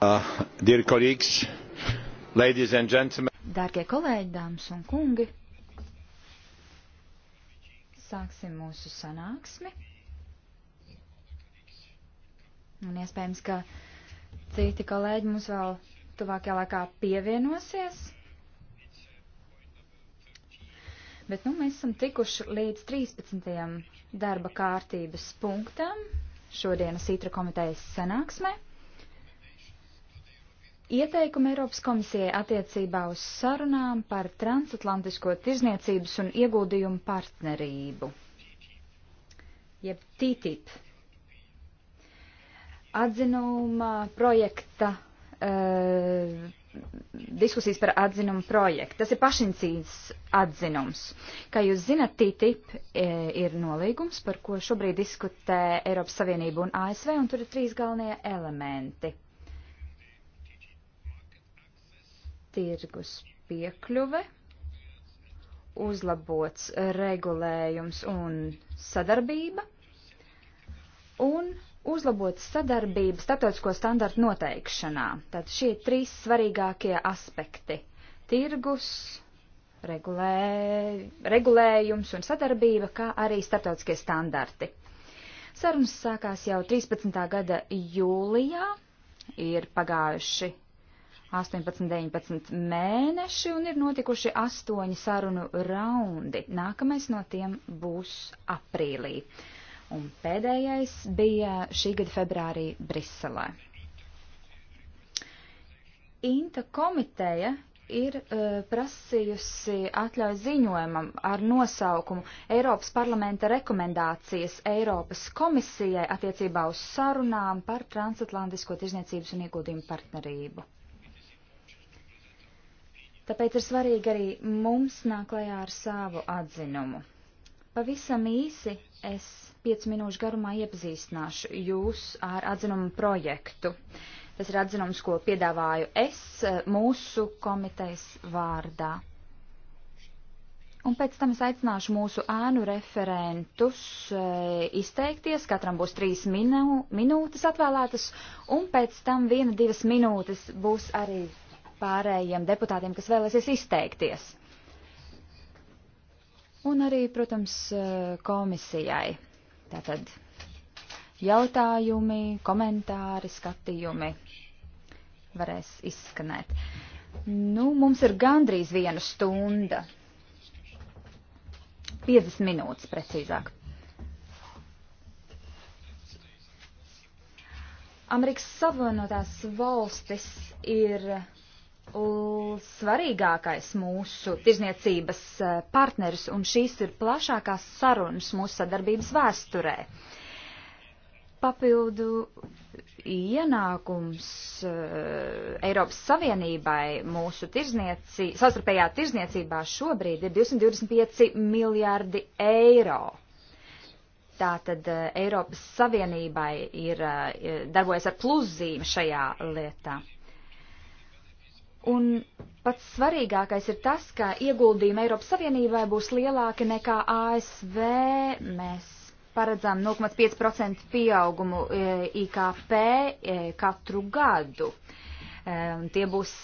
Uh, dear colleagues, ladies and gentlemen. Dārgie kolēģi, dāmas un kungi, sāksim mūsu sanāksmi. Un iespējams, ka citi kolēģi mums vēl tuvākajā laikā pievienosies. Bet nu, mēs esam tikuši līdz 13. darba kārtības punktam šodienas Ītra komitejas sanāksmē. Ieteikumi Eiropas komisijai attiecībā uz sarunām par transatlantisko tirzniecības un ieguldījumu partnerību, jeb TTIP, atzinuma projekta, uh, diskusijas par atzinumu projektu. Tas ir pašincīns atzinums. Kā jūs zinat, TTIP eh, ir nolīgums, par ko šobrīd diskutē Eiropas Savienība un ASV, un tur ir trīs galvenie elementi – tirgus piekļuve, uzlabots regulējums un sadarbība un uzlabot sadarbību statotisko standartu noteikšanā. Tad šie trīs svarīgākie aspekti - tirgus, regulē, regulējums un sadarbība, kā arī startautiskie standarti. Sarunas sākās jau 13. gada jūlijā, ir pagājuši 18, 19 mēneši un ir notikuši astoņi sarunu raundi. Nākamais no tiem būs aprīlī. Un pēdējais bija šī gada februārī Briselē. Inta komiteja ir uh, prasījusi atļauju ziņojumam ar nosaukumu Eiropas parlamenta rekomendācijas Eiropas komisijai attiecībā uz sarunām par transatlantisko tirzniecības un ieguldījumu partnerību. Tāpēc ir svarīgi arī mums nāk klajā ar savu atzinumu. Pavisam īsi es 5 minūšu garumā iepazīstināšu jūs ar atzinumu projektu. Tas ir atzinums, ko piedāvāju es eh, mūsu komitejas vārdā. Un pēc tam es aicināšu mūsu ēnu referentus e, izteikties, katram būs trīs minū, minūtes atvēlētas, un pēc tam viena, divas minūtes būs arī pārējiem deputātiem, kas vēlēsies izteikties. Un arī, protams, komisijai. Tātad jautājumi, komentāri, skatījumi varēs izskanēt. Nu, mums ir gandrīz viena stunda. 50 minūtes precīzāk. Amerikas Savienotās valstis ir svarīgākais mūsu tirzniecības eh, partneris, un šīs ir plašākās sarunas mūsu sadarbības vēsturē. Papildu ienākums eh, Eiropas Savienībai mūsu tirzniecī, sastarpējā tirzniecībā šobrīd ir 225 miljārdi eiro. Tātad eh, Eiropas Savienībai ir darbojas ar pluszīmi šajā lietā. Un pats svarīgākais ir tas, ka ieguldījumi Eiropas Savienībai būs lielāki nekā ASV. Mēs paredzam 0,5% pieaugumu e, IKP e, katru gadu. E, tie būs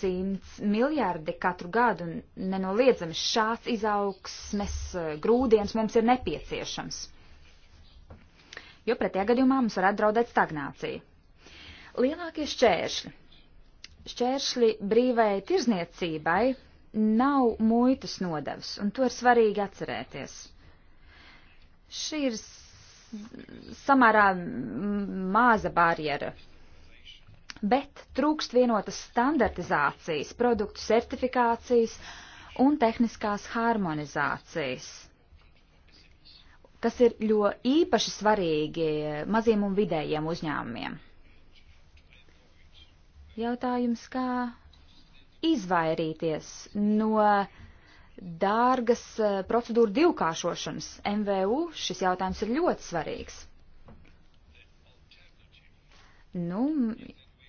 100 miljardi katru gadu un nenoliedzami šāds izaugsmes grūdienis mums ir nepieciešams. Jo pretējā gadījumā mums varētu draudēt stagnācija. Lielākie šķēršļi šķēršļi brīvai tirzniecībai nav muitas nodevs, un to ir svarīgi atcerēties. Šī ir samērā maza barjera, bet trūkst vienotas standartizācijas, produktu certifikācijas un tehniskās harmonizācijas. Tas ir ļoti īpaši svarīgi maziem un vidējiem uzņēmumiem. Jautājums, kā izvairīties no dārgas eh, procedūru divkāršošanas. MVU šis jautājums ir ļoti svarīgs. Nu,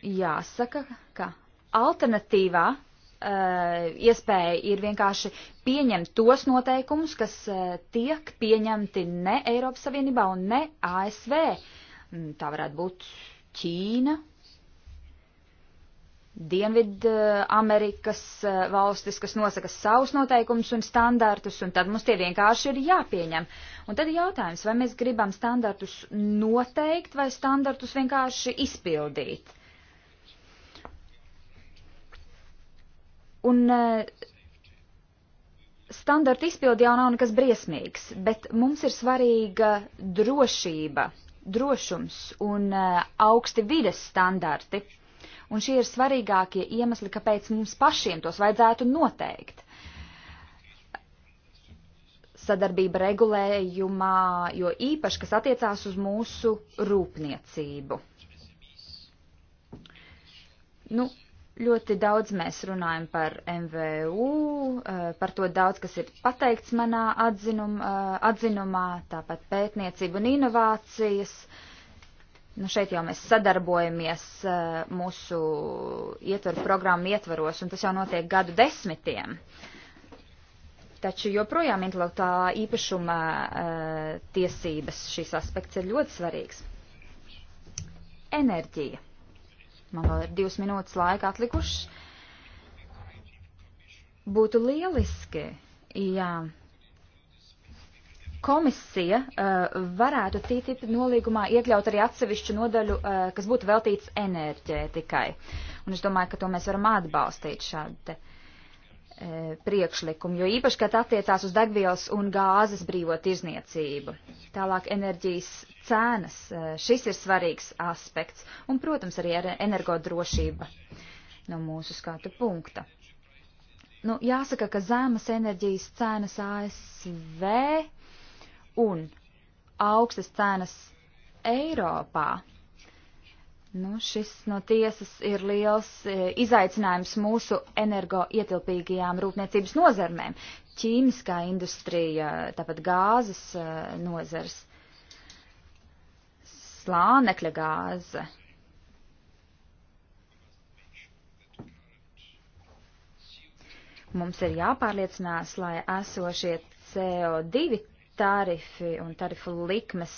jāsaka, ka alternatīvā eh, iespēja ir vienkārši pieņemt tos noteikumus, kas eh, tiek pieņemti ne Eiropas Savienībā un ne ASV. Mm, tā varētu būt Ķīna Dienvidamerikas eh, valstis, kas nosaka savus noteikumus un standartus, un tad mums tie vienkārši ir jāpieņem. Un tad jautājums, vai mēs gribam standartus noteikt vai standartus vienkārši izpildīt? Un eh, standarta izpildi jau nav nekas briesmīgs, bet mums ir svarīga drošība, drošums un eh, augsti vides standarti un šie ir svarīgākie iemesli, kāpēc mums pašiem tos vajadzētu noteikt. Sadarbība regulējumā, jo īpaši, kas attiecās uz mūsu rūpniecību. Nu, ļoti daudz mēs runājam par MVU, eh, par to daudz, kas ir pateikts manā atzinum, eh, atzinumā, tāpat pētniecība un inovācijas. Uh, Nu, šeit jau mēs sadarbojamies eh, mūsu ietveru programmu ietvaros, un tas jau notiek gadu desmitiem. Taču joprojām intelektuālā īpašuma eh, tiesības šīs aspekts ir ļoti svarīgs. Enerģija. Man vēl ir divas minūtes laika atlikušas. Būtu lieliski, jā. Ja komisija uh, varētu TTIP nolīgumā iekļaut arī atsevišķu nodaļu, uh, kas būtu veltīts enerģētikai. Un es domāju, ka to mēs varam atbalstīt šādu te, uh, priekšlikumu, jo īpaši, kad attiecās uz degvielas un gāzes brīvo tirzniecību. Tālāk enerģijas cēnas. Uh, šis ir svarīgs aspekts. Un, protams, arī ar energodrošība no mūsu skatu punkta. Nu, jāsaka, ka zemes enerģijas cenas ASV un augstas cenas Eiropā. Nu, šis no tiesas ir liels e, izaicinājums mūsu energoietilpīgajām rūpniecības nozarmēm. Ķīmiskā industrija, tāpat gāzes e, nozars, slānekļa gāze. Mums ir jāpārliecinās, lai esošie CO2 tarifi un tarifu likmes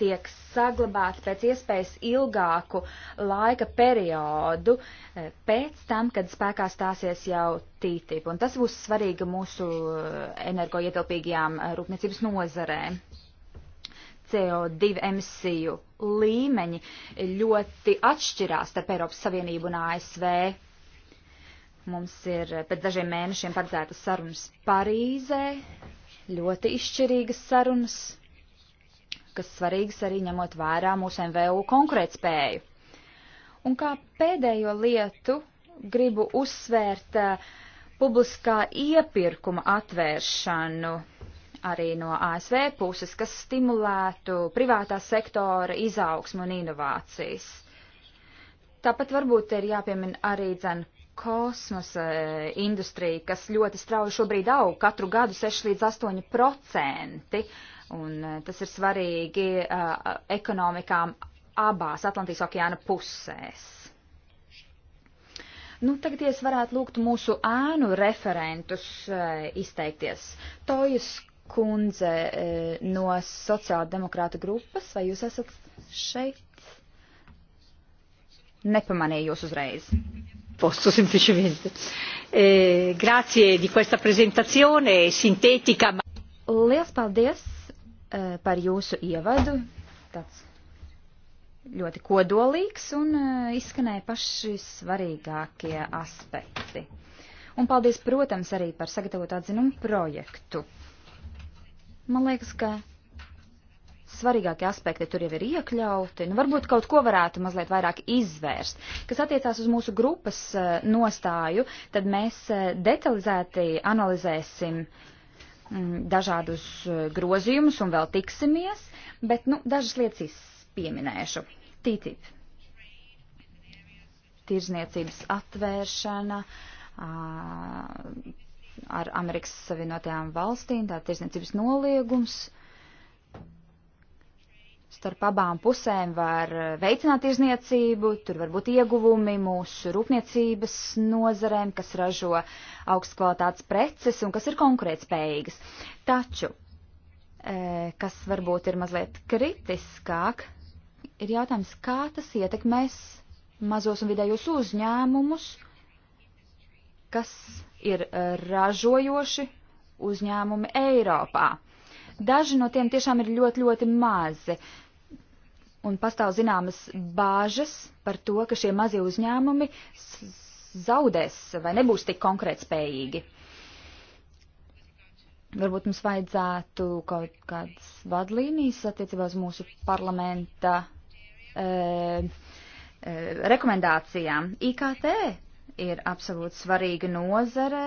tiek saglabāti pēc iespējas ilgāku laika periodu eh, pēc tam, kad spēkā stāsies jau TTIP. Un tas būs svarīgi mūsu eh, energoietilpīgajām eh, rūpniecības nozarēm. CO2 emisiju līmeņi ļoti atšķirās starp Eiropas Savienību un ASV. Mums ir pēc dažiem mēnešiem paredzētas sarunas Parīzē, ļoti izšķirīgas sarunas, kas svarīgas arī ņemot vērā mūsu MVU konkurētspēju. Un kā pēdējo lietu gribu uzsvērt uh, publiskā iepirkuma atvēršanu arī no ASV puses, kas stimulētu privātā sektora izaugsmu un inovācijas. Tāpat varbūt ir jāpiemina arī dzen kosmosa e, industrija, kas ļoti strauji šobrīd aug, katru gadu 6 līdz 8 procenti, un e, tas ir svarīgi uh, ekonomikām abās Atlantijas okeāna pusēs. Nu, tagad, ja es varētu lūgt mūsu ēnu referentus uh, izteikties. Tojas kundze uh, no sociāldemokrāta grupas, vai jūs esat šeit? Nepamanīju jūs uzreiz posto semplicemente. Eh, grazie di questa presentazione sintetica. Ma... Liels paldies eh, par jūsu ievadu. Tāds ļoti kodolīgs un eh, izskanēja paši svarīgākie aspekti. Un paldies, protams, arī par sagatavot atzinumu projektu. Man liekas, ka svarīgākie aspekti tur jau ir iekļauti. Nu, varbūt kaut ko varētu mazliet vairāk izvērst. Kas attiecās uz mūsu grupas eh, nostāju, tad mēs eh, detalizēti analizēsim mm, dažādus eh, grozījumus un vēl tiksimies, bet nu, dažas lietas pieminēšu. TTIP. Tirzniecības atvēršana. Ar Amerikas Savienotajām valstīm tā tirsniecības noliegums, uh, starp abām pusēm var eh, veicināt izniecību, tur var būt ieguvumi mūsu rūpniecības nozarēm, kas ražo augstu kvalitātes preces un kas ir konkurētspējīgas. Taču, eh, kas varbūt ir mazliet kritiskāk, ir jautājums, kā tas ietekmēs mazos un vidējos uzņēmumus, kas ir eh, ražojoši uzņēmumi Eiropā. Daži no tiem tiešām ir ļoti, ļoti mazi. Un pastāv zināmas bāžas par to, ka šie mazie uzņēmumi zaudēs vai nebūs tik konkrētspējīgi. Varbūt mums vajadzētu kaut kādas vadlīnijas attiecībā uz mūsu parlamenta e, e, rekomendācijām. IKT ir absolūti svarīga nozare,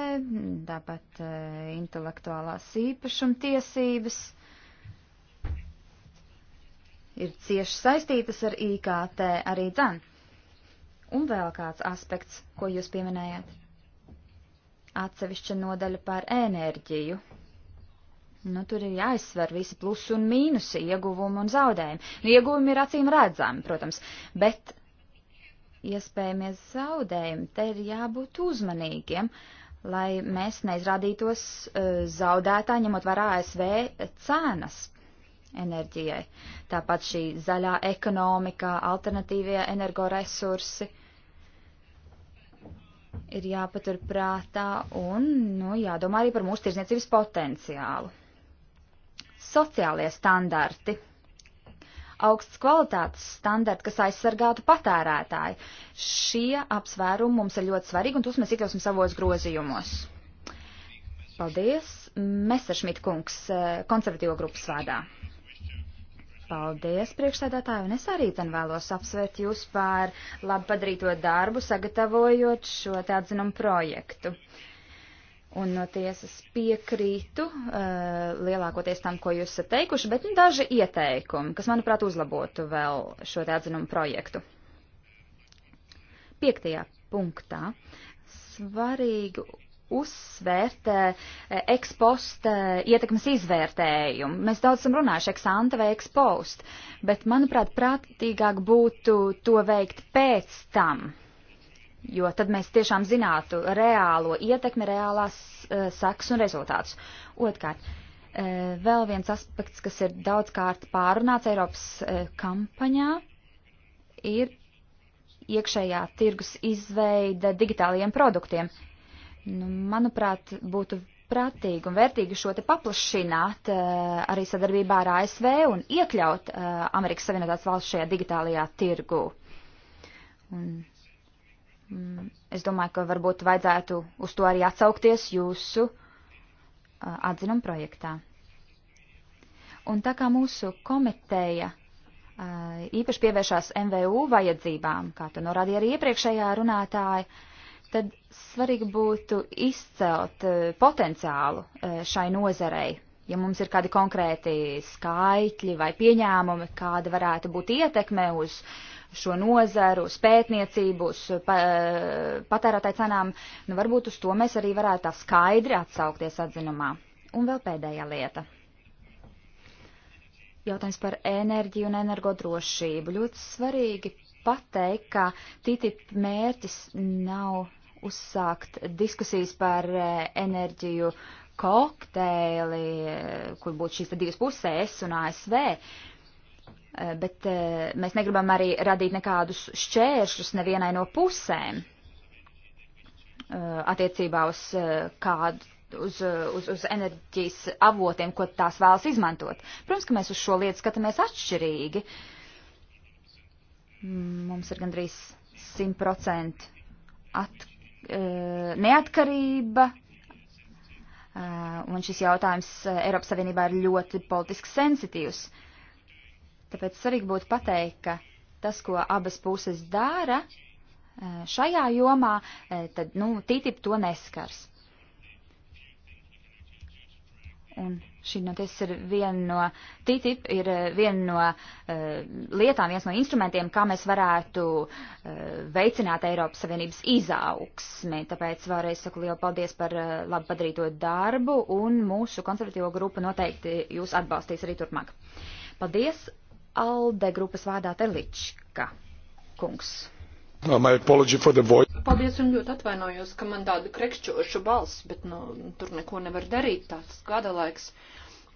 tāpat uh, intelektuālās īpašumtiesības ir cieši saistītas ar IKT arī dzan. Un vēl kāds aspekts, ko jūs pieminējāt? Atsevišķa nodaļa par enerģiju. Nu, tur ir jāizsver visi plusi un mīnusi, ieguvumi un zaudējumi. Nu, ieguvumi ir acīm redzami, protams, bet iespējamies zaudējumi. Te ir jābūt uzmanīgiem, lai mēs neizrādītos eh, zaudētā, ņemot vērā ASV cenas enerģijai. Tāpat šī zaļā ekonomika, alternatīvie energoresursi ir jāpatur prātā un nu, jādomā arī par mūsu tirzniecības potenciālu. Sociālie standarti augsts kvalitātes standarti, kas aizsargātu patērētāju. Šie apsvērumi mums ir ļoti svarīgi, un tos mēs iekļausim savos grozījumos. Paldies, Messeršmit kungs, eh, konservatīvo grupas vārdā. Paldies, priekšsēdētāji, un es arī ten vēlos apsvērt jūs par labi padarīto darbu, sagatavojot šo te atzinumu projektu. Uh, un no uh, tiesas piekrītu uh, lielākoties tam, ko jūs esat teikuši, bet nu, daži ieteikumi, kas, manuprāt, uzlabotu vēl šo te atzinumu projektu. Piektajā punktā svarīgi uzsvērt uh, ekspost uh, ietekmes izvērtējumu. Mēs daudz esam runājuši eksante vai ekspost, bet, manuprāt, prātīgāk būtu to veikt pēc tam jo tad mēs tiešām zinātu reālo ietekmi, reālās uh, seks un rezultātus. Otkārt, uh, vēl viens aspekts, kas ir daudzkārt pārunāts Eiropas uh, kampaņā, ir iekšējā tirgus izveida digitālajiem produktiem. Nu, manuprāt, būtu prātīgi un vērtīgi šo te paplašināt uh, arī sadarbībā ar ASV un iekļaut uh, Amerikas Savienotās valsts šajā digitālajā tirgu. Un Mm, es domāju, ka varbūt vajadzētu uz to arī atsaukties jūsu atzinuma projektā. Un tā kā mūsu komiteja īpaši pievēršās MVU vajadzībām, kā to norādīja arī iepriekšējā runātāja, tad svarīgi būtu izcelt potenciālu šai nozarei. Ja mums ir kādi konkrēti skaitļi vai pieņēmumi, kāda varētu būt ietekme uz uh, šo nozaru, uz pētniecību, uz eh, pa, patērētāju cenām, nu varbūt uz to mēs arī varētu tā skaidri atsaukties atzinumā. Un vēl pēdējā lieta. Jautājums par enerģiju un energodrošību. Ļoti svarīgi pateikt, ka TTIP mērķis nav uzsākt diskusijas par eh, enerģiju kokteili, eh, kur būtu šīs divas puses, es un ASV. Uh, Eh, bet eh, mēs negribam arī radīt nekādus šķēršļus nevienai no pusēm eh, attiecībā uz kādu. Uz, uz, uz enerģijas avotiem, ko tās vēlas izmantot. Protams, ka mēs uz šo lietu skatāmies atšķirīgi. Mm, mums ir gandrīz 100% at, neatkarība, un šis jautājums Eiropas Savienībā ir ļoti politiski sensitīvs. Uh, Tāpēc svarīgi būtu pateikt, ka tas, ko abas puses dara eh, šajā jomā, eh, tad, nu, TTIP to neskars. Un šī no tiesas ir viena no, TTIP ir eh, viena no uh, lietām, viens no instrumentiem, kā mēs varētu uh, veicināt Eiropas Savienības izaugsmi. Tāpēc vēlreiz saku lielu paldies par uh, labi padarīto darbu un mūsu konservatīvo grupu noteikti jūs atbalstīs arī turpmāk. Paldies! Alde grupas vārdā Telička kungs. Um, paldies un ļoti atvainojos, ka man tāda krekšķoša balss, bet nu, tur neko nevar darīt, tāds gada laiks.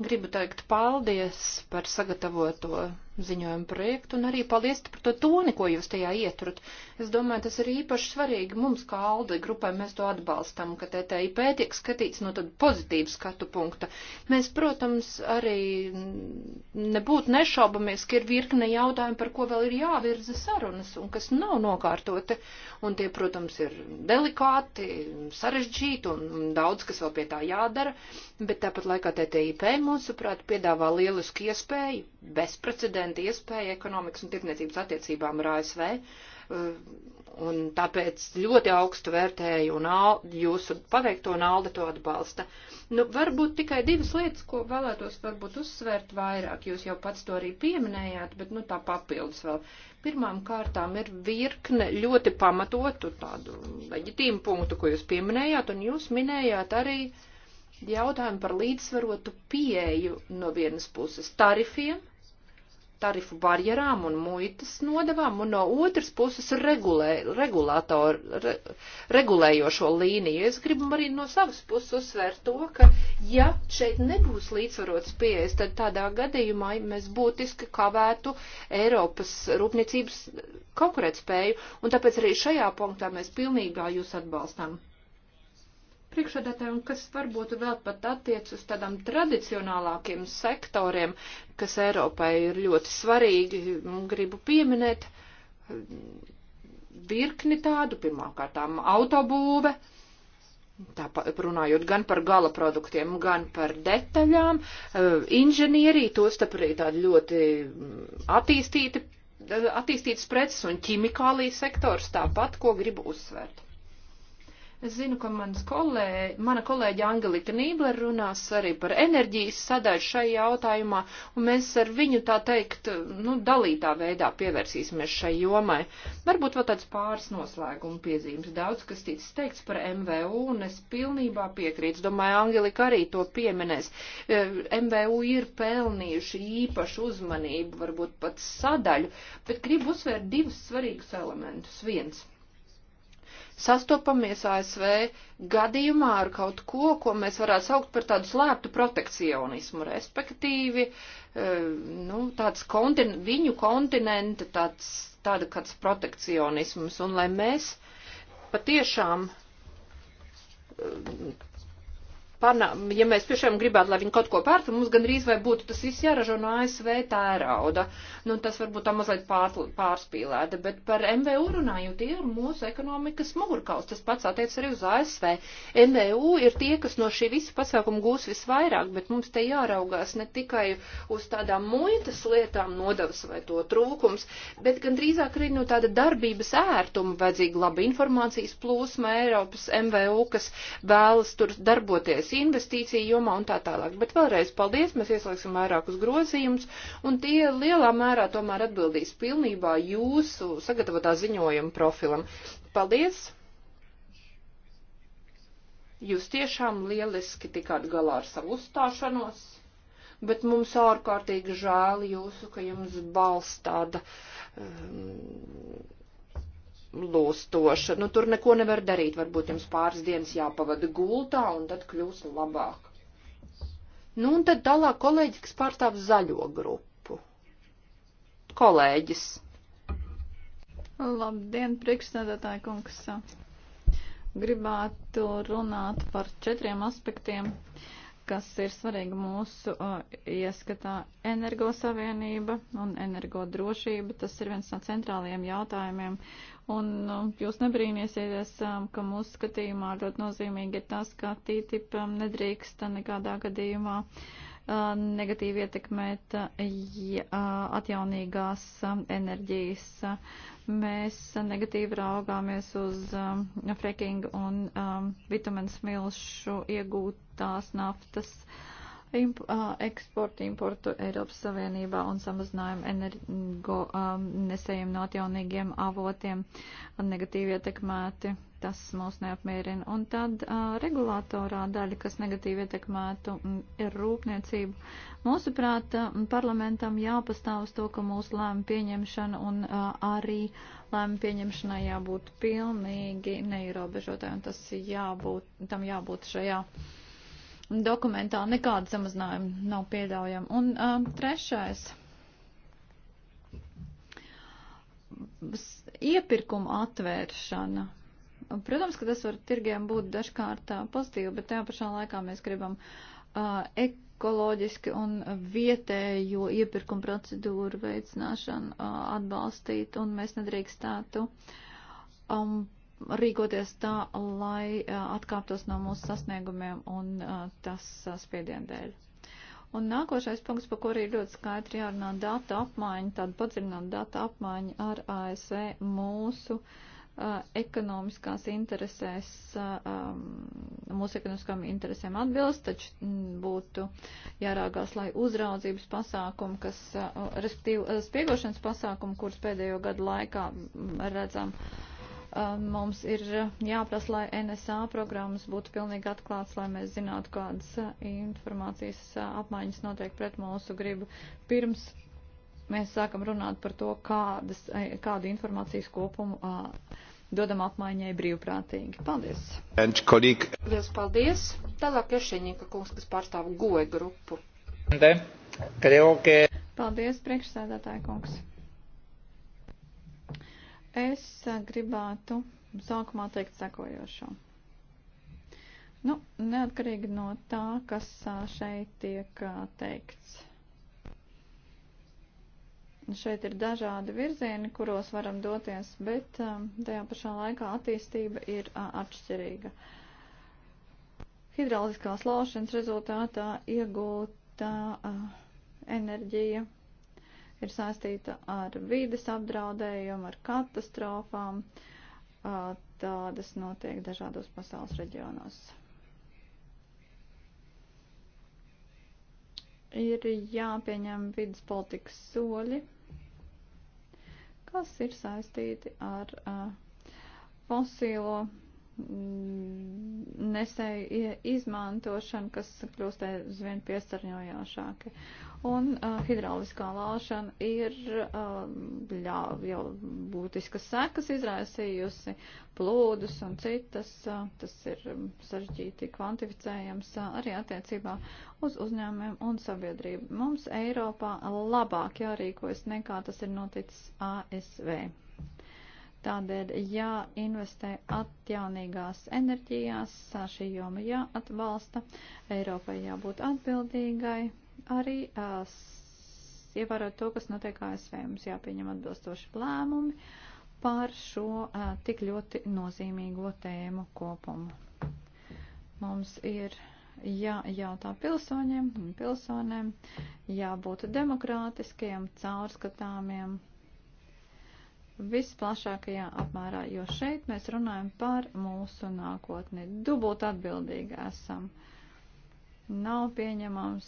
Gribu teikt paldies par sagatavoto ziņojumu projektu, un arī paldies par to toni, ko jūs tajā ieturat. Es domāju, tas ir īpaši svarīgi mums, kā Alde grupai, mēs to atbalstam, ka TTIP tiek skatīts no tad pozitīvu skatu punkta. Mēs, protams, arī nebūtu nešaubamies, ka ir virkne jautājumi, par ko vēl ir jāvirza sarunas, un kas nav nokārtoti, un tie, protams, ir delikāti, sarežģīti, un daudz, kas vēl pie tā jādara, bet tāpat laikā TTIP, mūsuprāt, piedāvā lielisku iespēju, bezprecedenta, prezidenta iespēja ekonomikas un tirdzniecības attiecībām ar ASV. Uh, un tāpēc ļoti augstu vērtēju un al, jūsu paveikto un Alde to atbalsta. Nu, varbūt tikai divas lietas, ko vēlētos varbūt uzsvērt vairāk. Jūs jau pats to arī pieminējāt, bet nu tā papildus vēl. Pirmām kārtām ir virkne ļoti pamatotu tādu leģitīmu punktu, ko jūs pieminējāt, un jūs minējāt arī jautājumu par līdzsvarotu pieeju no vienas puses tarifiem tarifu barjerām un muitas nodevām, un no otras puses regulē, regulātoru, re, regulējošo līniju. Es gribu arī no savas puses uzsvērt to, ka ja šeit nebūs līdzsvarots pieejas, tad tādā gadījumā mēs būtiski kavētu Eiropas rūpniecības konkurētspēju, un tāpēc arī šajā punktā mēs pilnībā jūs atbalstām priekšādātāji un kas varbūt vēl pat attiec uz tādām tradicionālākiem sektoriem, kas Eiropai ir ļoti svarīgi, gribu pieminēt virkni tādu, pirmkārtām autobūve, Tāpat runājot gan par gala produktiem, gan par detaļām, e, inženierija, tostarp arī tādi ļoti attīstīti, e, attīstītas preces un ķimikālija sektors tāpat, ko gribu uzsvērt. Es zinu, ka kolēģi, mana kolēģa Angelika Nībler runās arī par enerģijas sadaļu šai jautājumā, un mēs ar viņu tā teikt, nu, dalītā veidā pievērsīsimies šai jomai. Varbūt vēl tāds pāris noslēguma piezīmes. Daudz, kas ticis teikts par MVU, un es pilnībā piekrītu. Domāju, Angelika arī to pieminēs. E, MVU ir pelnījuši īpašu uzmanību, varbūt pat sadaļu, bet gribu uzsvērt divus svarīgus elementus. Viens sastopamies ASV gadījumā ar kaut ko, ko mēs varētu saukt par tādu slēptu protekcionismu, respektīvi, e, nu, tāds kontin viņu kontinenta, tāds, tāda kāds protekcionisms, un lai mēs patiešām Pana, ja mēs tiešām gribētu, lai viņi kaut ko pērtu, mums gan rīz vai būtu tas viss jāražo no ASV tērauda. Nu, tas varbūt tā mazliet pār, pārspīlēta, bet par MVU runājot, tie ir mūsu ekonomikas mugurkaus. Tas pats attiec arī uz ASV. MVU ir tie, kas no šī visa pasākuma gūs visvairāk, bet mums te jāraugās ne tikai uz tādām muitas lietām nodavas vai to trūkums, bet gan drīzāk arī no tāda darbības ērtuma vajadzīga laba informācijas plūsma Eiropas MVU, kas vēlas tur darboties darbojas investīcija jomā un tā tālāk. Bet vēlreiz paldies, mēs ieslēgsim vairākus grozījumus, un tie lielā mērā tomēr atbildīs pilnībā jūsu sagatavotā ziņojuma profilam. Paldies! Jūs tiešām lieliski tikāt galā ar savu uzstāšanos bet mums ārkārtīgi žēl jūsu, ka jums balsts tāda um, lūstoša. Nu, tur neko nevar darīt. Varbūt jums pāris dienas jāpavada gultā un tad kļūs labāk. Nu, un tad tālāk kolēģis, kas pārstāv zaļo grupu. Kolēģis. Labdien, priekšsēdētāji kungs. Gribētu runāt par četriem aspektiem. Uh, kas ir svarīga mūsu uh, ieskatā energosavienība un energodrošība. Tas ir viens no centrālajiem jautājumiem. Un uh, jūs nebrīniesieties, um, ka mūsu skatījumā ļoti nozīmīgi ir tas, ka TTIP um, nedrīkst nekādā gadījumā uh, negatīvi ietekmēt ja atjaunīgās enerģijas. Mēs negatīvi raugāmies uz frekingu un vitamins milšu iegūtās naftas imp eksportu, importu Eiropas Savienībā un samazinājumu energo nesējumu no atjaunīgiem avotiem negatīvi ietekmēti tas mūs neapmierina. Un tad uh, regulātorā daļa, kas negatīvi ietekmētu, ir rūpniecība. Mūsuprāt, uh, parlamentam jāpastāv uz to, ka mūsu lēma pieņemšana un uh, arī lēma pieņemšanai jābūt pilnīgi neierobežotai, un tas jābūt, tam jābūt šajā dokumentā. Nekāda samazinājuma nav pieļaujama. Un uh, trešais iepirkuma atvēršana. Protams, ka tas var tirgiem būt dažkārt pozitīvi, bet tajā pašā laikā mēs gribam uh, ekoloģiski un vietējo iepirkumu procedūru veicināšanu uh, atbalstīt, un mēs nedrīkstētu um, rīkoties tā, lai uh, atkāptos no mūsu sasniegumiem un uh, tas uh, spiedienu dēļ. Un nākošais punkts, par kuru ir ļoti skaidri jārunā datu apmaiņa, tāda padziļināta datu apmaiņa ar ASV mūsu uh, Uh, ekonomiskās interesēs, uh, um, mūsu ekonomiskām interesēm atbilst, taču mm, būtu jārāgās, lai uzraudzības pasākumi, kas, uh, respektīvi, spiegošanas pasākumi, kurus pēdējo gadu laikā mm, redzam, um, mums ir jāprasa, lai NSA programmas būtu pilnīgi atklāts, lai mēs zinātu, kādas informācijas apmaiņas notiek pret mūsu gribu pirms mēs sākam runāt par to, kādas, eh, kādu informācijas kopumu. Uh, dodam apmaiņai brīvprātīgi. Paldies! Lielas paldies! Tālāk Ešeņika kungs, kas pārstāv goja grupu. Paldies, priekšsēdētāja kungs! Es eh, gribētu sākumā teikt sekojošo. Nu, neatkarīgi no tā, kas eh, šeit tiek eh, teikts Šeit ir dažādi virzieni, kuros varam doties, bet um, tajā pašā laikā attīstība ir uh, atšķirīga. Hidrauliskās laušanas rezultātā iegūta uh, enerģija ir saistīta ar vīdes apdraudējumu, ar katastrofām. Uh, tādas notiek dažādos pasaules reģionos. Ir jāpieņem vidas politikas soļi, kas ir saistīti ar uh, fosīlo mm, nesēju izmantošanu, kas kļūst aizvien piesarņojošāki. Un uh, hidrauliskā lāšana ir uh, ļā, jau būtiskas sekas izraisījusi, plūdus un citas. Uh, tas ir sarežģīti kvantificējams uh, arī attiecībā uz uzņēmumiem un sabiedrību. Mums Eiropā labāk jārīkojas nekā tas ir noticis ASV. Tādēļ jāinvestē atjaunīgās enerģijās, šī joma jāatbalsta, Eiropai jābūt atbildīgai, arī ievērot to, kas notiek ASV. Mums jāpieņem atbilstoši lēmumi par šo a, tik ļoti nozīmīgo tēmu kopumu. Mums ir jājautā pilsoņiem un pilsonēm, jābūt demokrātiskiem, caurskatāmiem, visplašākajā apmērā, jo šeit mēs runājam par mūsu nākotni. Dubult atbildīgi esam. Uh, Nav pieņemams,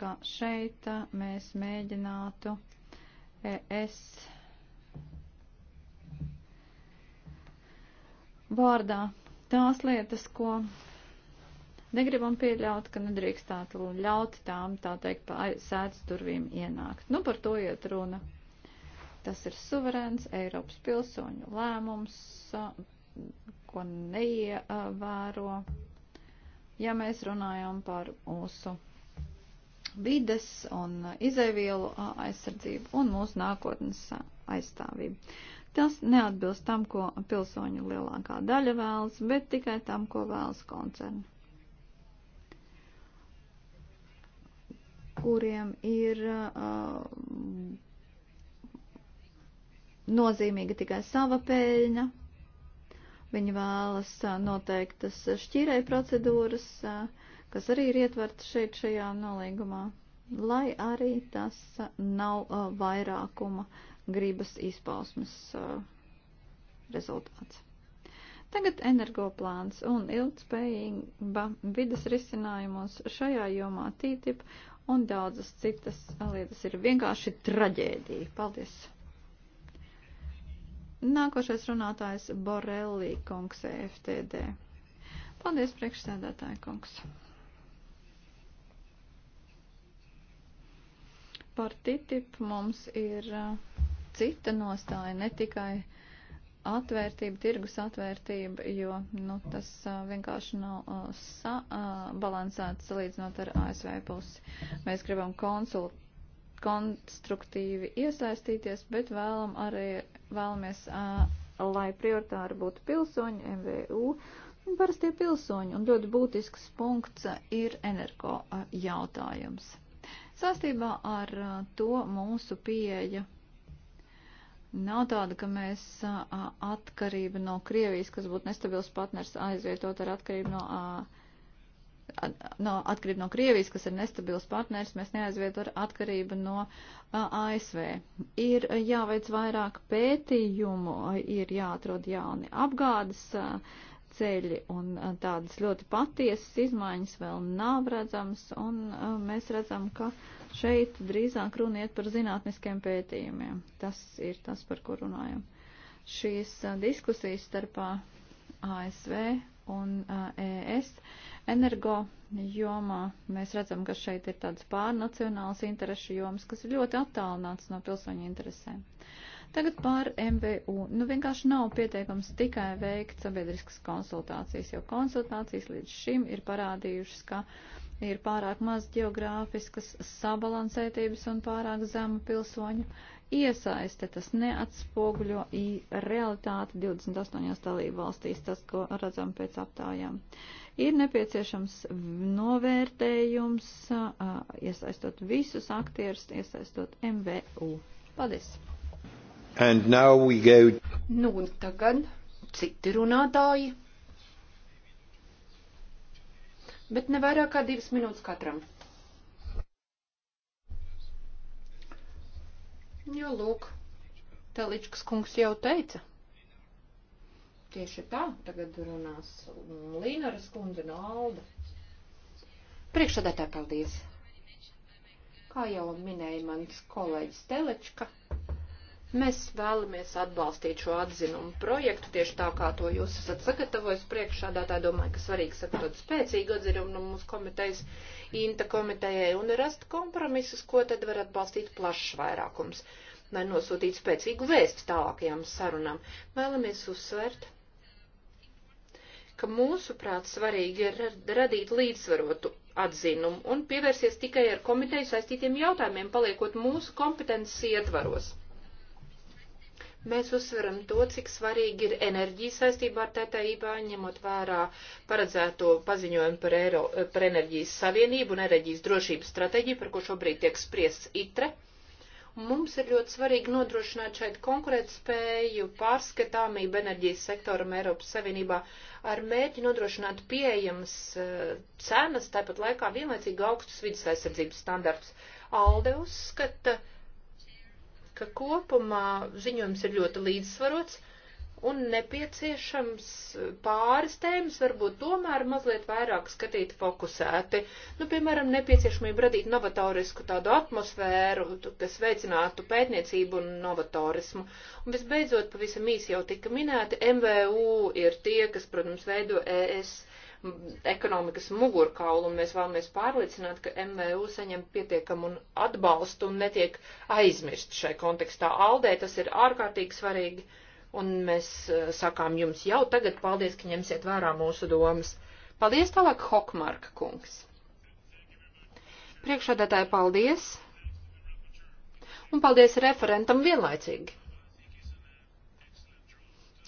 ka šeit mēs mēģinātu es vārdā tās lietas, ko negribam pieļaut, ka nedrīkstātu ļaut tām, tā teikt, pa sēdz durvīm ienākt. Nu, par to iet runa. Tas ir suverēns Eiropas pilsoņu lēmums, ko neievēro. Uh, ja mēs runājam par mūsu vides un izēvielu aizsardzību un mūsu nākotnes aizstāvību. Tas neatbilst tam, ko pilsoņu lielākā daļa vēlas, bet tikai tam, ko vēlas koncerni, kuriem ir uh, nozīmīga tikai sava pēļņa, Viņi vēlas noteiktas šķīrēja procedūras, kas arī ir ietverta šeit šajā nolīgumā, lai arī tas nav vairākuma gribas izpausmes rezultāts. Tagad energoplāns un ilgspējība vidas risinājumos šajā jomā TTIP un daudzas citas lietas ir vienkārši traģēdija. Paldies! Nākošais runātājs Borelli kungs e FTD. Paldies, priekšsēdētāja kungs. Par TTIP mums ir uh, cita nostāja, ne tikai atvērtība, tirgus atvērtība, jo nu, tas uh, vienkārši nav uh, sabalansēts salīdzinot ar ASV pusi. Mēs gribam konsultēt konstruktīvi iesaistīties, bet vēlam arī, vēlamies, uh, lai prioritāri būtu pilsoņi, MVU, parastie pilsoņi, un ļoti būtisks punkts ir energo jautājums. Sāstībā ar to mūsu pieeja nav tāda, ka mēs atkarību no Krievijas, kas būtu nestabils partners, aizvietot ar atkarību no. Uh, no, atkarība no Krievijas, kas ir nestabils partners, mēs neaizvietu ar atkarību no a, ASV. Ir jāveic vairāk pētījumu, ir jāatrod jauni apgādes a, ceļi un a, tādas ļoti patiesas izmaiņas vēl nav redzamas, un a, mēs redzam, ka šeit drīzāk runiet par zinātniskiem pētījumiem. Tas ir tas, par ko runājam. Šīs a, diskusijas starpā ASV un a, ES Energo jomā mēs redzam, ka šeit ir tādas pārnacionālas interešu jomas, kas ir ļoti attālināts no pilsoņu interesēm. Tagad par MVU. Nu, vienkārši nav pieteikums tikai veikt sabiedriskas konsultācijas, jo konsultācijas līdz šim ir parādījušas, ka ir pārāk maz geogrāfiskas sabalansētības un pārāk zema pilsoņu iesaiste, tas neatspoguļo realitāti 28 dalību valstīs, tas, ko redzam pēc aptājām. Ir nepieciešams novērtējums, iesaistot visus aktierus, iesaistot MVU. Paldies! And now we go... Nu, un tagad citi runātāji. Bet ne vairāk kā divas minūtes katram. Jo, lūk, Teličkas kungs jau teica. Tieši tā, tagad runās Līnaras kundze no Alda. Priekšsēdētāji, paldies! Kā jau minēja mans kolēģis Telečka, Mēs vēlamies atbalstīt šo atzinumu projektu, tieši tā kā to jūs esat sagatavojis priekšādātāji. Domāju, ka svarīgi sagatavot spēcīgu atzinumu no mūsu komitejas, INTA komitejai un rast kompromisus, ko tad var atbalstīt plašs vairākums, lai nosūtītu spēcīgu vēstu tālākajām sarunām. Vēlamies uzsvērt ka mūsuprāt svarīgi ir radīt līdzsvarotu atzinumu un pievērsties tikai ar komiteju saistītiem jautājumiem, paliekot mūsu kompetences ietvaros. Mēs uzsveram to, cik svarīgi ir enerģija saistībā ar TTIP, ņemot vērā paredzēto paziņojumu par, Eiro, par enerģijas savienību un enerģijas drošības stratēģiju, par ko šobrīd tiek spriests ITRE. Mums ir ļoti svarīgi nodrošināt šeit konkurētspēju, pārskatāmību enerģijas sektoram Eiropas Savienībā ar mērķi nodrošināt pieejamas eh, cenas, tāpat laikā vienlaicīgi augstus vidas aizsardzības standartus. Alde uzskata, ka ka kopumā ziņojums ir ļoti līdzsvarots un nepieciešams pāris tēmas varbūt tomēr mazliet vairāk skatīt fokusēti. Nu, piemēram, nepieciešamība radīt novatorisku tādu atmosfēru, kas veicinātu pētniecību un novatorismu. Un visbeidzot, pavisam īsi jau tika minēti, MVU ir tie, kas, protams, veido ES ekonomikas mugurkaulu, un mēs vēlamies pārliecināt, ka MVU saņem pietiekamu atbalstu un netiek aizmirst šai kontekstā. Aldē tas ir ārkārtīgi svarīgi, un mēs eh, sakām jums jau tagad paldies, ka ņemsiet vērā mūsu domas. Paldies tālāk, Hokmarka kungs. Priekšādātāji, paldies! Un paldies referentam vienlaicīgi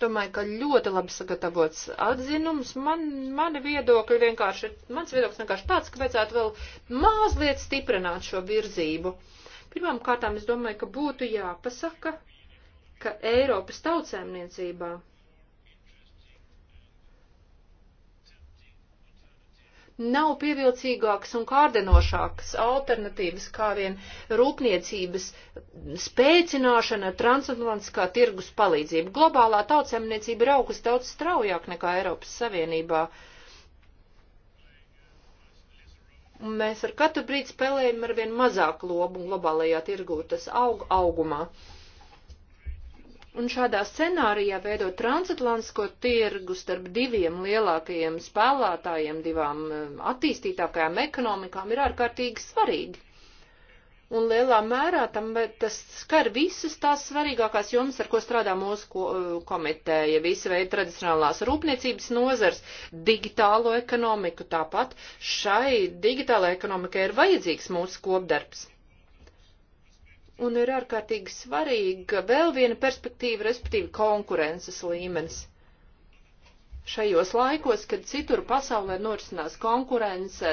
Domāju, ka ļoti labi sagatavots atzinums. Man, mani viedokļi vienkārši, mans viedoklis vienkārši tāds, ka vajadzētu vēl mazliet stiprināt šo virzību. Pirmām kārtām es domāju, ka būtu jāpasaka, ka Eiropas tautsēmniecībā nav pievilcīgākas un kārdinošākas alternatīvas kā vien rūpniecības spēcināšana transatlantiskā tirgus palīdzību. Globālā tautsemniecība ir augus daudz straujāk nekā Eiropas Savienībā. Un mēs ar katru brīdi spēlējam ar vien mazāku lobu globālajā tirgū, tas aug augumā. Uh, Un šādā scenārijā veidot transatlantisko tirgu starp diviem lielākajiem spēlētājiem, divām eh, attīstītākajām ekonomikām ir ārkārtīgi svarīgi. Un lielā mērā tam, eh, tas skar visas tās svarīgākās jomas, ar ko strādā mūsu ko, eh, komiteja, visi veidi tradicionālās rūpniecības nozars, digitālo ekonomiku tāpat. Šai digitālajai ekonomikai ir vajadzīgs mūsu kopdarbs. Un ir ārkārtīgi svarīga vēl viena perspektīva, respektīvi konkurences līmenis. Šajos laikos, kad citur pasaulē norisinās konkurence,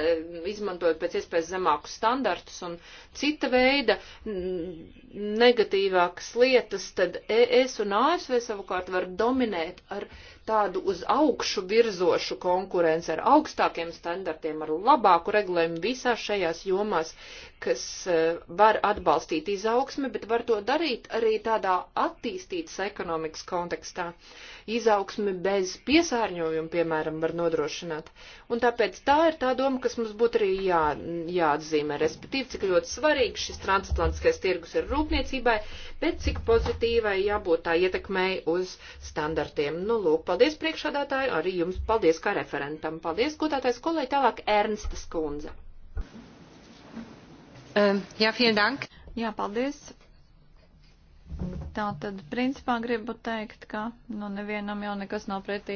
izmantojot pēc iespējas zemākus standartus un cita veida negatīvākas lietas, tad ES un ASV savukārt var dominēt ar tādu uz augšu virzošu konkurenci ar augstākiem standartiem, ar labāku regulējumu visās šajās jomās, kas eh, var atbalstīt izaugsmi, bet var to darīt arī tādā attīstītas ekonomikas kontekstā. Izaugsmi bez piesārņojuma, piemēram, var nodrošināt. Un tāpēc tā ir tā doma, kas mums būtu arī jā, jāatzīmē, respektīvi, cik ļoti svarīgs šis transatlantiskais tirgus ir rūpniecībai, bet cik pozitīvai jābūt tā ietekmei uz standartiem. Nu, lūk, paldies! Paldies priekšādātāju, arī jums paldies kā referentam. Paldies, godātais kolēģi, tālāk Ernsta Skundze. Um, jā, vielen dank. Jā, paldies. Tā tad, principā, gribu teikt, ka nu, nevienam jau nekas nav pretī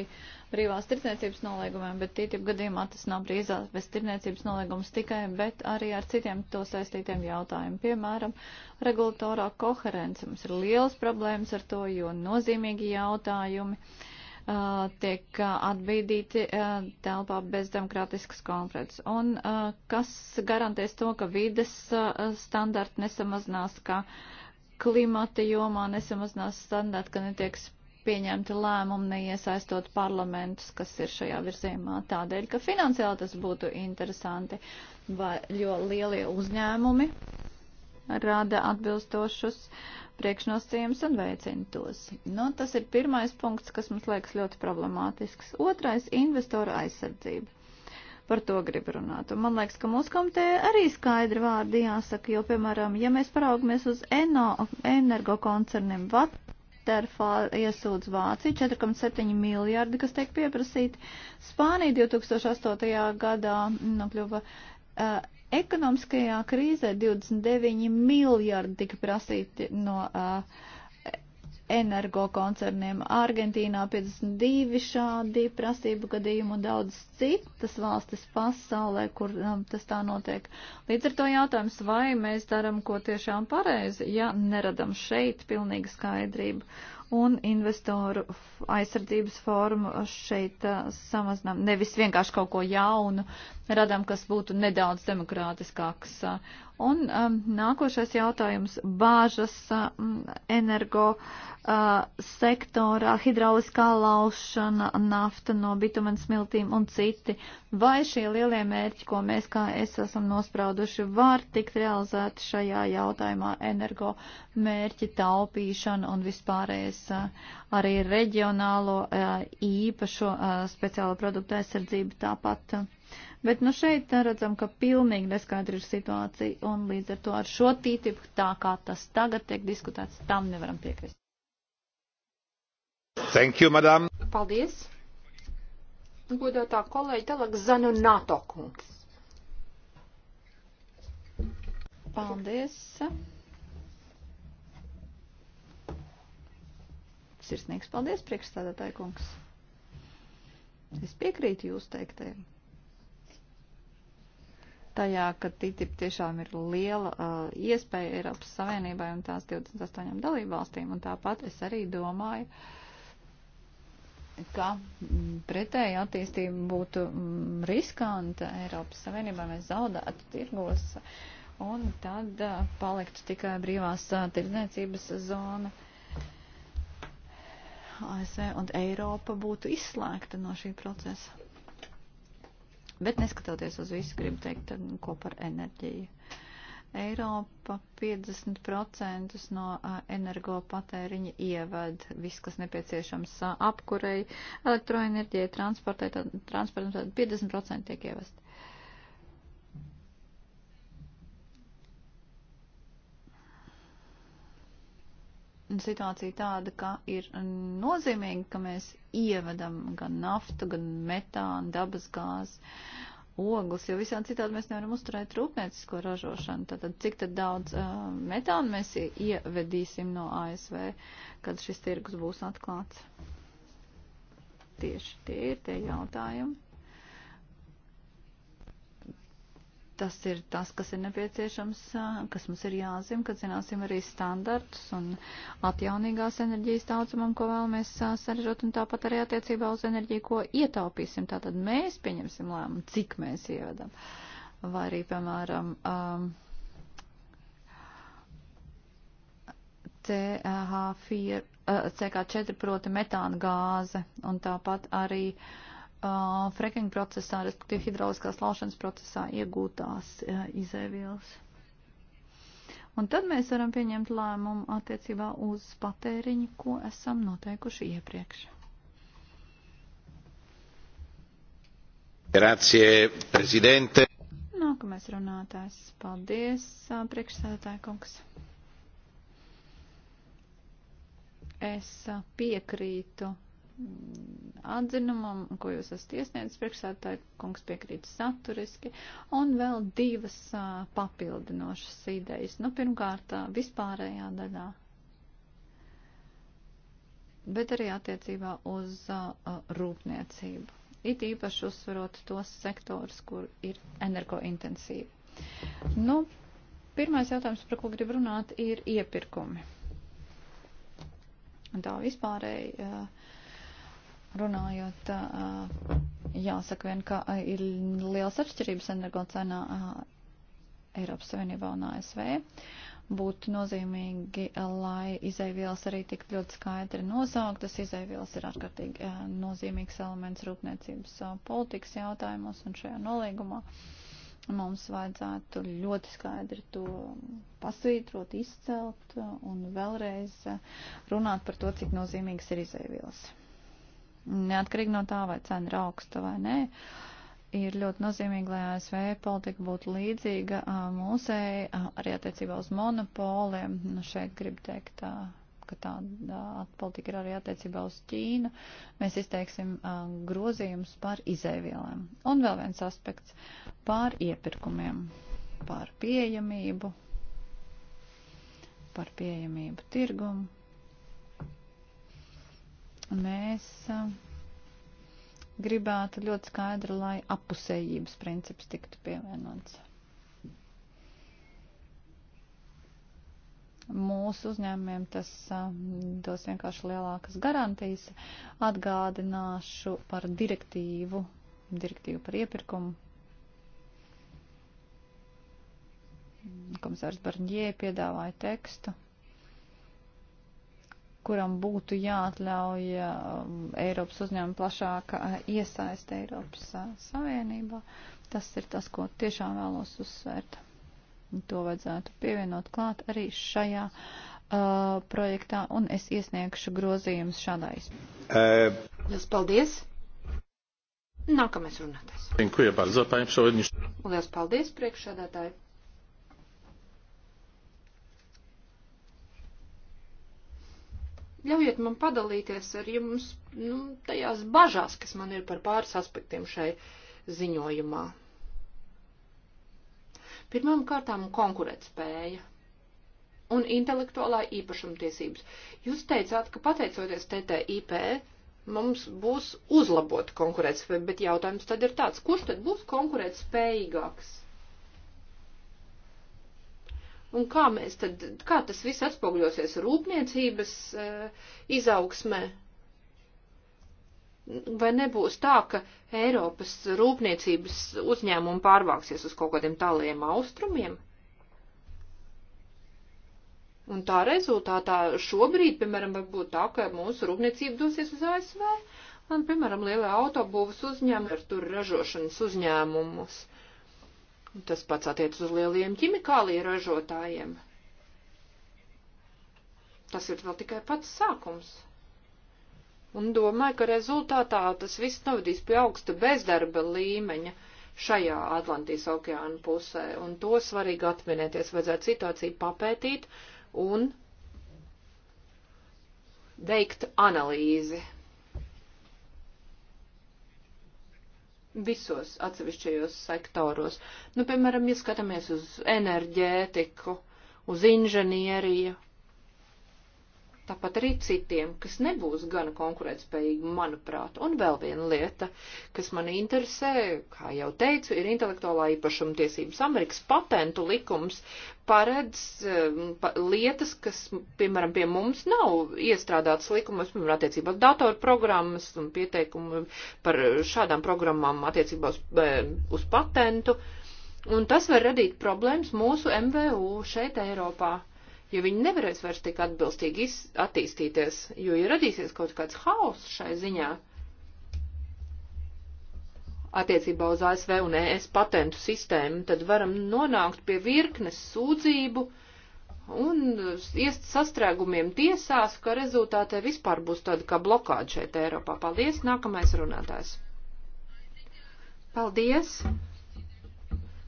brīvās tirdzniecības nolīgumiem, bet tītiem gadījumā tas nav brīzās bez tirdzniecības nolīgums tikai, bet arī ar citiem to saistītiem jautājumiem. Piemēram, regulatorā koherence. Mums ir liels problēmas ar to, jo nozīmīgi jautājumi tiek atbīdīti telpā bez demokrātiskas konferences. Un kas garantēs to, ka vides standarti nesamazinās, ka klimata jomā nesamazinās standarti, ka netiek pieņemti lēmumi, neiesaistot parlamentus, kas ir šajā virzienā tādēļ, ka finansiāli tas būtu interesanti, vai, jo lielie uzņēmumi rada atbilstošus uh, priekšnosacījumus un veicina tos. Nu, tas ir pirmais punkts, kas mums liekas ļoti problemātisks. Otrais - investora aizsardzība. Par to grib runāt. Un man liekas, ka mūsu komitē arī skaidri vārdi jāsaka, jo, piemēram, ja mēs paraugamies uz eno, energokoncerniem, Vatterfall iesūdz Vāciju 4,7 miljārdi, kas tiek pieprasīti. Spānija 2008. gadā nokļuva. Nu, uh, Ekonomiskajā krīzē 29 miljardi tika prasīti no uh, energokoncerniem. Argentīnā 52 šādi prasību gadījumu un daudz citas valstis pasaulē, kur um, tas tā notiek. Līdz ar to jautājums, vai mēs darām ko tiešām pareizi, ja neradam šeit pilnīgu skaidrību. Uh, un investoru aizsardzības formu šeit uh, samazinām. Nevis vienkārši kaut ko jaunu radām, kas būtu nedaudz demokrātiskāks. Uh, Un um, nākošais jautājums - bāžas um, energo uh, sektorā, hidrauliskā laušana, nafta no bitumen smiltīm un citi. Vai šie lielie mērķi, ko mēs kā es esam nosprauduši, var tikt realizēti šajā jautājumā - energo mērķi, taupīšana un vispārējais uh, arī reģionālo uh, īpašo uh, speciālo produktu aizsardzību tāpat. Uh, Bet nu šeit eh, redzam, ka pilnīgi neskaidra ir situācija un līdz ar to ar šo tītību tā kā tas tagad tiek diskutēts, tam nevaram piekrist. Thank you, madam. Paldies. Godātā kolēģi, tālāk Zanu NATO kungs. Paldies. Sirsnīgs paldies, priekšstādātāji kungs. Es piekrītu jūs teiktajiem tajā, ka TTIP tiešām ir liela uh, iespēja Eiropas Savienībai un tās 28 dalībvalstīm, un tāpat es arī domāju, ka mm, pretēji attīstība būtu mm, riskanta Eiropas Savienībā, mēs zaudētu tirgos, un tad uh, paliktu tikai brīvās uh, tirdzniecības zona. ASV un Eiropa būtu izslēgta no šī procesa. Bet neskatoties uz visu, gribu teikt, ko par enerģiju. Eiropa 50% no energopatēriņa ieved viss, kas nepieciešams apkurei, elektroenerģijai, transportai, tad, transportam, tad 50% tiek ievest. situācija tāda, ka ir nozīmīgi, ka mēs ievedam gan naftu, gan metānu, dabas gāzi, ogles, jo visādi citādi mēs nevaram uzturēt rūpniecisko ražošanu. Tātad, cik tad daudz uh, metānu mēs ievedīsim no ASV, kad šis tirgus būs atklāts? Tieši tie ir tie jautājumi. tas ir tas, kas ir nepieciešams, kas mums ir jāzina, kad zināsim arī standartus un atjaunīgās enerģijas daudzumam, ko vēlamies saražot, un tāpat arī attiecībā uz enerģiju, ko ietaupīsim. Tātad mēs pieņemsim lēmumu, cik mēs ievedam. Vai arī, piemēram, um, CH4, CK4, proti metāna gāze, un tāpat arī uh, uh, frekinga procesā, respektīvi hidrauliskās laušanas procesā iegūtās uh, izēvielas. Un tad mēs varam pieņemt lēmumu attiecībā uz patēriņu, ko esam noteikuši iepriekš. Grazie, prezidente. Nākamais runātājs. Paldies, priekšsēdētāja kungs. Es piekrītu atzinumam, ko jūs esat iesniedzis priekšsētāji, kungs piekrīt saturiski, un vēl divas uh, papildinošas idejas. Nu, pirmkārt, vispārējā daļā, bet arī attiecībā uz uh, rūpniecību. It īpaši uzsverot tos sektorus, kur ir energointensīvi. Nu, pirmais jautājums, par ko grib runāt, ir iepirkumi. Un tā vispārēji. Uh, runājot, jāsaka vien, ka ir liels atšķirības energocenā Eiropas Savienībā un ASV. Būtu nozīmīgi, lai izēvielas arī tik ļoti skaidri nosauktas. Izēvielas ir ārkārtīgi nozīmīgs elements rūpniecības politikas jautājumos un šajā nolīgumā. Mums vajadzētu ļoti skaidri to pasvītrot, izcelt un vēlreiz runāt par to, cik nozīmīgas ir izēvielas neatkarīgi no tā, vai cena ir augsta vai nē. Ir ļoti nozīmīgi, lai ASV politika būtu līdzīga mūsēji, arī attiecībā uz monopoliem. Nu, šeit grib teikt, ka tāda politika ir arī attiecībā uz Ķīnu. Mēs izteiksim grozījumus par izēvielēm. Un vēl viens aspekts par iepirkumiem, par pieejamību, par pieejamību tirgumu Mēs gribētu ļoti skaidri, lai apusējības princips tiktu pievienots. mūsu uzņēmumiem tas dos vienkārši lielākas garantijas. Atgādināšu par direktīvu, direktīvu par iepirkumu. Komisārs Barņie piedāvāja tekstu kuram būtu jāatļauj um, Eiropas uzņēmumu plašāka uh, iesaista Eiropas uh, Savienībā. Tas ir tas, ko tiešām vēlos uzsvērt. To vajadzētu pievienot klāt arī šajā uh, projektā, un es iesniegšu grozījumus šādā izpildē. Lielas paldies! Nākamais runātājs. Lielas paldies, priekšsādātāji! Ļaujiet man padalīties ar jums nu, tajās bažās, kas man ir par pāris aspektiem šai ziņojumā. Pirmām kārtām konkurētspēja un intelektuālā īpašumtiesības. Jūs teicāt, ka pateicoties TTIP, mums būs uzlabota konkurētspēja, bet jautājums tad ir tāds, kurš tad būs konkurētspējīgāks? Un kā mēs tad, kā tas viss atspogļosies rūpniecības e, izaugsmē? Vai nebūs tā, ka Eiropas rūpniecības uzņēmumi pārvāksies uz kaut kādiem tāliem austrumiem? Un tā rezultātā šobrīd, piemēram, var būt tā, ka mūsu rūpniecība dosies uz ASV, un, piemēram, lielā autobūvas uzņēmuma ar tur ražošanas uzņēmumus. Uh, Tas pats attiec uz lieliem ķimikālija ražotājiem. Tas ir vēl tikai pats sākums. Un domāju, ka rezultātā tas viss novadīs pie augsta bezdarba līmeņa šajā Atlantijas okeāna pusē. Un to svarīgi atminēties. Vajadzētu situāciju papētīt un veikt analīzi visos atsevišķajos sektoros. Nu, piemēram, ja skatāmies uz enerģētiku, uz inženieriju, Tāpat arī citiem, kas nebūs gana konkurētspējīgi, manuprāt. Un vēl viena lieta, kas man interesē, kā jau teicu, ir intelektuālā īpašuma tiesības. Amerikas patentu likums paredz um, pa, lietas, kas, piemēram, pie mums nav iestrādātas likumos, piemēram, attiecībā uz datorprogrammas un pieteikumu par šādām programmām attiecībā uz, uz patentu. Un tas var radīt problēmas mūsu MVU šeit Eiropā jo viņi nevarēs vairs tik atbilstīgi attīstīties, jo ir radīsies kaut kāds haoss šai ziņā attiecībā uz ASV un ES patentu sistēmu, tad varam nonākt pie virknes sūdzību un iest sastrēgumiem tiesās, ka rezultātē vispār būs tāda kā blokāda šeit Eiropā. Paldies, nākamais runātājs. Paldies!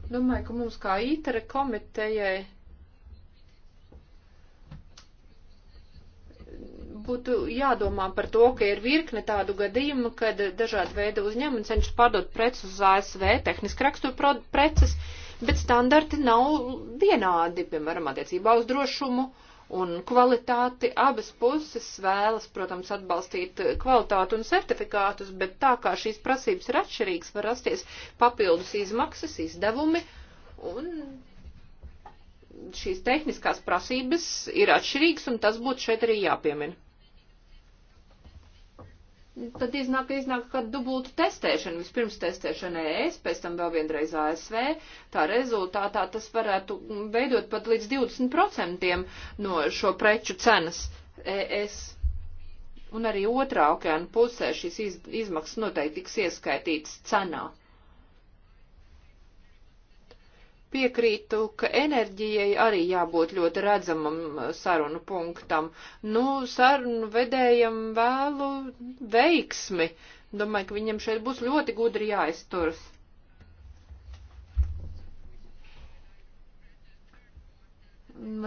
Domāju, ka mums kā ITRE komitejai būtu jādomā par to, ka ir virkne tādu gadījumu, kad dažādi veidi uzņēmumi cenšas pārdot preces uz ASV, tehniski raksturu preces, bet standarti nav vienādi, piemēram, attiecībā uz drošumu un kvalitāti. Abas puses vēlas, protams, atbalstīt kvalitātu un certifikātus, bet tā kā šīs prasības ir atšķirīgas, var rasties papildus izmaksas, izdevumi un šīs tehniskās prasības ir atšķirīgas, un tas būtu šeit arī jāpiemina tad iznāk, iznāk kā dubulta testēšana. Vispirms testēšana ES, pēc tam vēl vienreiz ASV. Tā rezultātā tas varētu veidot pat līdz 20% no šo preču cenas ES. Un arī otrā okeāna pusē šīs iz, izmaksas noteikti tiks ieskaitītas cenā. Piekrītu, ka enerģijai arī jābūt ļoti redzamam sarunu punktam. Nu, sarunu vedējam vēlu veiksmi. Domāju, ka viņam šeit būs ļoti gudri jāizturas.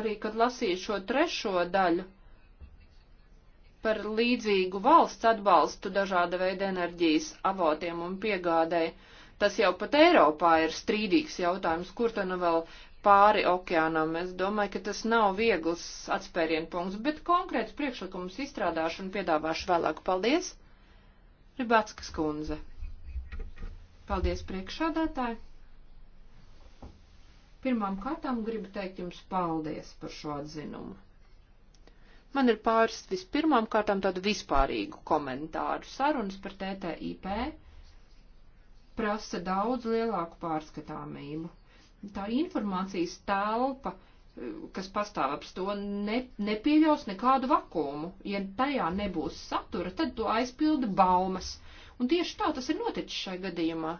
Arī, kad lasīju šo trešo daļu par līdzīgu valsts atbalstu dažāda veida enerģijas avotiem un piegādēji Tas jau pat Eiropā ir strīdīgs jautājums, kur tad nu vēl pāri okeānam. Es domāju, ka tas nav viegls atspērienu punkts, bet konkrēts priekšlikums izstrādāšu un piedāvāšu vēlāk. Paldies, Ribatskas kundze. Paldies priekšādātāji. Pirmām kārtām gribu teikt jums paldies par šo atzinumu. Man ir pāris vispirmām kārtām tādu vispārīgu komentāru sarunas par TTIP prasa daudz lielāku pārskatāmību. Tā informācijas telpa, kas pastāv ap to, ne, nepieļaus nekādu vakumu. Ja tajā nebūs satura, tad to aizpilda baumas. Un tieši tā tas ir noticis šai gadījumā.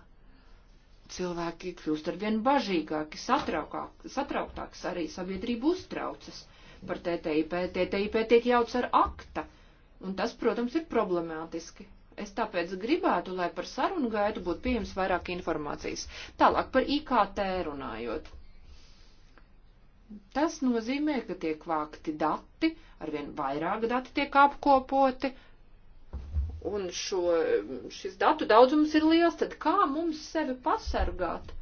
Cilvēki kļūst arvien bažīgāki, satrauktāks arī sabiedrība uztraucas par TTIP. TTIP tiek jauts ar akta, un tas, protams, ir problemātiski. Es tāpēc gribētu, lai par sarunu gaitu būtu pieejams vairāk informācijas. Tālāk par IKT runājot. Tas nozīmē, ka tiek vākti dati, arvien vairāk dati tiek apkopoti, un šo, šis datu daudzums ir liels, tad kā mums sevi pasargāt?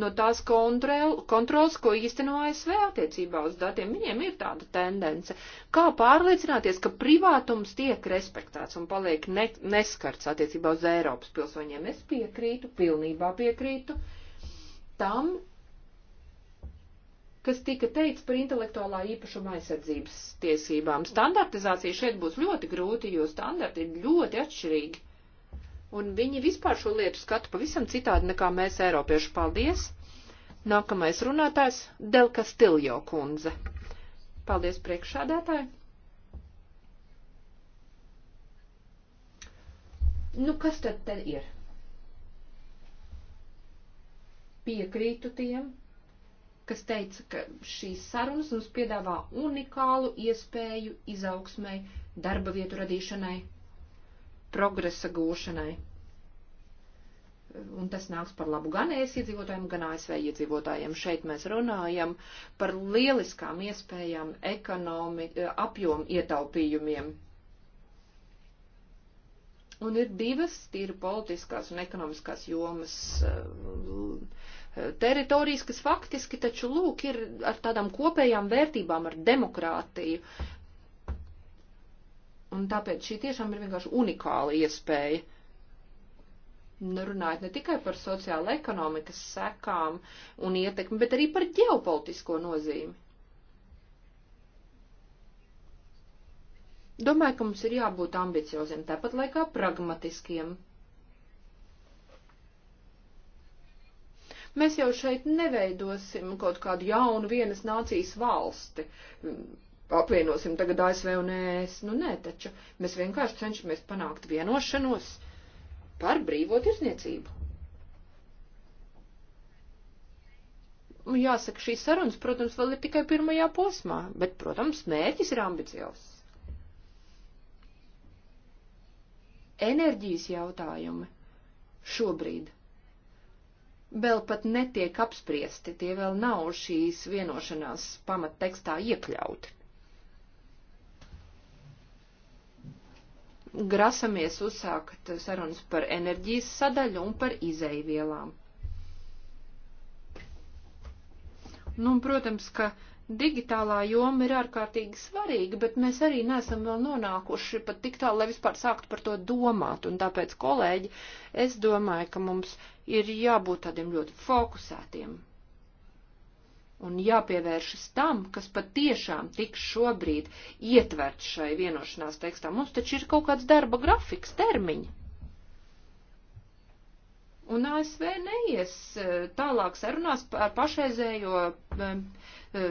no tās kontrol, kontrols, ko īsteno ASV attiecībā uz datiem. Viņiem ir tāda tendence. Kā pārliecināties, ka privātums tiek respektēts un paliek ne, neskarts attiecībā uz Eiropas pilsoņiem? Es piekrītu, pilnībā piekrītu tam, kas tika teikts par intelektuālā īpašuma aizsardzības tiesībām. Standartizācija šeit būs ļoti grūti, jo standarti ir ļoti atšķirīgi Un viņi vispār šo lietu skatu pavisam citādi nekā mēs, Eiropieši. Paldies! Nākamais runātājs - Delka Stiljo kundze. Paldies priekšādātāji! Nu, kas tad te ir? Piekrītu tiem, kas teica, ka šīs sarunas mums piedāvā unikālu iespēju izaugsmai, darba vietu radīšanai progresa gūšanai. Un tas nāks par labu gan es iedzīvotājiem, gan ASV iedzīvotājiem. Šeit mēs runājam par lieliskām iespējām ekonomi, eh, apjomu ietaupījumiem. Un ir divas tīri politiskās un ekonomiskās jomas eh, teritorijas, kas faktiski taču lūk ir ar tādām kopējām vērtībām, ar demokrātiju, Un tāpēc šī tiešām ir vienkārši unikāla iespēja. Nu, runājot ne tikai par sociālo ekonomikas sekām un ietekmi, bet arī par ģeopolitisko nozīmi. Domāju, ka mums ir jābūt ambicioziem, tāpat laikā pragmatiskiem. Mēs jau šeit neveidosim kaut kādu jaunu vienas nācijas valsti apvienosim tagad ASV un ES. Nu nē, taču mēs vienkārši cenšamies panākt vienošanos par brīvo tirzniecību. Nu, jāsaka, šīs sarunas, protams, vēl ir tikai pirmajā posmā, bet, protams, mērķis ir ambiciozs. Enerģijas jautājumi šobrīd vēl pat netiek apspriesti, tie vēl nav šīs vienošanās pamattekstā iekļauti. grasamies uzsākt sarunas par enerģijas sadaļu un par izeivielām. Nu, un, protams, ka digitālā joma ir ārkārtīgi svarīga, bet mēs arī nesam vēl nonākuši pat tik tālu, lai vispār sāktu par to domāt. Un tāpēc, kolēģi, es domāju, ka mums ir jābūt tādiem ļoti fokusētiem un jāpievēršas tam, kas patiešām tiks šobrīd ietverts šai vienošanās tekstā. Mums taču ir kaut kāds darba grafiks, termiņi. Un ASV neies e, tālāk sarunās ar pašreizējo e, e,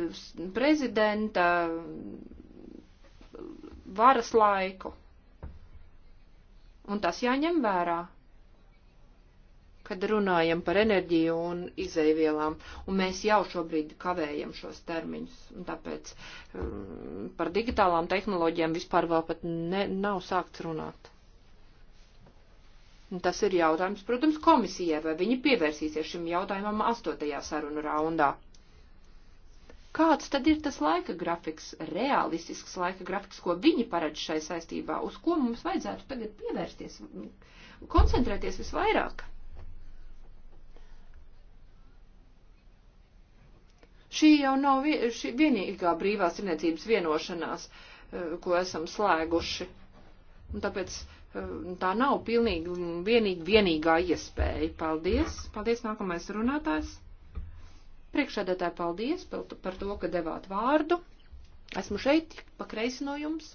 prezidenta varas laiku. Un tas jāņem vērā kad runājam par enerģiju un izēvielām, un mēs jau šobrīd kavējam šos termiņus, un tāpēc um, par digitālām tehnoloģijām vispār vēl pat ne, nav sākts runāt. Un tas ir jautājums, protams, komisijai, vai viņi pievērsīsies šim jautājumam astotajā sarunu raundā. Kāds tad ir tas laika grafiks, realistisks laika grafiks, ko viņi paredz šai saistībā, uz ko mums vajadzētu tagad pievērsties, koncentrēties visvairāk? Šī jau nav šī vienīgā brīvās tirniecības vienošanās, eh, ko esam slēguši. Un tāpēc eh, tā nav pilnīgi vienīgi, vienīgā iespēja. Paldies! Paldies, nākamais runātājs! Priekšādētāji, paldies par to, ka devāt vārdu. Esmu šeit, pa kreisi no jums.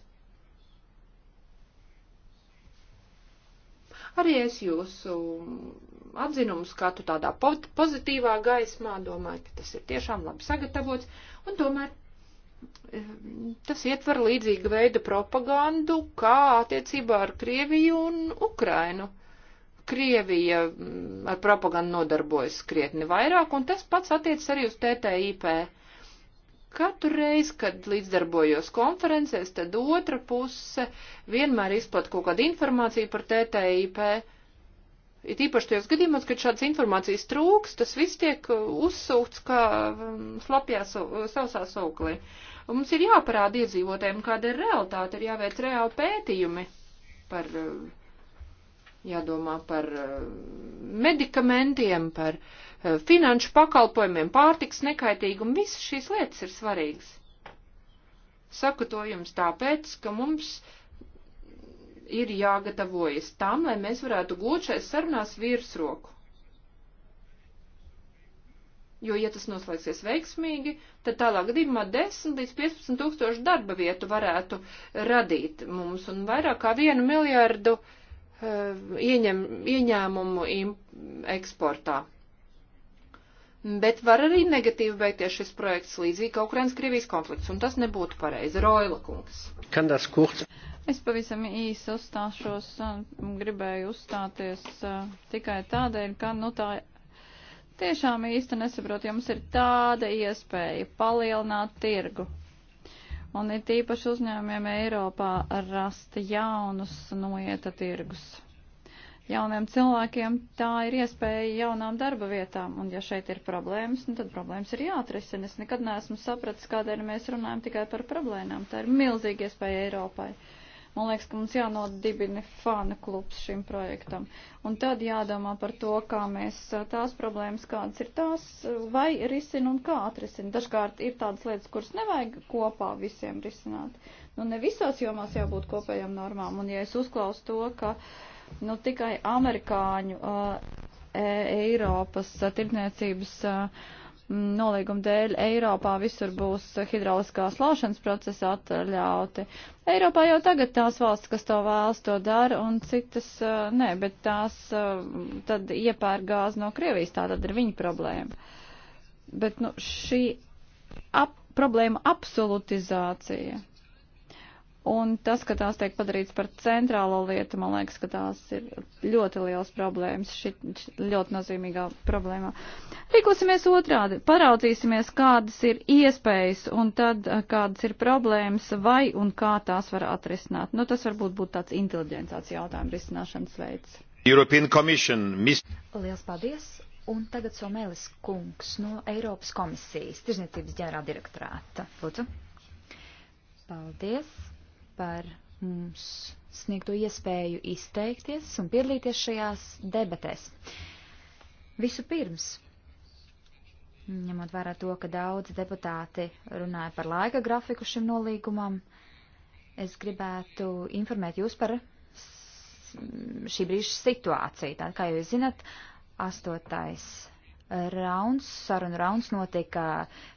Arī es jūsu atzinumu skatu tādā pozitīvā gaismā, domāju, ka tas ir tiešām labi sagatavots, un tomēr eh, tas ietver līdzīga veida propagandu, kā attiecībā ar Krieviju un Ukrainu. Krievija mm, ar propagandu nodarbojas krietni vairāk, un tas pats attiecas arī uz TTIP. Katru reizi, kad līdzdarbojos konferencēs, tad otra puse vienmēr izplat kaut kādu informāciju par TTIP It īpaši tajos gadījumos, kad šādas informācijas trūks, tas viss tiek uh, uzsūkts kā um, slapjā sausā sauklī. Mums ir jāparāda iedzīvotēm, kāda ir realitāte, ir jāveic reāli pētījumi par, uh, jādomā par uh, medikamentiem, par finanšu pakalpojumiem, pārtiks nekaitīgumu, visas šīs lietas ir svarīgas. Saku to jums tāpēc, ka mums ir jāgatavojas tam, lai mēs varētu gūt šais sarunās virsroku. Jo, ja tas noslēgsies veiksmīgi, tad tādā gadījumā 10 līdz 15 tūkstoši darba vietu varētu radīt mums un vairāk kā 1 miljārdu uh, eh, ieņem, ieņēmumu eksportā. Bet var arī negatīvi beigties šis projekts līdzīgi kā Ukrainas-Krievijas konflikts, un tas nebūtu pareizi. Roila kungs. Kandas kurts. Es pavisam īsi uzstāšos, gribēju uzstāties tikai tādēļ, ka, nu, tā tiešām īsti nesaprot, ja mums ir tāda iespēja palielināt tirgu. Un ir tīpaši uzņēmumiem Eiropā rast jaunus noieta tirgus. Jauniem cilvēkiem tā ir iespēja jaunām darba vietām, un ja šeit ir problēmas, nu tad problēmas ir jāatrisina. Es nekad neesmu sapratis, kādēļ mēs runājam tikai par problēmām. Tā ir milzīga iespēja Eiropai. Uh, Man liekas, ka mums jānodibina fana klubs šim projektam. Un tad jādomā par to, kā mēs tās problēmas, kādas ir tās, vai risina un kā atrisina. Dažkārt ir tādas lietas, kuras nevajag kopā visiem risināt. Nu, ne visās jomās jābūt kopējām normām. Un ja es uzklausu to, ka nu, tikai amerikāņu, uh, e Eiropas uh, tirdzniecības. Uh, nolīguma dēļ Eiropā visur būs hidrauliskās laušanas procesi atļauti. Eiropā jau tagad tās valsts, kas to vēlas, to dara, un citas nē, bet tās tad iepēr gāzi no Krievijas, tā tad ir viņa problēma. Bet nu, šī ap, problēma absolutizācija Un tas, ka tās tiek padarīts par centrālo lietu, man liekas, ka tās ir ļoti liels problēmas, šī ļoti nozīmīgā problēmā. Rīkosimies otrādi, paraudzīsimies, kādas ir iespējas un tad eh, kādas ir problēmas vai un kā tās var atrisināt. Nu, tas varbūt būtu tāds inteliģentāts jautājums risināšanas veids. Liels paldies! Un tagad Somēlis kungs no Eiropas komisijas, tirzniecības ģenerāldirektorāta. Lūdzu. Paldies! par mums sniegto iespēju izteikties un piedalīties šajās debatēs. Vispirms, ņemot vērā to, ka daudz deputāti runāja par laika grafiku šim nolīgumam, es gribētu informēt jūs par šī brīža situāciju. Tā kā jūs zinat, astotais rauns, sarunu rauns notika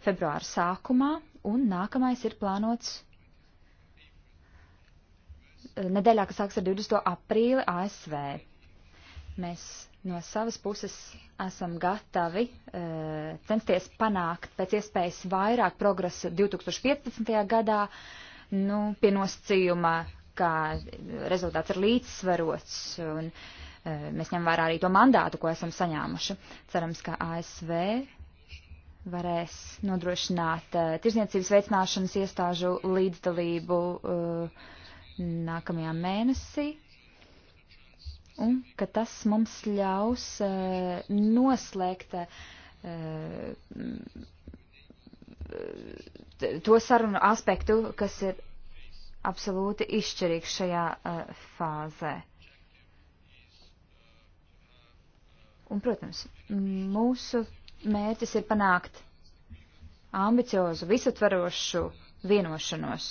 februāra sākumā, un nākamais ir plānots nedēļā, kas sāks ar 20. aprīli ASV. Mēs no savas puses esam gatavi uh, censties panākt pēc iespējas vairāk progresa 2015. gadā, nu, pie nosacījuma, ka rezultāts ir līdzsvarots. Un, uh, Mēs ņem vērā arī to mandātu, ko esam saņēmuši. Cerams, ka ASV varēs nodrošināt uh, tirzniecības veicināšanas iestāžu līdzdalību uh, nākamajā mēnesī, un ka tas mums ļaus uh, noslēgt uh, to sarunu aspektu, kas ir absolūti izšķirīgs šajā uh, fāzē. Un, protams, mūsu mērķis ir panākt ambiciozu, visatvarošu vienošanos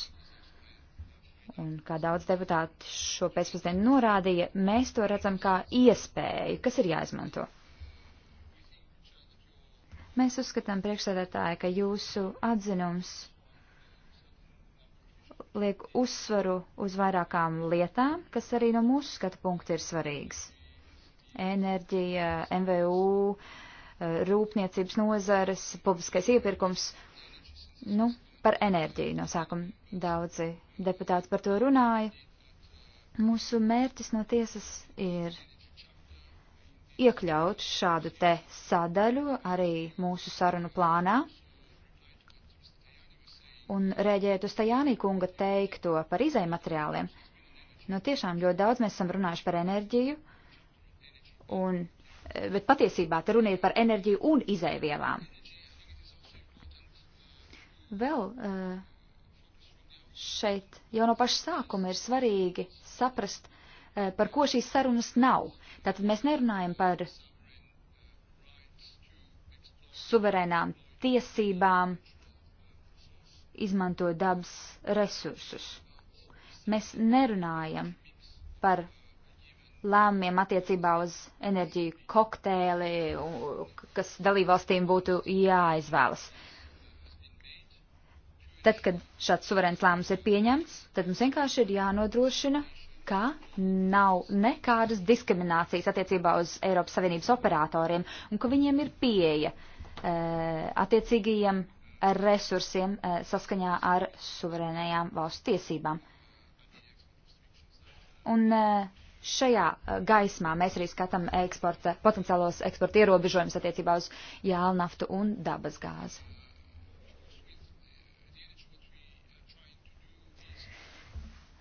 un kā daudz deputāti šo pēcpusdienu norādīja, mēs to redzam kā iespēju, kas ir jāizmanto. Mēs uzskatām priekšsēdētāji, ka jūsu atzinums liek uzsvaru uz vairākām lietām, kas arī no mūsu skatu punkta ir svarīgas. Enerģija, MVU, eh, rūpniecības nozares, publiskais iepirkums. Nu, par enerģiju no sākuma. Daudzi deputāti par to runāja. Mūsu mērķis no tiesas ir iekļaut šādu te sadaļu arī mūsu sarunu plānā un rēģēt uz Tajānī kunga teikto par izējumateriāliem. Nu, tiešām ļoti daudz mēs esam runājuši par enerģiju, un, e, bet patiesībā te runa ir par enerģiju un izēvielām. Vēl eh, šeit jau no paša sākuma ir svarīgi saprast, eh, par ko šīs sarunas nav. Tātad mēs nerunājam par suverēnām tiesībām izmantot dabas resursus. Mēs nerunājam par lēmumiem attiecībā uz enerģiju kokteili, kas dalībvalstīm būtu jāizvēlas. Uh, Tad, kad šāds suverēns lēmums ir pieņemts, tad mums vienkārši ir jānodrošina, ka nav nekādas diskriminācijas attiecībā uz Eiropas Savienības operatoriem un ka viņiem ir pieeja e, attiecīgajiem resursiem e, saskaņā ar suverēnajām valsts tiesībām. Un e, šajā gaismā mēs arī skatām eksporta, potenciālos eksporta ierobežojumus attiecībā uz jēlnaftu un dabasgāzi.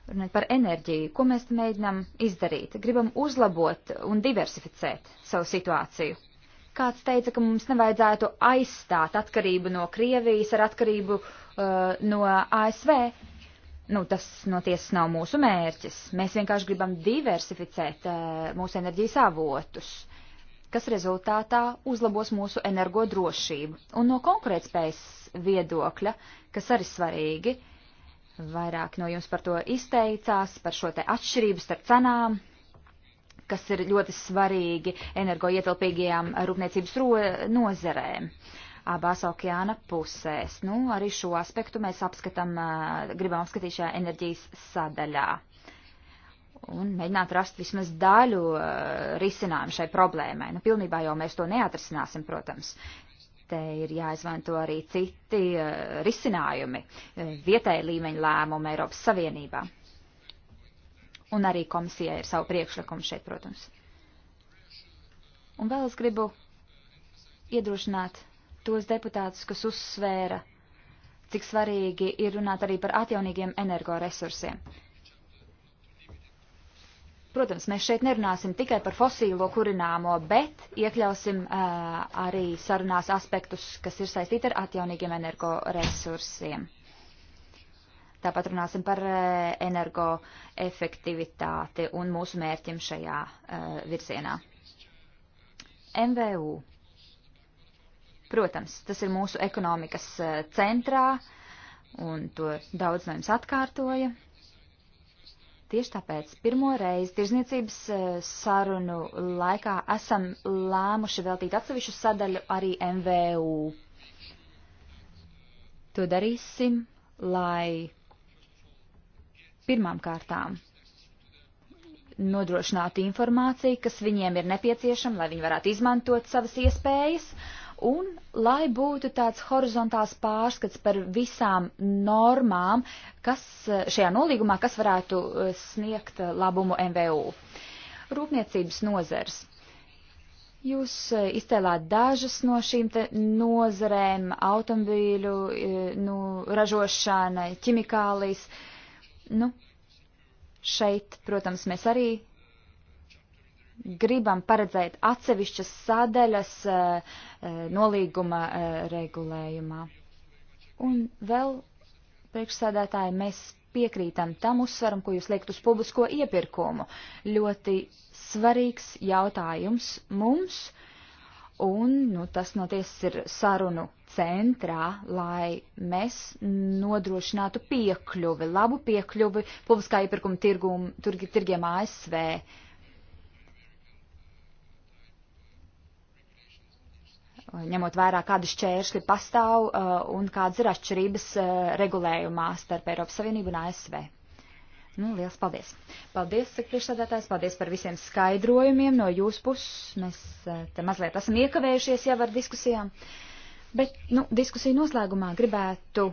runājot par enerģiju, ko mēs mēģinām izdarīt? Gribam uzlabot un diversificēt savu situāciju. Kāds teica, ka mums nevajadzētu aizstāt atkarību no Krievijas ar atkarību uh, no ASV. Nu, tas no tiesas nav mūsu mērķis. Mēs vienkārši gribam diversificēt uh, mūsu enerģijas avotus, kas rezultātā uzlabos mūsu energodrošību. Un no konkurētspējas viedokļa, kas arī svarīgi, uh, Vairāk no jums par to izteicās, par šo te atšķirību starp cenām, kas ir ļoti svarīgi energoietilpīgajām rūpniecības nozerēm abās okeāna pusēs. Nu, arī šo aspektu mēs apskatam, gribam apskatīt šajā enerģijas sadaļā un mēģināt rast vismaz daļu risinājumu šai problēmai. Nu, pilnībā jau mēs to neatrisināsim, protams, Te ir jāizmanto arī citi uh, risinājumi, eh, vietēja līmeņa lēmumi Eiropas Savienībā. Un arī komisijai ir savu priekšlikumu šeit, protams. Un vēl es gribu iedrošināt tos deputātus, kas uzsvēra, cik svarīgi ir runāt arī par atjaunīgiem energoresursiem. resursiem Protams, mēs šeit nerunāsim tikai par fosīlo kurināmo, bet iekļausim uh, arī sarunās aspektus, kas ir saistīti ar atjaunīgiem energoresursiem. Tāpat runāsim par uh, energoefektivitāti un mūsu mērķim šajā uh, virzienā. MVU. Protams, tas ir mūsu ekonomikas uh, centrā, un to daudz no jums atkārtoja Tieši tāpēc pirmo reizi tirzniecības eh, sarunu laikā esam lēmuši veltīt atsevišķu sadaļu arī MVU. To darīsim, lai pirmām kārtām nodrošinātu informāciju, kas viņiem ir nepieciešama, lai viņi varētu izmantot savas iespējas, uh, un lai būtu tāds horizontāls pārskats par visām normām, kas eh, šajā nolīgumā, kas varētu eh, sniegt eh, labumu MVU. Rūpniecības nozars. Jūs izcēlāt dažas no šīm nozarēm - automobīļu, nu, ražošana, ķimikālijas. Nu, šeit, protams, mēs arī gribam paredzēt atsevišķas sadaļas eh, eh, nolīguma eh, regulējumā. Un vēl, priekšsēdētāji, mēs piekrītam tam uzsvaram, ko jūs liekat uz publisko iepirkumu. Ļoti svarīgs jautājums mums, un nu, tas noties ir sarunu centrā, lai mēs nodrošinātu piekļuvi, labu piekļuvi publiskā iepirkuma tirgum, tirgiem ASV. Uh, ņemot vērā, kādi šķēršļi pastāv uh, un kādas ir atšķirības uh, regulējumā starp Eiropas Savienību un ASV. Nu, liels paldies. Paldies, saka priekšsādātājs, paldies par visiem skaidrojumiem no jūsu puses. Mēs uh, te mazliet esam iekavējušies jau ar diskusijām. Bet, nu, diskusiju noslēgumā gribētu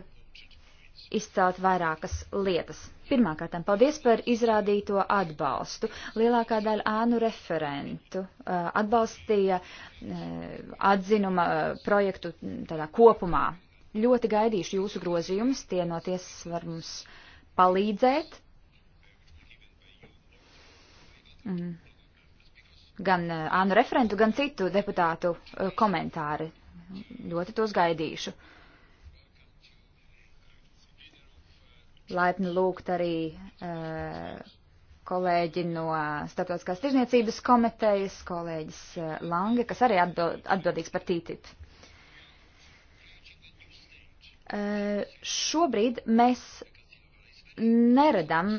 izcelt vairākas lietas. Pirmkārt, paldies par izrādīto atbalstu. Lielākā daļa ānu referentu uh, atbalstīja uh, atzinuma uh, projektu mm, tādā kopumā. Ļoti gaidīšu jūsu grozījumus, tie no tiesas var mums palīdzēt. Mm. Gan ānu referentu, gan citu deputātu komentāri. Ļoti tos gaidīšu. Uh, laipni lūgt arī uh, kolēģi no Startautiskās tirzniecības komitejas, kolēģis uh, Lange, kas arī atbild, atbildīgs par TTIP. Uh, eh, šobrīd mēs neredam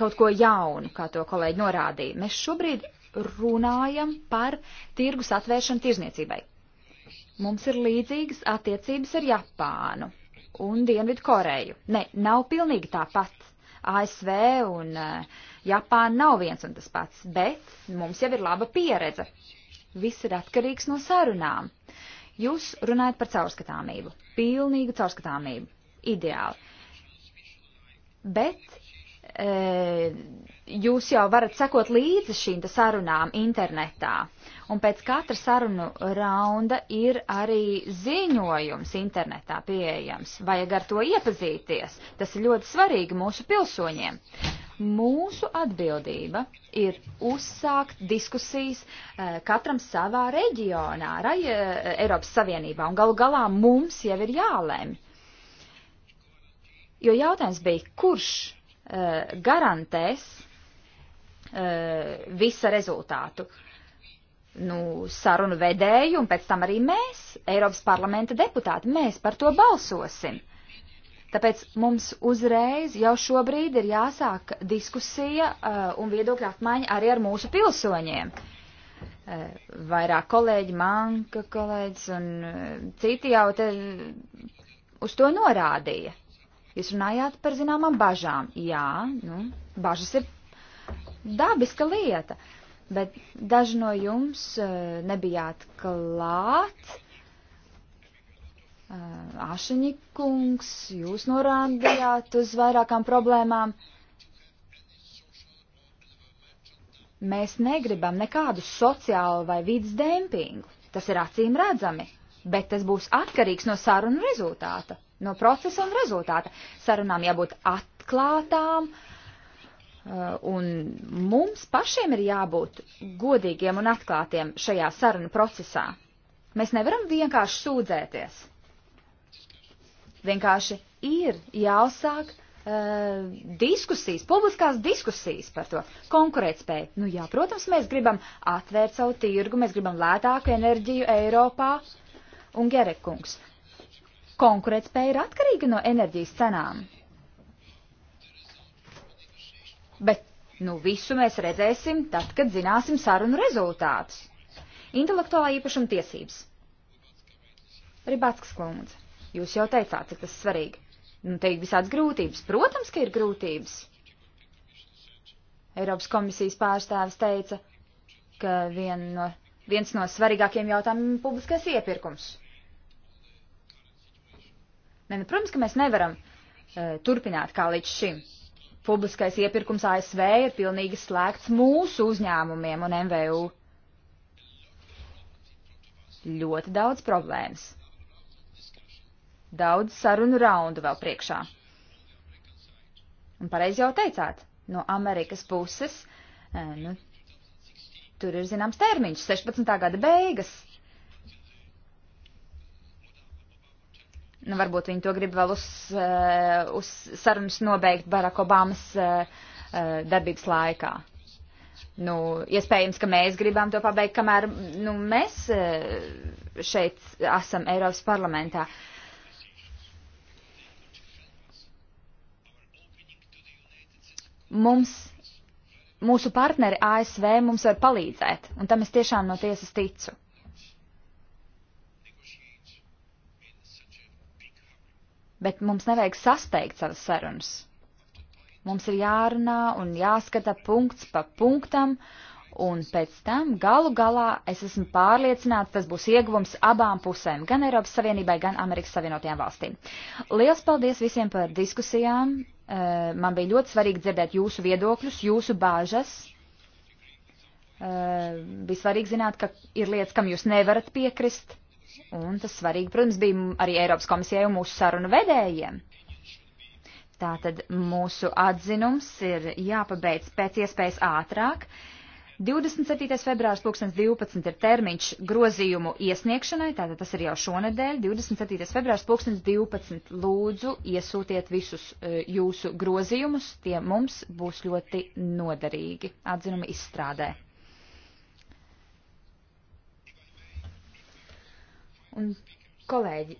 kaut ko jaunu, kā to kolēģi norādīja. Mēs šobrīd runājam par tirgus atvēršanu tirzniecībai. Mums ir līdzīgas attiecības ar Japānu un Dienvidu Koreju. Ne, nav pilnīgi tāpat. ASV un eh, Japāna nav viens un tas pats, bet mums jau ir laba pieredze. Viss ir atkarīgs no sarunām. Jūs runājat par caurskatāmību, pilnīgu caurskatāmību, ideāli. Bet E, jūs jau varat sekot līdzi šīm sarunām internetā. Un pēc katra sarunu raunda ir arī ziņojums internetā pieejams. Vajag ar to iepazīties. Tas ir ļoti svarīgi mūsu pilsoņiem. Mūsu atbildība ir uzsākt diskusijas e, katram savā reģionā, raja, e, Eiropas Savienībā, un galu galā mums jau ir jālēm. Jo jautājums bija, kurš Eh, garantēs eh, visa rezultātu. Nu, sarunu vedēju un pēc tam arī mēs, Eiropas parlamenta deputāti, mēs par to balsosim. Tāpēc mums uzreiz jau šobrīd ir jāsāk diskusija uh, un viedokļa apmaiņa arī ar mūsu pilsoņiem. Uh, vairāk kolēģi, manka kolēģis un uh, citi jau te uz to norādīja. Jūs runājāt par zināmām bažām. Jā, nu, bažas ir dabiska lieta, bet daži no jums uh, nebijāt klāt. Uh, eh, Ašiņi kungs, jūs norādījāt uz vairākām problēmām. Mēs negribam nekādu sociālu vai vidas dempingu. Tas ir acīm redzami, bet tas būs atkarīgs no sarunu rezultāta no procesa un rezultāta. Sarunām jābūt atklātām, uh, un mums pašiem ir jābūt godīgiem un atklātiem šajā sarunu procesā. Mēs nevaram vienkārši sūdzēties. Vienkārši ir jāuzsāk uh, diskusijas, publiskās diskusijas par to konkurētspēju. Nu jā, protams, mēs gribam atvērt savu tirgu, mēs gribam lētāku enerģiju Eiropā. Un Gerekungs, konkurētspēja ir atkarīga no enerģijas cenām. Bet, nu, visu mēs redzēsim tad, kad zināsim sarunu rezultātus. Intelektuālā īpašuma tiesības. Ribatskas kundze, jūs jau teicāt, cik tas svarīgi. Nu, te ir visādas grūtības. Protams, ka ir grūtības. Eiropas komisijas pārstāvis teica, ka vien no, viens no svarīgākiem jautājumiem ir publiskais iepirkums. Nē, nu, protams, ka mēs nevaram uh, turpināt kā līdz šim. Publiskais iepirkums ASV ir pilnīgi slēgts mūsu uzņēmumiem un MVU. Ļoti daudz problēmas. Daudz sarunu raundu vēl priekšā. Un pareizi jau teicāt, no Amerikas puses, uh, nu, tur ir zināms termiņš - 16. gada beigas nu, varbūt viņi to grib vēl uz, eh, uz sarunas nobeigt Barack Obamas eh, eh, darbības laikā. Nu, iespējams, ka mēs gribam to pabeigt, kamēr nu, mēs šeit esam Eiropas parlamentā. Mums, mūsu partneri ASV mums var palīdzēt, un tam es tiešām no tiesas ticu. bet mums nevajag sasteigt savas sarunas. Mums ir jārunā un jāskata punkts pa punktam, un pēc tam galu galā es esmu pārliecināta, tas būs ieguvums abām pusēm, gan Eiropas Savienībai, gan Amerikas Savienotajām valstīm. Liels paldies visiem par diskusijām. Eh, man bija ļoti svarīgi dzirdēt jūsu viedokļus, jūsu bāžas. Eh, bija svarīgi zināt, ka ir lietas, kam jūs nevarat piekrist Un tas svarīgi, protams, bija arī Eiropas komisijai un mūsu sarunu vedējiem. Tātad mūsu atzinums ir jāpabeidz pēc iespējas ātrāk. 27. februārs 2012 ir termiņš grozījumu iesniegšanai, tātad tas ir jau šonedēļ. 27. februārs 2012 lūdzu iesūtiet visus e, jūsu grozījumus, tie mums būs ļoti noderīgi atzinuma izstrādē. un kolēģi.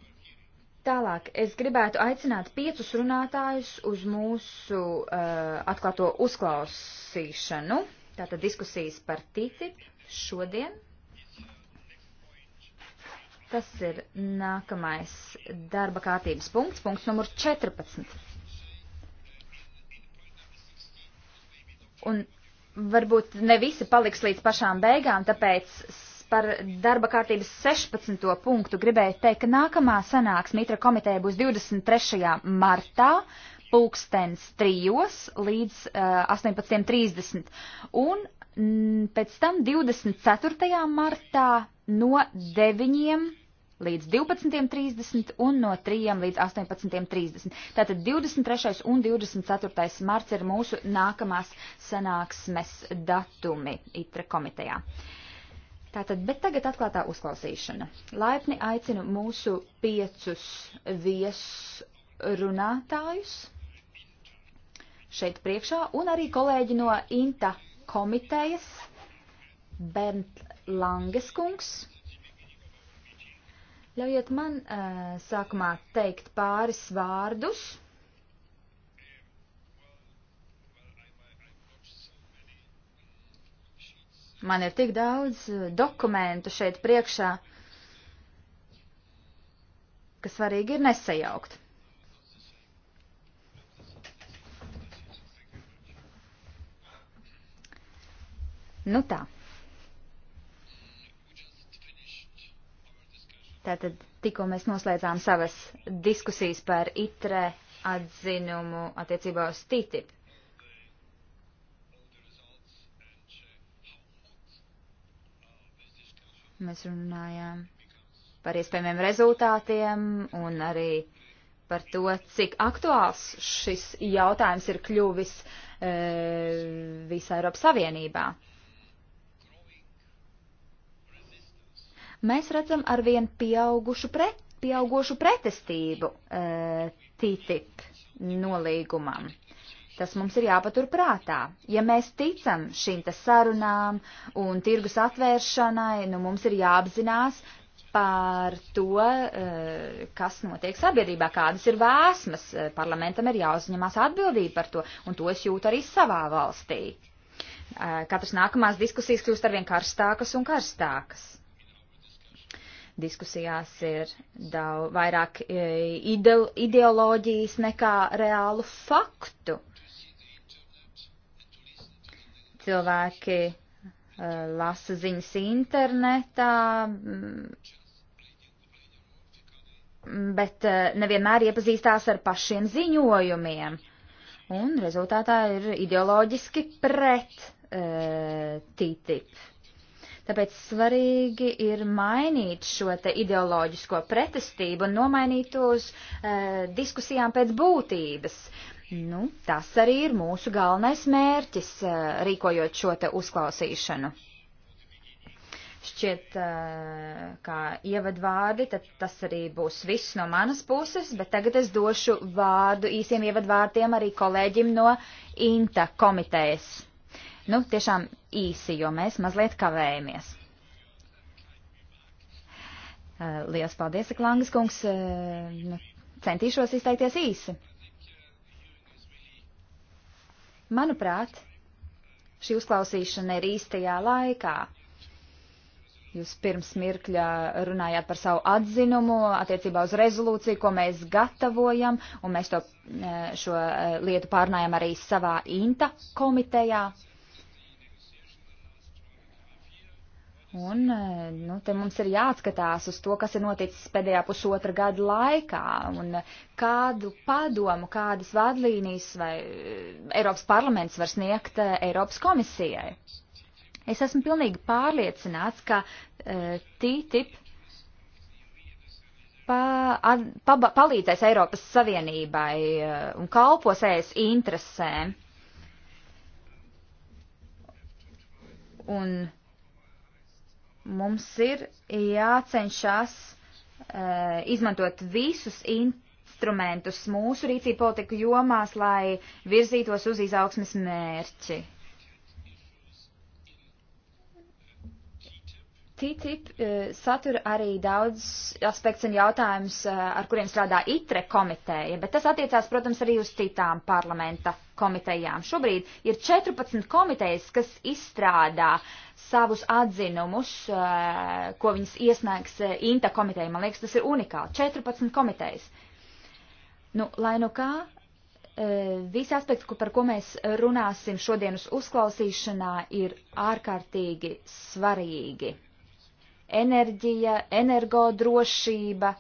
Tālāk es gribētu aicināt piecus runātājus uz mūsu uh, atklāto uzklausīšanu, tātad diskusijas par TTIP šodien. Tas ir nākamais darba kārtības punkts, punkts numur 14. Un varbūt ne visi paliks līdz pašām beigām, tāpēc par darba kārtības 16. punktu gribēju teikt, ka nākamā sanāksme Mitra komiteja būs 23. martā pulkstens 3 līdz uh, eh, 18.30 un m, mm, pēc tam 24. martā no 9 līdz 12.30 un no 3 līdz 18.30. Tātad 23. un 24. marts ir mūsu nākamās sanāksmes datumi ITRE komitejā. Uh, Tātad, bet tagad atklātā uzklausīšana. Laipni aicinu mūsu piecus viesrunātājus šeit priekšā un arī kolēģi no INTA komitejas Bernt Langeskungs. Ļaujiet man uh, sākumā teikt pāris vārdus Man ir tik daudz eh, dokumentu šeit priekšā, ka svarīgi ir nesajaukt. Nu tā. Tātad tikko mēs noslēdzām savas diskusijas par ITRE atzinumu attiecībā uz TTIP. Mēs runājām par iespējamiem rezultātiem un arī par to, cik aktuāls šis jautājums ir kļuvis e, visā Eiropas Savienībā. Mēs redzam arvien pieaugušu pret, pieaugušu pretestību e, TTIP nolīgumam. Tas mums ir jāpatur prātā. Ja mēs ticam šīm te sarunām un tirgus atvēršanai, nu mums ir jāapzinās par to, eh, kas notiek sabiedrībā, kādas ir vēsmas. Eh, parlamentam ir jāuzņemās atbildība par to, un to es jūtu arī savā valstī. Eh, katras nākamās diskusijas kļūst arvien karstākas un karstākas diskusijās ir daudz vairāk ideoloģijas nekā reālu faktu cilvēki eh, lasa ziņas internetā, mm, bet eh, nevienmēr iepazīstās ar pašiem ziņojumiem. Un rezultātā ir ideoloģiski pret e, eh, TTIP. Tāpēc svarīgi ir mainīt šo te ideoloģisko pretestību un nomainīt to uz e, diskusijām pēc būtības. Nu, tas arī ir mūsu galvenais mērķis, eh, rīkojot šo te uzklausīšanu. Šķiet, eh, kā ievadvārdi, tad tas arī būs viss no manas puses, bet tagad es došu vārdu īsiem ievadvārdiem arī kolēģim no INTA komitejas. Nu, tiešām īsi, jo mēs mazliet kavējamies. Eh, Lielas paldies, Klangas kungs. Nu, centīšos izteikties īsi. Manuprāt, šī uzklausīšana ir īstajā laikā. Jūs pirms mirkļa runājāt par savu atzinumu attiecībā uz rezolūciju, ko mēs gatavojam, un mēs to, eh, šo eh, lietu pārnājam arī savā INTA komitejā. Un e, nu, te mums ir jāatskatās uz to, kas ir noticis pēdējā pusotra gada laikā un e, kādu padomu, kādas vadlīnijas vai e, Eiropas parlaments var sniegt Eiropas komisijai. Es esmu pilnīgi pārliecināts, ka uh, TTIP pa, ad, pa, palīdzēs Eiropas Savienībai uh, un kalpos ES interesēm. Un Mums ir jācenšas uh, izmantot visus instrumentus mūsu rīcību politiku jomās, lai virzītos uz izaugsmes mērķi. TTIP eh, satura arī daudz aspekts un jautājums, eh, ar kuriem strādā ITRE komiteja, bet tas attiecās, protams, arī uz citām parlamenta komitejām. Šobrīd ir 14 komitejas, kas izstrādā savus atzinumus, eh, ko viņas iesniegs INTA komiteja. Man liekas, tas ir unikāli. 14 komitejas. Nu, lai nu kā, visi aspekti, par ko mēs runāsim šodien uz uzklausīšanā, ir ārkārtīgi svarīgi enerģija, energodrošība,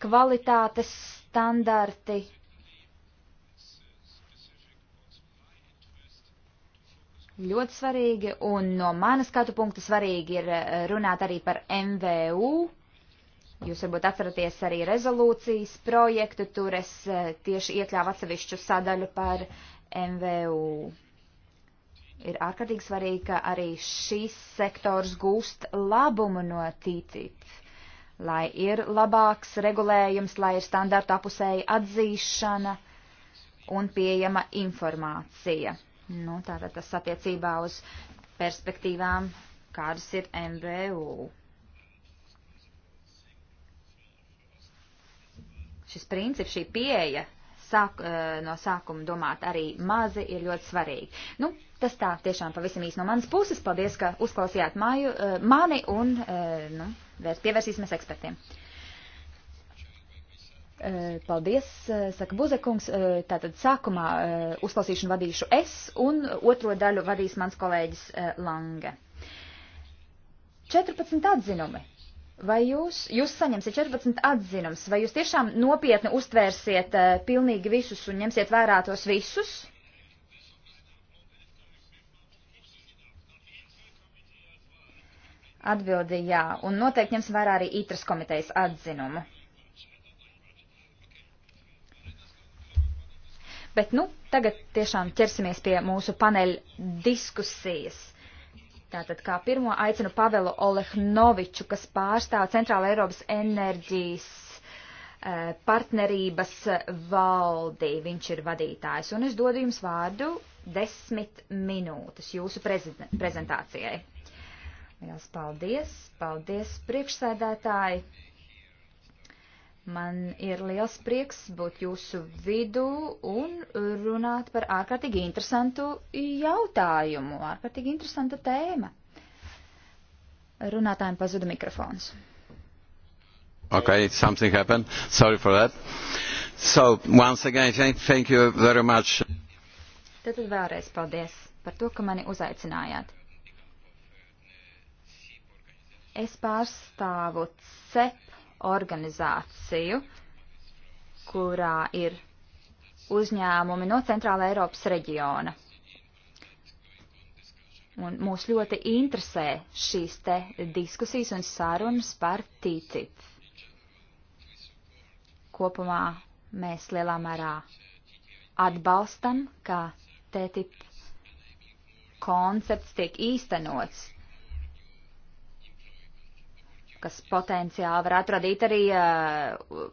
kvalitātes standarti. Ļoti svarīgi, un no manas skatu punkta svarīgi ir eh, runāt arī par MVU. Jūs varbūt atceraties arī rezolūcijas projektu, tur es eh, tieši iekļāvu atsevišķu sadaļu par MVU ir ārkārtīgi svarīgi, ka arī šis sektors gūst labumu no TTIP, lai ir labāks regulējums, lai ir standarta apusēja atzīšana un pieejama informācija. Nu, tātad tas attiecībā uz perspektīvām, kādas ir MVU. Šis princips, šī pieeja sāk, eh, no sākuma domāt arī mazi ir ļoti svarīgi. Nu, Tas tā tiešām pavisam īsti no manas puses. Paldies, ka uzklausījāt māju, eh, mani un eh, nu, pievērsīsimies ekspertiem. Eh, paldies, saka Buzekungs. Tātad sākumā uzklausīšanu vadīšu es un otro daļu vadīs mans kolēģis Lange. 14 atzinumi. Vai jūs, jūs saņemsiet 14 atzinums, vai jūs tiešām nopietni uztvērsiet pilnīgi visus un ņemsiet vērā tos visus? Atbildi jā, un noteikti ņems vērā arī ITRAS komitejas atzinumu. Bet nu, tagad tiešām ķersimies pie mūsu paneļa diskusijas. Tātad kā pirmo aicinu Pavelu Olehnoviču, kas pārstāv Centrāla Eiropas enerģijas eh, partnerības valdi. Viņš ir vadītājs. Un es dodu jums vārdu desmit minūtes jūsu prezentācijai. Liels paldies! Paldies, priekšsēdētāji! Man ir liels prieks būt jūsu vidū un runāt par ārkārtīgi interesantu jautājumu, ārkārtīgi interesanta tēma. Runātājiem pazuda mikrofons. Okay, something happened. Sorry for that. So, once again, thank you very much. Tad vēlreiz paldies par to, ka mani uzaicinājāt. Es pārstāvu CEP organizāciju, kurā ir uzņēmumi no Centrāla Eiropas reģiona. Un mūs ļoti interesē šīs te diskusijas un sarunas par TTIP. Kopumā mēs lielā mērā atbalstam, ka TTIP koncepts tiek īstenots kas potenciāli varētu radīt arī uh,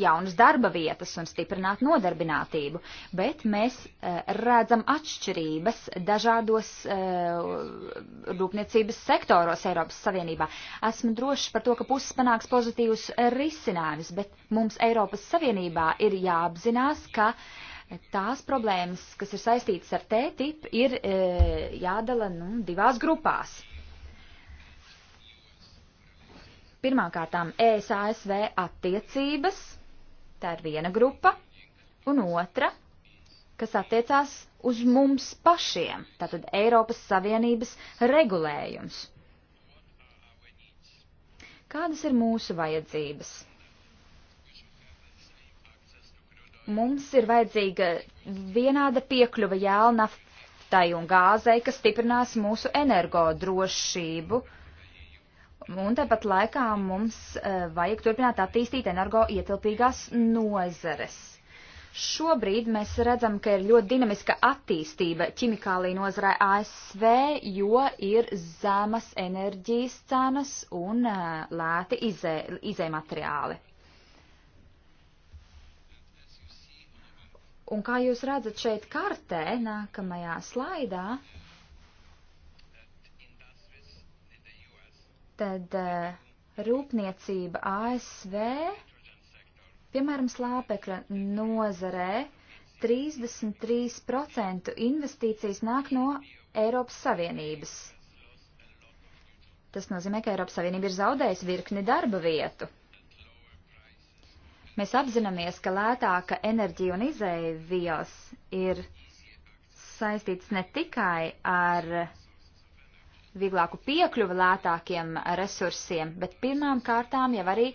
jaunas darba vietas un stiprināt nodarbinātību. Bet mēs uh, redzam atšķirības dažādos uh, rūpniecības sektoros Eiropas Savienībā. Esmu drošs par to, ka puses panāks pozitīvus risinājumus, bet mums Eiropas Savienībā ir jāapzinās, ka tās problēmas, kas ir saistītas ar T-tip, ir jādala nu, divās grupās Pirmkārtām ES-ASV attiecības, tā ir viena grupa, un otra, kas attiecās uz mums pašiem, tātad Eiropas Savienības regulējums. Kādas ir mūsu vajadzības? mums ir vajadzīga vienāda piekļuva jēlnaftai un gāzei, kas stiprinās mūsu energodrošību. Un tāpat laikā mums e, vajag turpināt attīstīt energoietilpīgās nozeres. Šobrīd mēs redzam, ka ir ļoti dinamiska attīstība ķimikālī nozarē ASV, jo ir zemas enerģijas cenas un e, lēti izē, izēmateriāli. Un kā jūs redzat šeit kartē, nākamajā slaidā, uh, Tad eh, rūpniecība ASV, piemēram, slāpekļa nozarē, 33% investīcijas nāk no Eiropas Savienības. Tas nozīmē, ka Eiropas Savienība ir zaudējusi virkni darba vietu. Mēs apzināmies, ka lētāka enerģija un izēvijas ir saistīts ne tikai ar vieglāku piekļuvi lētākiem resursiem, bet pirmām kārtām jau arī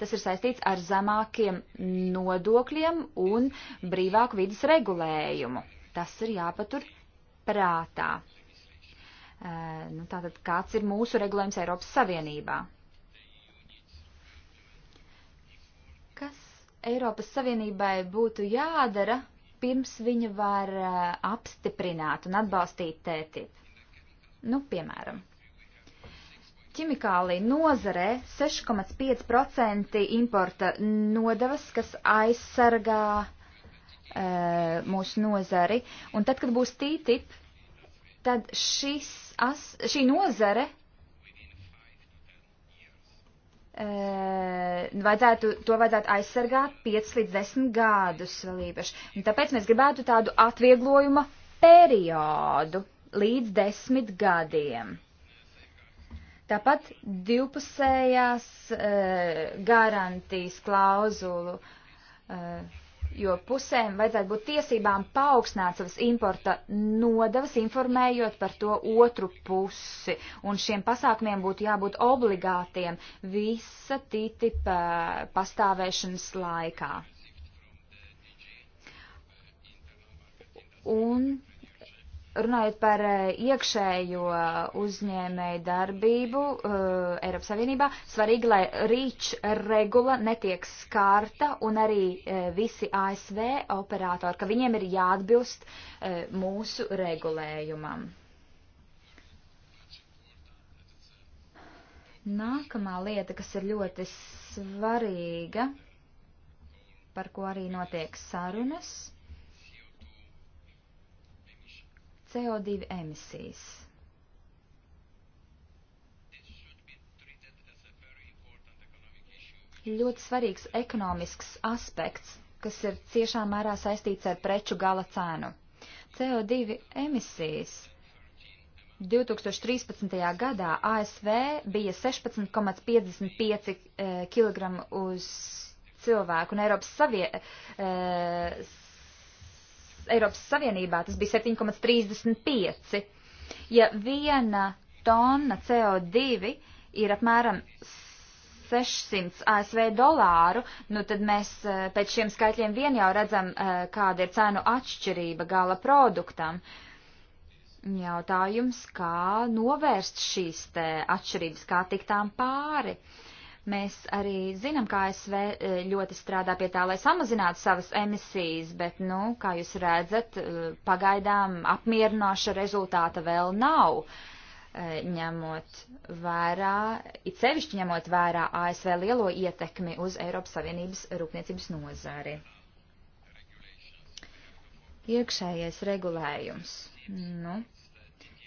tas ir saistīts ar zemākiem nodokļiem un brīvāku vidas regulējumu. Tas ir jāpatur prātā. E, nu, tātad kāds ir mūsu regulējums Eiropas Savienībā? Kas Eiropas Savienībai būtu jādara, pirms viņa var apstiprināt un atbalstīt tētību? Nu, piemēram, ķimikālija nozarē 6,5% importa nodevas, kas aizsargā e, mūsu nozari. Un tad, kad būs TTIP, tad šis, as, šī nozare e, vajadzētu, to vajadzētu aizsargāt 5 līdz 10 gadus vēl īpaši. Un tāpēc mēs gribētu tādu atvieglojuma periodu līdz desmit gadiem. Tāpat divpusējās eh, garantijas klauzulu, eh, jo pusēm vajadzētu būt tiesībām paaugstināt savas importa nodavas, informējot par to otru pusi. Un šiem pasākumiem būtu jābūt obligātiem visa TTIP eh, pastāvēšanas laikā. Un Runājot par eh, iekšējo eh, uzņēmēju darbību uh, Eiropas Savienībā, svarīgi, lai rīč regula netiek skārta un arī uh, visi ASV operatori, ka viņiem ir jāatbilst uh, mūsu regulējumam. Nākamā lieta, kas ir ļoti svarīga, par ko arī notiek sarunas CO2 emisijas. Ļoti svarīgs ekonomisks aspekts, kas ir ciešā mērā saistīts ar preču gala cēnu. CO2 emisijas 2013. gadā ASV bija 16,55 kg eh, uz cilvēku, un Eiropas Savie, eh, Eiropas Savienībā tas bija 7,35. Ja viena tonna CO2 ir apmēram 600 ASV dolāru, nu tad mēs eh, pēc šiem skaitļiem vien jau redzam, eh, kāda ir cenu atšķirība gala produktam. Jautājums, kā novērst šīs atšķirības, kā tikt tām pāri. Uh, Mēs arī zinām, ka ASV e, ļoti strādā pie tā, lai samazinātu savas emisijas, bet, nu, kā jūs redzat, e, pagaidām apmierinoša rezultāta vēl nav, e, ņemot vērā, it sevišķi ņemot vērā ASV lielo ietekmi uz Eiropas Savienības rūpniecības nozari. Iekšējais regulējums. Nu,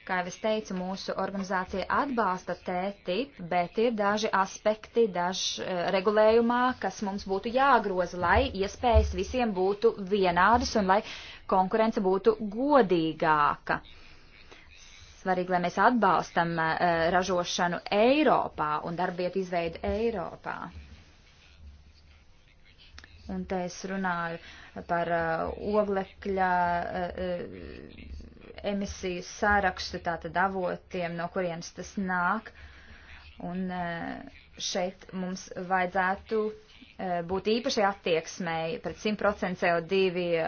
Kā jau es teicu, mūsu organizācija atbalsta TTIP, bet ir daži aspekti, daži uh, eh, regulējumā, kas mums būtu jāgroza, lai iespējas visiem būtu vienādas un lai konkurence būtu godīgāka. Svarīgi, lai mēs atbalstam uh, ražošanu Eiropā un darbietu izveidu Eiropā. Un te es runāju par uh, oglekļa. Uh, uh, emisiju sārakstu, tātad avotiem, no kurienes tas nāk. Un e, šeit mums vajadzētu e, būt īpašai attieksmei pret 100% CO2 e,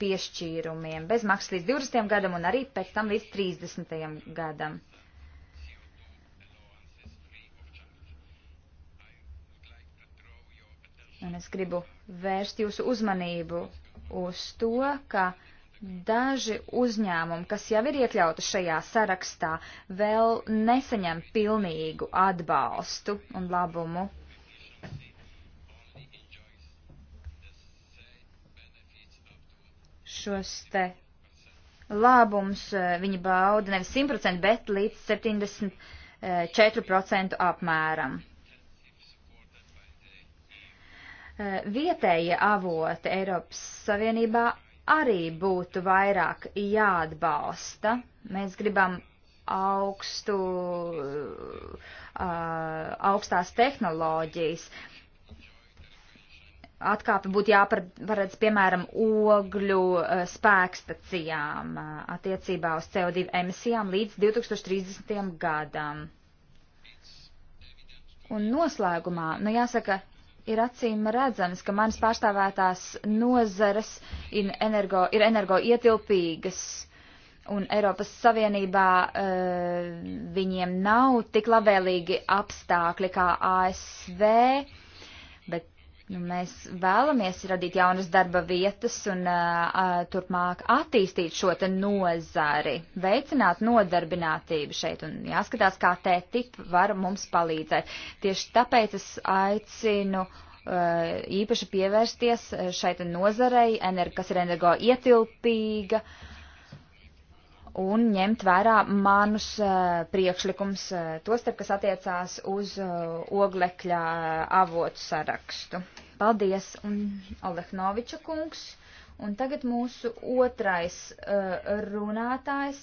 piešķīrumiem bez maksas līdz 20. gadam un arī pēc tam līdz 30. gadam. Un es gribu vērst jūsu uzmanību uz to, ka uh, Daži uzņēmumi, kas jau ir iekļauti šajā sarakstā, vēl nesaņem pilnīgu atbalstu un labumu. Šos te labums eh, viņi bauda nevis 100%, bet līdz 74% eh, apmēram. Eh, vietējie avoti Eiropas Savienībā arī būtu vairāk jāatbalsta. Mēs gribam augstu, uh, augstās tehnoloģijas. Atkāpi būtu jāparedz, piemēram, ogļu uh, spēkstacijām uh, attiecībā uz CO2 emisijām līdz 2030. gadam. Un noslēgumā, nu jāsaka, ir acīm redzams, ka manas pārstāvētās nozares ir energo, ir energo ietilpīgas. Un Eiropas Savienībā uh, viņiem nav tik labvēlīgi apstākļi kā ASV. Uh, Nu, mēs vēlamies radīt jaunas darba vietas un uh, turpmāk attīstīt šo te nozari, veicināt nodarbinātību šeit un jāskatās, kā tē tip var mums palīdzēt. Tieši tāpēc es aicinu uh, īpaši pievērsties šai te nozarei, kas ir energo ietilpīga un ņemt vērā manus uh, priekšlikums, uh, tostarp, kas attiecās uz uh, oglekļa avotu sarakstu. Paldies, Alehnoviča kungs. Un tagad mūsu otrais uh, runātājs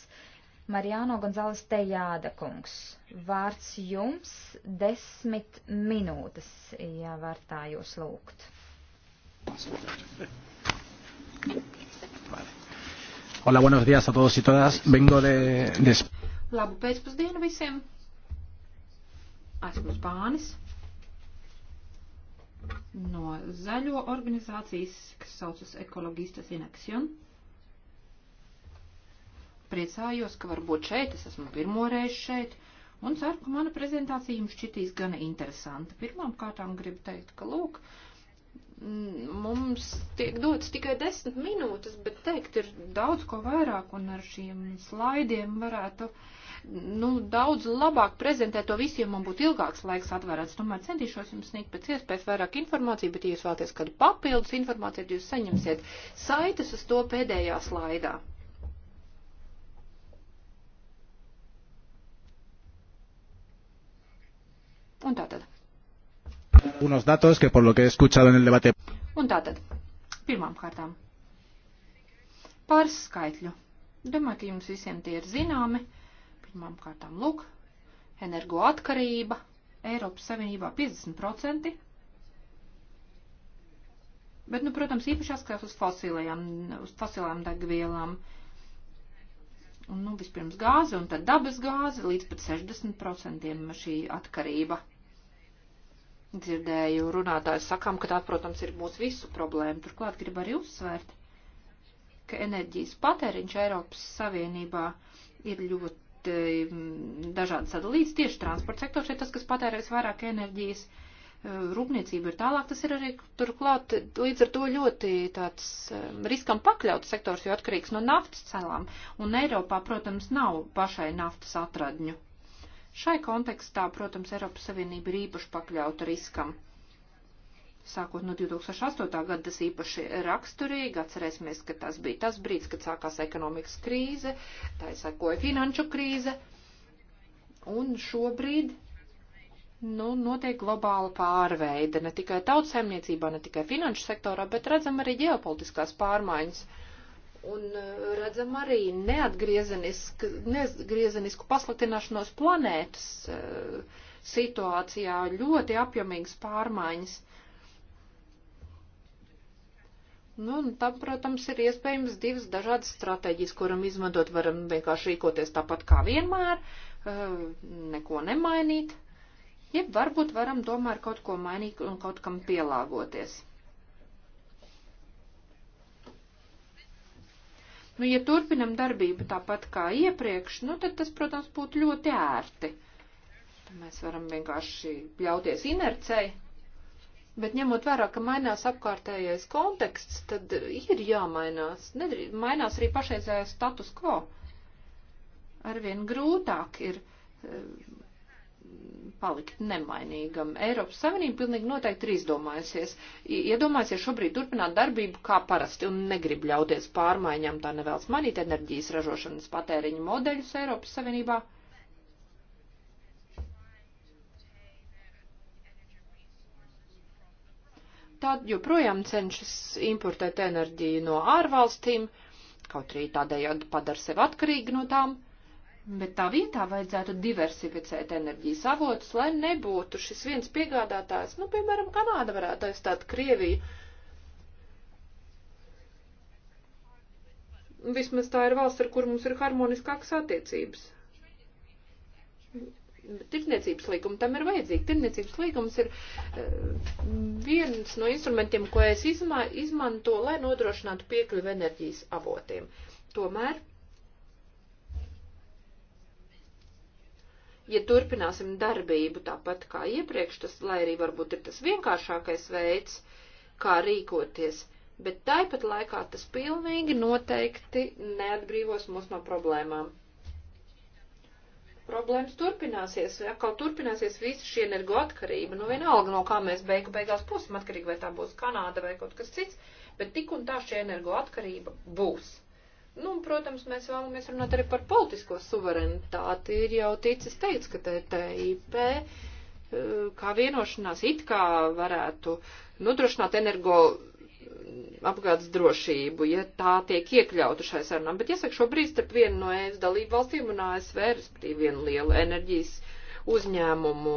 Mariāno Gonzāles Tejāda kungs. Vārds jums desmit minūtes, ja var tā jūs lūgt. Hola, buenos días a todos y todas. Vengo de, de... Labu pēcpusdienu visiem. Esmu Spānis no zaļo organizācijas, kas saucas Ekologistas in Action. Priecājos, ka varbūt šeit, es esmu pirmoreiz šeit, un ceru, ka mana prezentācija jums šķitīs gana interesanta. Pirmām kārtām gribu teikt, ka lūk, mums tiek dotas tikai desmit minūtes, bet teikt ir daudz ko vairāk, un ar šiem slaidiem varētu uh, nu, daudz labāk prezentēt to visu, ja man būtu ilgāks laiks atvērts. Tomēr centīšos jums sniegt pēc iespējas vairāk informāciju, bet, ja jūs vēlaties kādu papildus informāciju, tad jūs saņemsiet saites uz to pēdējā slaidā. Un tātad. Unos datos, que por lo que he escuchado en el debate. Un tātad. Pirmām kārtām. Par skaitļu. Domāju, ka jums visiem tie ir zināmi. Uh, Pirmām kārtām, lūk, energoatkarība Eiropas Savienībā 50%. Bet, nu, protams, īpaši atskatās uz fosilajām, uz fosilām degvielām. Un, nu, vispirms gāze un tad dabas gāze līdz pat 60% šī atkarība. Dzirdēju runātājs sakām, ka tā, protams, ir mūsu visu problēma. Turklāt gribu arī uzsvērt, ka enerģijas patēriņš Eiropas Savienībā ir ļoti E, dažādas sadalītas. Tieši transporta sektors ir tas, kas patērē visvairāk enerģijas. E, rūpniecība ir tālāk, tas ir arī turklāt līdz ar to ļoti tāds e, riskam pakļauts sektors, jo atkarīgs no naftas celām. Un Eiropā, protams, nav pašai naftas atradņu. Šai kontekstā, protams, Eiropas Savienība ir īpaši pakļauta riskam. Sākot no 2008. gada tas īpaši raksturīgi, atcerēsimies, ka tas bija tas brīdis, kad sākās ekonomikas krīze, tā izsakoja finanšu krīze, un šobrīd nu, notiek globāla pārveide, ne tikai tautsēmniecībā, ne tikai finanšu sektorā, bet redzam arī ģeopolitiskās pārmaiņas. Un eh, redzam arī neatgriezenisku, neatgriezenisku pasliktināšanos planētas eh, situācijā, ļoti apjomīgas pārmaiņas. Nu, un tam, protams, ir iespējams divas dažādas stratēģijas, kuram izmantot varam vienkārši rīkoties tāpat kā vienmēr, eh, neko nemainīt, ja varbūt varam tomēr kaut ko mainīt un kaut kam pielāgoties. Nu, ja turpinam darbību tāpat kā iepriekš, nu, tad tas, protams, būtu ļoti ērti. Tad mēs varam vienkārši ļauties inercei. Bet ņemot vērā, ka mainās apkārtējais konteksts, tad ir jāmainās. Nedrī, mainās arī pašreizējais status quo. Arvien grūtāk ir eh, palikt nemainīgam. Eiropas Savienība pilnīgi noteikti ir izdomājusies. Iedomājusies šobrīd turpināt darbību kā parasti un negrib ļauties pārmaiņām, tā nevēlas manīt enerģijas ražošanas patēriņu modeļus Eiropas Savienībā. tad joprojām cenšas importēt enerģiju no ārvalstīm, kaut arī tādējādi padara sevi atkarīgi no tām, bet tā vietā vajadzētu diversificēt enerģijas avotus, lai nebūtu šis viens piegādātājs, nu, piemēram, Kanāda varētu aizstāt Krieviju. Vismaz tā ir valsts, ar kur mums ir harmoniskākas attiecības. Tirdzniecības līguma tam ir vajadzīga. Tirdzniecības līgums ir uh, viens no instrumentiem, ko es izmā, izmanto, lai nodrošinātu piekļuvi enerģijas avotiem. Tomēr, ja turpināsim darbību tāpat kā iepriekš, tas, lai arī varbūt ir tas vienkāršākais veids, kā rīkoties, bet tāpat laikā tas pilnīgi noteikti neatbrīvos mūs no problēmām problēmas turpināsies, atkal turpināsies visa šī energoatkarība. Nu, vienalga, no kā mēs beigu beigās būsim atkarīgi, vai tā būs Kanāda vai kaut kas cits, bet tik un tā šī energoatkarība būs. Nu, protams, mēs vēlamies runāt arī par politisko suverenitāti. Ir jau ticis teikts, ka TTIP eh, kā vienošanās it kā varētu nodrošināt energo apgādes drošību, ja tā tiek iekļauta šai sarunām. Bet jāsaka, šobrīd starp vienu no ES dalību valstīm un ASV, respektīvi vienu lielu enerģijas uzņēmumu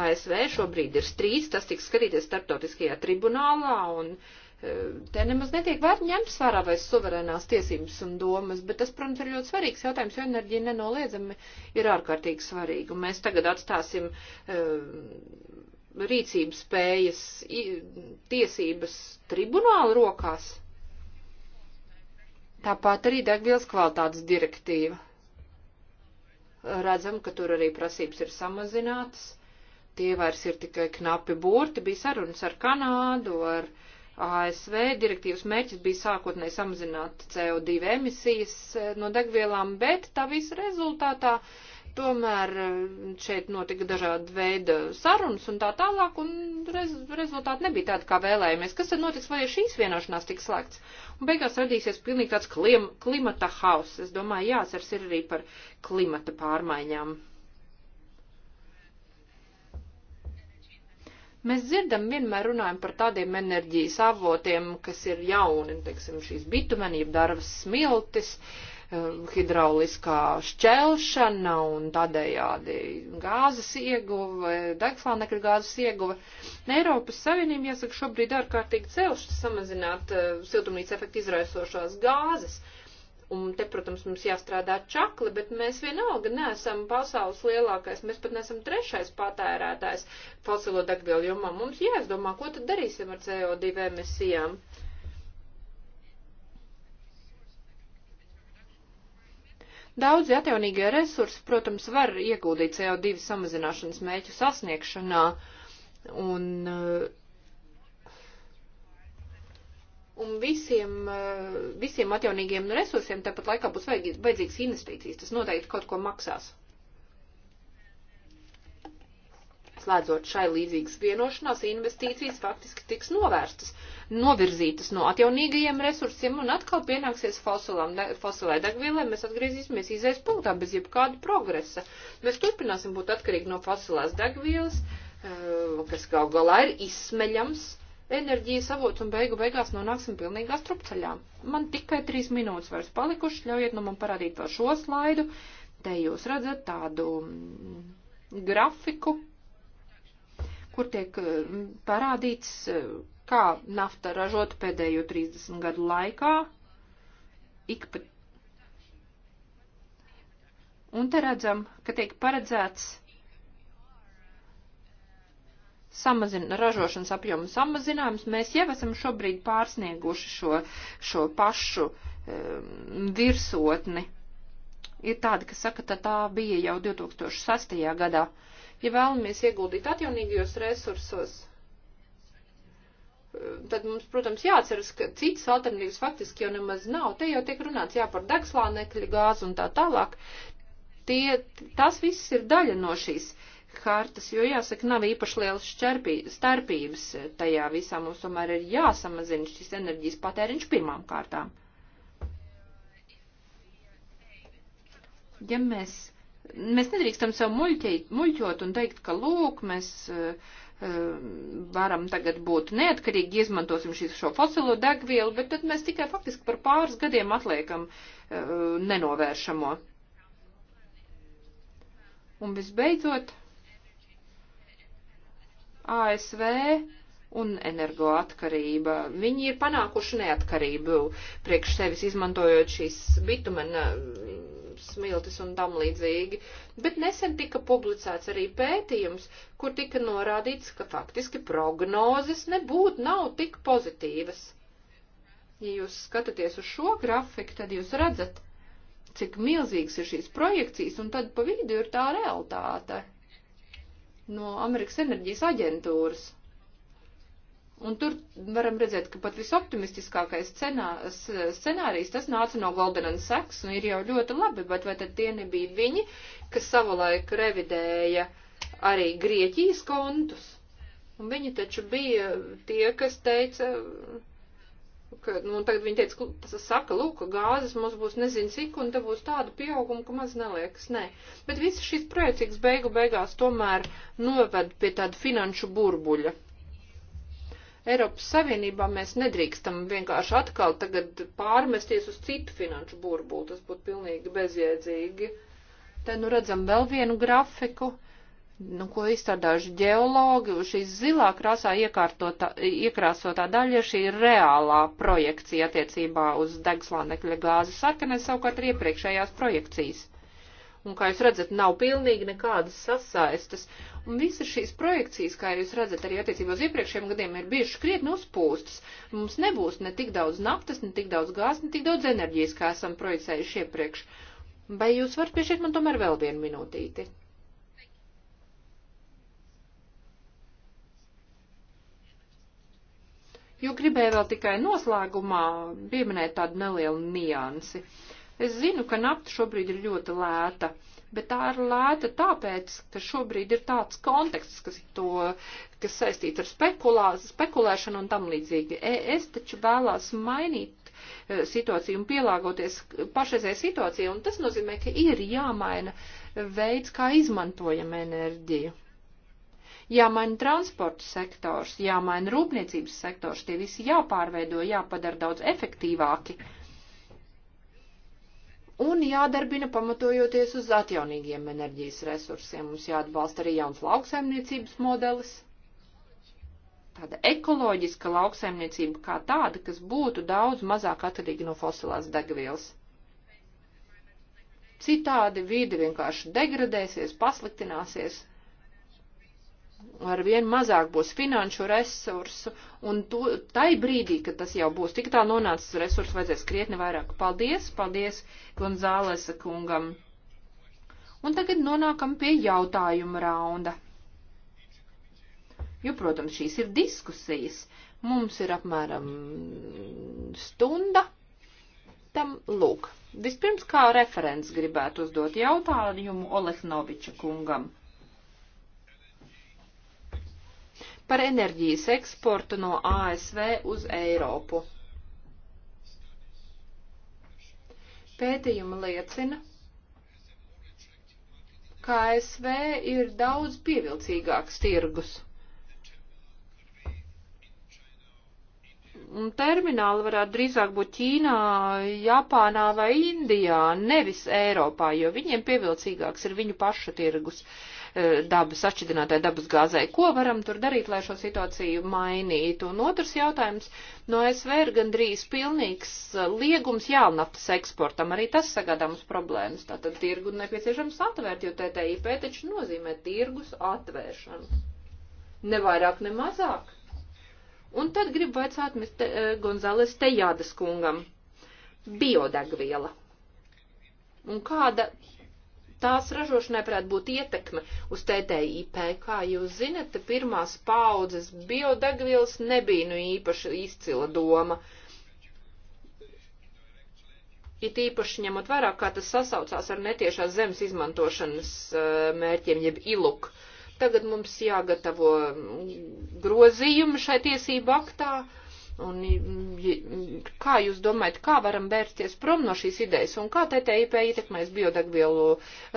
ASV, šobrīd ir strīds, tas tiks skatīties starptautiskajā tribunālā un e, te nemaz netiek vērt ņemts vērā vai suverēnās tiesības un domas, bet tas, protams, ir ļoti svarīgs jautājums, jo enerģija nenoliedzami ir ārkārtīgi svarīga. Un mēs tagad atstāsim uh, rīcības spējas, tiesības tribunāla rokās. Tāpat arī degvielas kvalitātes direktīva. Redzam, ka tur arī prasības ir samazinātas. Tie vairs ir tikai knapi burti. Bija sarunas ar Kanādu, ar ASV. Direktīvas mērķis bija sākotnēji samazināt CO2 emisijas eh, no degvielām, bet tā visa rezultātā uh, Tomēr eh, šeit notika dažādi veidi sarunas un tā tālāk, un rez, rezultāti nebija tādi, kā vēlējāmies. Kas tad notiks, vai šīs vienošanās tiks slēgts? Un beigās radīsies pilnīgi tāds klim, klimata hauss. Es domāju, jāsars ir arī par klimata pārmaiņām. Mēs dzirdam, vienmēr runājam par tādiem enerģijas avotiem, kas ir jauni, teiksim, šīs bitumenība, darvas smiltis. Uh, Um, hidrauliskā šķelšana un tādējādi gāzes ieguve, degflānekļa gāzes ieguve. Eiropas Savienība jāsaka šobrīd ārkārtīgi celš samazināt uh, siltumnīca efektu izraisošās gāzes. Un te, protams, mums jāstrādā čakli, bet mēs vienalga neesam pasaules lielākais, mēs pat neesam trešais patērētājs fosilo degvielu jomā. Mums jāizdomā, ko tad darīsim ar CO2 emisijām. Daudzi atjaunīgie resursi, protams, var ieguldīt CO2 samazināšanas mēķu sasniegšanā un, eh, un visiem, eh, visiem atjaunīgiem resursiem tāpat laikā būs vajadzīgas investīcijas. Tas noteikti kaut ko maksās. slēdzot šai līdzīgas vienošanās, investīcijas faktiski tiks novērstas, novirzītas no atjaunīgajiem resursiem un atkal pienāksies fosilām, fosilai degvielai. Mēs atgriezīsimies izējas punktā bez jebkāda progresa. Mēs turpināsim būt atkarīgi no fosilās degvielas, eh, kas gal galā ir izsmeļams enerģijas avots un beigu beigās nonāksim pilnīgā strupceļā. Man tikai trīs minūtes vairs palikušas, ļaujiet nu no man parādīt vēl šo slaidu. Te jūs redzat tādu mm, grafiku, kur tiek mm, parādīts, eh, kā nafta ražota pēdējo 30 gadu laikā. Ik pa... Un te redzam, ka tiek paredzēts samazina, ražošanas apjomu samazinājums. Mēs jau esam šobrīd pārsnieguši šo, šo pašu um, virsotni. Ir tādi, kas saka, ka tā bija jau 2006. gadā. Uh, Ja vēlamies ieguldīt atjaunīgajos resursos, tad mums, protams, jāatceras, ka citas alternatīvas faktiski jau nemaz nav. Te jau tiek runāts jā par degslānekļa gāzu un tā tālāk. Tie, tas viss ir daļa no šīs hartas, jo jāsaka, nav īpaši liels šķerpī, starpības tajā visā. Mums tomēr ir jāsamazina šis enerģijas patēriņš pirmām kārtām. Ja mēs Mēs nedrīkstam sev muļķīt, muļķot un teikt, ka lūk, mēs uh, varam tagad būt neatkarīgi, izmantosim šis, šo fosilo degvielu, bet tad mēs tikai faktiski par pāris gadiem atliekam uh, nenovēršamo. Un visbeidzot, ASV un energoatkarība. Viņi ir panākuši neatkarību priekš sevis, izmantojot šīs bitumena smiltis un tam līdzīgi. Bet nesen tika publicēts arī pētījums, kur tika norādīts, ka faktiski prognozes nebūtu nav tik pozitīvas. Ja jūs skatāties uz šo grafiku, tad jūs redzat, cik milzīgas ir šīs projekcijas, un tad pa vidu ir tā realitāte no Amerikas enerģijas aģentūras. Un tur varam redzēt, ka pat visoptimistiskākais scenā, scenārijs tas nāca no Goldman Sachs un ir jau ļoti labi, bet vai tad tie nebija viņi, kas savulaik revidēja arī Grieķijas kontus? Un viņi taču bija tie, kas teica, ka, nu, tagad viņi teica, tas saka, lūk, ka gāzes mums būs nezin cik, un te būs tāda pieauguma, ka maz neliekas, nē. Bet viss šis projekts beigu beigās tomēr noved pie tāda finanšu burbuļa Eiropas Savienībā mēs nedrīkstam vienkārši atkal tagad pārmesties uz citu finanšu burbuli, tas būtu pilnīgi bezjēdzīgi. Te nu redzam vēl vienu grafiku, nu, ko izstrādājuši ģeologi, šī zilā krāsā iekrāsotā daļa, šī ir reālā projekcija attiecībā uz degslānekļa gāzes sarkanē, savukārt ir iepriekšējās projekcijas un, kā jūs redzat, nav pilnīgi nekādas sasaistas, Un visas šīs projekcijas, kā jūs redzat, arī attiecībā uz iepriekšējiem gadiem ir bijušas krietni uzpūstas. Mums nebūs ne tik daudz naftas, ne tik daudz gāzes, ne tik daudz enerģijas, kā esam projicējuši iepriekš. Vai jūs varat piešķirt man tomēr vēl vienu minūtīti? jo gribēju vēl tikai noslēgumā pieminēt tādu nelielu niansi. Es zinu, ka nafta šobrīd ir ļoti lēta, bet tā ir lēta tāpēc, ka šobrīd ir tāds konteksts, kas to, kas saistīts ar spekulās, spekulēšanu un tam līdzīgi. Es taču vēlās mainīt e, situāciju un pielāgoties pašreizējai situācijai, un tas nozīmē, ka ir jāmaina veids, kā izmantojam enerģiju jāmaina transporta sektors, jāmaina rūpniecības sektors, tie visi jāpārveido, jāpadara daudz efektīvāki un jādarbina pamatojoties uz atjaunīgiem enerģijas resursiem. Mums jāatbalsta arī jauns lauksaimniecības modelis. Tāda ekoloģiska lauksaimniecība kā tāda, kas būtu daudz mazāk atkarīga no fosilās degvielas. Citādi vīde vienkārši degradēsies, pasliktināsies, arvien mazāk būs finanšu resursu, un to, tai brīdī, kad tas jau būs tik tā nonācis resursu, vajadzēs krietni vairāk. Paldies, paldies Gonzālesa kungam. Un tagad nonākam pie jautājuma raunda. Jo, protams, šīs ir diskusijas. Mums ir apmēram stunda tam lūk. Vispirms kā referents gribētu uzdot jautājumu Olehnoviča kungam. par enerģijas eksportu no ASV uz Eiropu. Pētījumi liecina, ka ASV ir daudz pievilcīgāks tirgus. Un termināli varētu drīzāk būt Ķīnā, Japānā vai Indijā, nevis Eiropā, jo viņiem pievilcīgāks ir viņu pašu tirgus. Uh, dabas atšķidinātai dabas gāzai. Ko varam tur darīt, lai šo situāciju mainītu? Un otrs jautājums no ASV ir gandrīz pilnīgs uh, liegums jēlnaftas eksportam. Arī tas sagādā mums problēmas. Tātad tirgu nepieciešams atvērt, jo TTIP taču nozīmē tirgus atvēršanu. Ne vairāk, ne mazāk. Un tad gribu vaicāt te, uh, Gonzales Tejādas kungam. Biodegviela. Un kāda tās ražošanai varētu būt ietekme uz TTIP. Kā jūs zinat, pirmās paudzes biodegvielas nebija nu īpaši izcila doma. It īpaši ņemot vērā, kā tas sasaucās ar netiešās zemes izmantošanas eh, mērķiem, jeb iluk. Tagad mums jāgatavo grozījumi šai tiesību aktā Un, mm, mm, kā jūs domājat, kā varam vērsties prom no šīs idejas un kā TTIP ietekmēs biodegvielu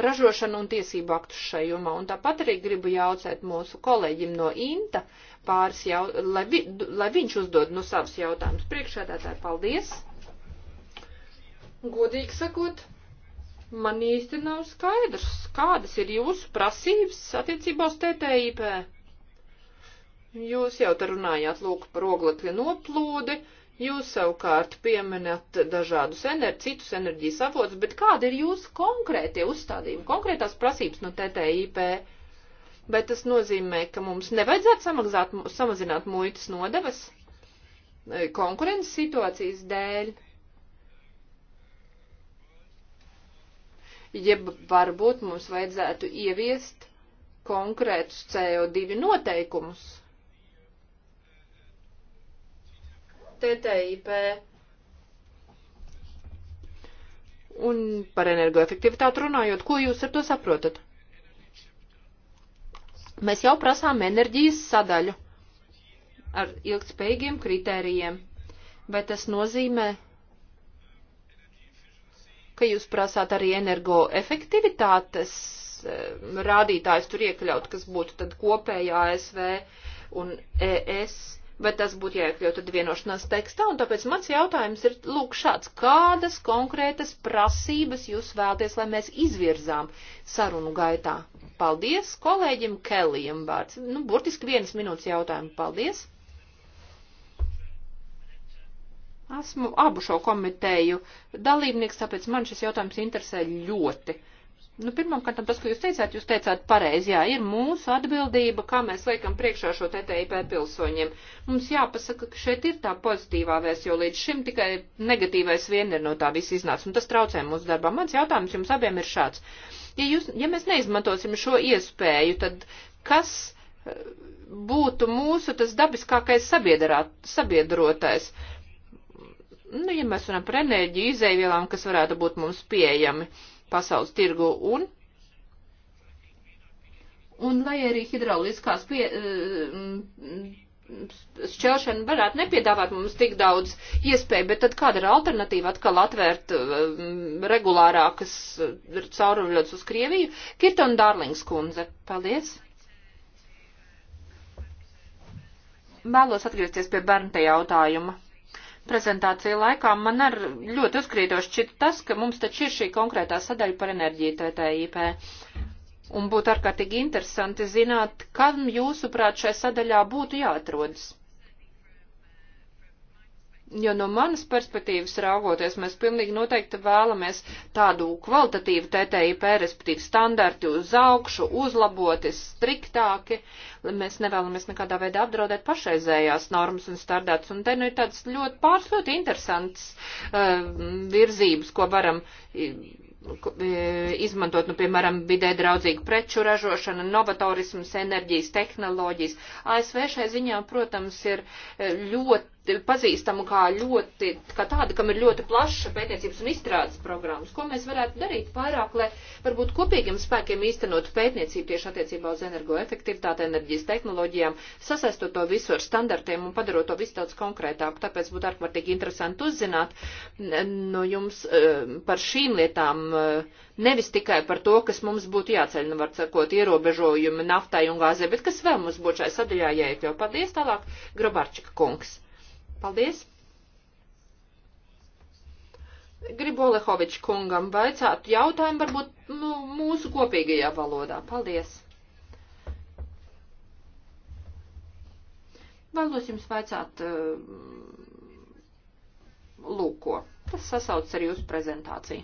ražošanu un tiesību aktus šai jomā? Un tāpat arī gribu jautāt mūsu kolēģim no INTA pāris jau, lai, vi, lai viņš uzdod no nu savus jautājumus. Priekšādātāji, paldies! Godīgi sakot, man īsti nav skaidrs, kādas ir jūsu prasības attiecībā uz TTIP. Jūs jau te runājāt lūk par oglekļa noplūdi, jūs savukārt pieminat dažādus ener citus enerģijas avotus, bet kāda ir jūsu konkrētie uzstādījumi, konkrētās prasības no TTIP? Bet tas nozīmē, ka mums nevajadzētu samaksāt, samazināt muitas nodevas e, konkurences situācijas dēļ. jeb varbūt mums vajadzētu ieviest konkrētus CO2 noteikumus. TTIP un par energoefektivitāti runājot, ko jūs ar to saprotat? Mēs jau prasām enerģijas sadaļu ar ilgspējīgiem kritērijiem, bet tas nozīmē, ka jūs prasāt arī energoefektivitātes e, rādītājs tur iekļaut, kas būtu tad kopējā ASV un ES bet tas būtu jāiekļaut tad vienošanās tekstā, un tāpēc mans jautājums ir, lūk, šāds, kādas konkrētas prasības jūs vēlties, lai mēs izvirzām sarunu gaitā? Paldies kolēģim Kellijam vārds. Nu, burtiski vienas minūtes jautājumu. Paldies. Esmu abu šo komiteju dalībnieks, tāpēc man šis jautājums interesē ļoti. Uh, Nu, pirmkārt, tas, ko jūs teicāt, jūs teicāt pareizi, jā, ir mūsu atbildība, kā mēs liekam priekšā šo TTIP pilsoņiem. Mums jāpasaka, ka šeit ir tā pozitīvā vēsts, jo līdz šim tikai negatīvais vien ir no tā viss iznāca, un tas traucē mūsu darbā. Mans jautājums jums abiem ir šāds. Ja, jūs, ja mēs neizmantosim šo iespēju, tad kas eh, būtu mūsu tas dabiskākais sabiedrotais? Nu, ja mēs runājam par enerģiju izēvielām, kas varētu būt mums pieejami. Uh, pasaules tirgu un. Un lai arī hidrauliskās pie, eh, šķelšana varētu nepiedāvāt mums tik daudz iespēju, bet tad kāda ir alternatīva atkal atvērt um, regulārākas eh, cauruļotas uz Krieviju? Kirton Darlings kundze, paldies! Vēlos atgriezties pie bērnta jautājuma prezentāciju laikā man ar ļoti uzkrītoši šķita tas, ka mums taču ir šī konkrētā sadaļa par enerģiju TTIP. Un būtu ārkārtīgi interesanti zināt, kam jūsuprāt šai sadaļā būtu jāatrodas. Jo no manas perspektīvas raugoties, mēs pilnīgi noteikti vēlamies tādu kvalitatīvu TTIP, respektīvi standarti uz augšu, uzlaboti, striktāki. Mēs nevēlamies nekādā veidā apdraudēt pašreizējās normas un standarts. Un te nu ir tāds ļoti pāris ļoti interesants uh, virzības, ko varam uh, izmantot, nu, piemēram, vidē draudzīgu preču ražošanu, novatorismas, enerģijas, tehnoloģijas. ASV šai ziņā, protams, ir e, ļoti pazīstamu kā ļoti, kā tādu, kam ir ļoti plaša pētniecības un izstrādes programmas. Ko mēs varētu darīt vairāk, lai varbūt kopīgiem spēkiem īstenot pētniecību tieši attiecībā uz energoefektivitāti, enerģijas tehnoloģijām, sasaistot to visu ar standartiem un padarot to visu daudz konkrētāk. Tāpēc būtu ārkārtīgi interesanti uzzināt no jums e, par šīm lietām, e, nevis tikai par to, kas mums būtu jāceļ, nu var sakot, ierobežojumi naftai un gāzē, bet kas vēl mums būtu šai sadaļā jāiekļau. Paldies tālāk, Grabārčika kungs. Paldies! Gribu Olehovičs kungam vaicāt jautājumu varbūt nu, mūsu kopīgajā valodā. Paldies! Vēlos jums vaicāt uh, eh, lūko. Tas sasauc ar jūsu prezentāciju.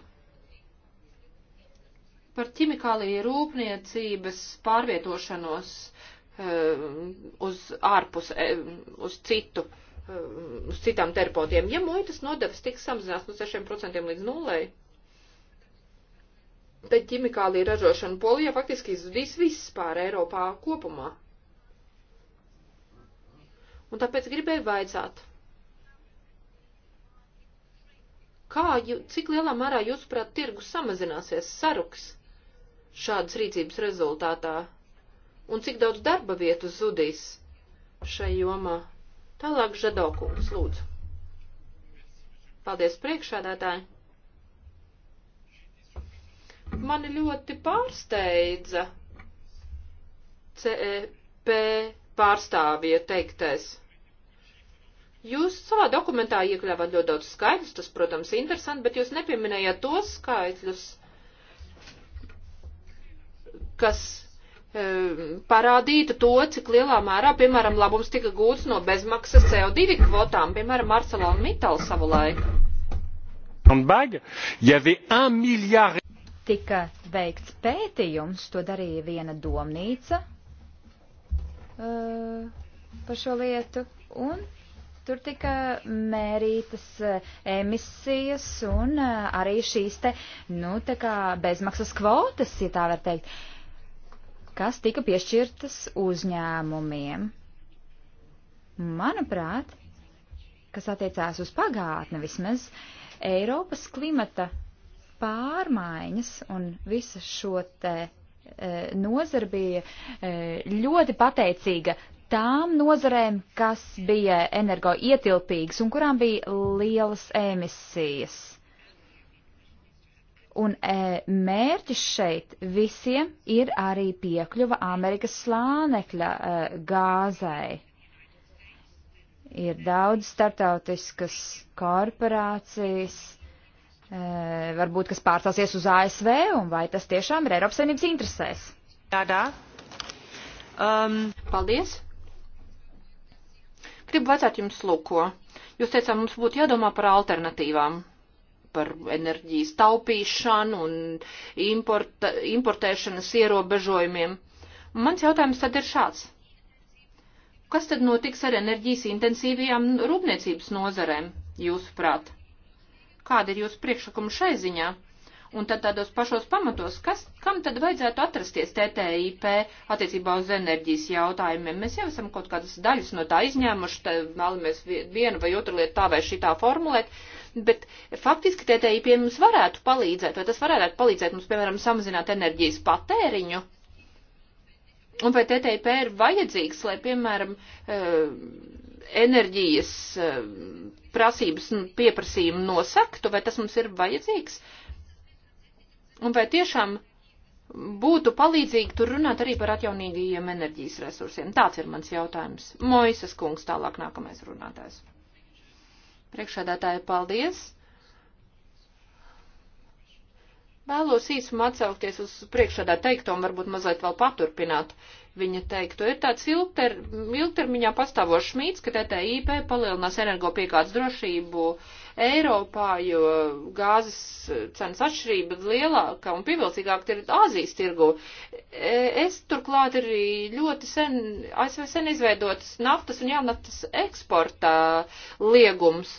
Par ķimikāliju rūpniecības pārvietošanos uh, uz ārpus, uh, uz citu uh, Eh, uz citām terpotiem. Ja muitas nodevas tiks samazināts no 6% līdz nulei, tad ķimikālija ražošana polijā faktiski izzudīs vispār Eiropā kopumā. Un tāpēc gribēju vaicāt. Kā, jū, cik lielā mērā jūsuprāt tirgus samazināsies saruks šādas rīcības rezultātā? Un cik daudz darba vietu zudīs šai jomā? Tālāk Žadokungs, lūdzu. Paldies priekšādātāji. Mani ļoti pārsteidza CEP pārstāvja teiktais. Jūs savā dokumentā iekļāvāt ļoti daudz skaidrs, tas, protams, interesanti, bet jūs nepieminējāt tos skaidrs, kas Ehm, parādītu to, cik lielā mērā, piemēram, labums tika gūts no bezmaksas CO2 kvotām, piemēram, Arcelor Mittal savu laiku. Tika veikts pētījums, to darīja viena domnīca uh, par šo lietu, un tur tika mērītas eh, emisijas un eh, arī šīs te, nu, tā kā bezmaksas kvotas, ja tā var teikt. Uh, kas tika piešķirtas uzņēmumiem. Manuprāt, kas attiecās uz pagātni vismaz, Eiropas klimata pārmaiņas un visa šo te e, nozara bija e, ļoti pateicīga tām nozarēm, kas bija energo ietilpīgas un kurām bija lielas emisijas. Un e, mērķis šeit visiem ir arī piekļuva Amerikas slānekļa e, gāzai. Ir daudz startautiskas korporācijas, e, varbūt, kas pārcelsies uz ASV, un vai tas tiešām ir Eiropas Savienības interesēs? Jā, jā. Um, Paldies! Gribu vecāt jums lūko. Jūs teicāt, mums būtu jādomā par alternatīvām par enerģijas taupīšanu un importa, importēšanas ierobežojumiem. Un mans jautājums tad ir šāds. Kas tad notiks ar enerģijas intensīvajām rūpniecības nozarēm, jūsuprāt? Kāda ir jūsu priekšlikuma šai ziņā? Un tad tādos pašos pamatos, kas, kam tad vajadzētu atrasties TTIP attiecībā uz enerģijas jautājumiem? Mēs jau esam kaut kādas daļas no tā izņēmuši, vēlamies vienu vai otru lietu tā vai šitā formulēt, bet faktiski TTIP mums varētu palīdzēt, vai tas varētu palīdzēt mums, piemēram, samazināt enerģijas patēriņu? Un vai TTIP ir vajadzīgs, lai, piemēram, eh, enerģijas eh, prasības un pieprasījumu nosaktu, vai tas mums ir vajadzīgs? Un vai tiešām būtu palīdzīgi tur runāt arī par atjaunīgajiem enerģijas resursiem? Tāds ir mans jautājums. Moisas kungs tālāk nākamais runātājs. Priekšādātāji, paldies! Vēlos īsumā atsaukties uz priekšādā teikto un varbūt mazliet vēl paturpināt viņa teikto. Ir tāds ilgter, ilgtermiņā pastāvošs mīts, ka TTIP palielinās energopiekāds drošību Eiropā, jo gāzes cenas atšķirība lielāka un pievilcīgāka ir Āzijas tirgu. Es turklāt ir ļoti sen, ASV sen izveidotas naftas un jaunatnes eksporta liegums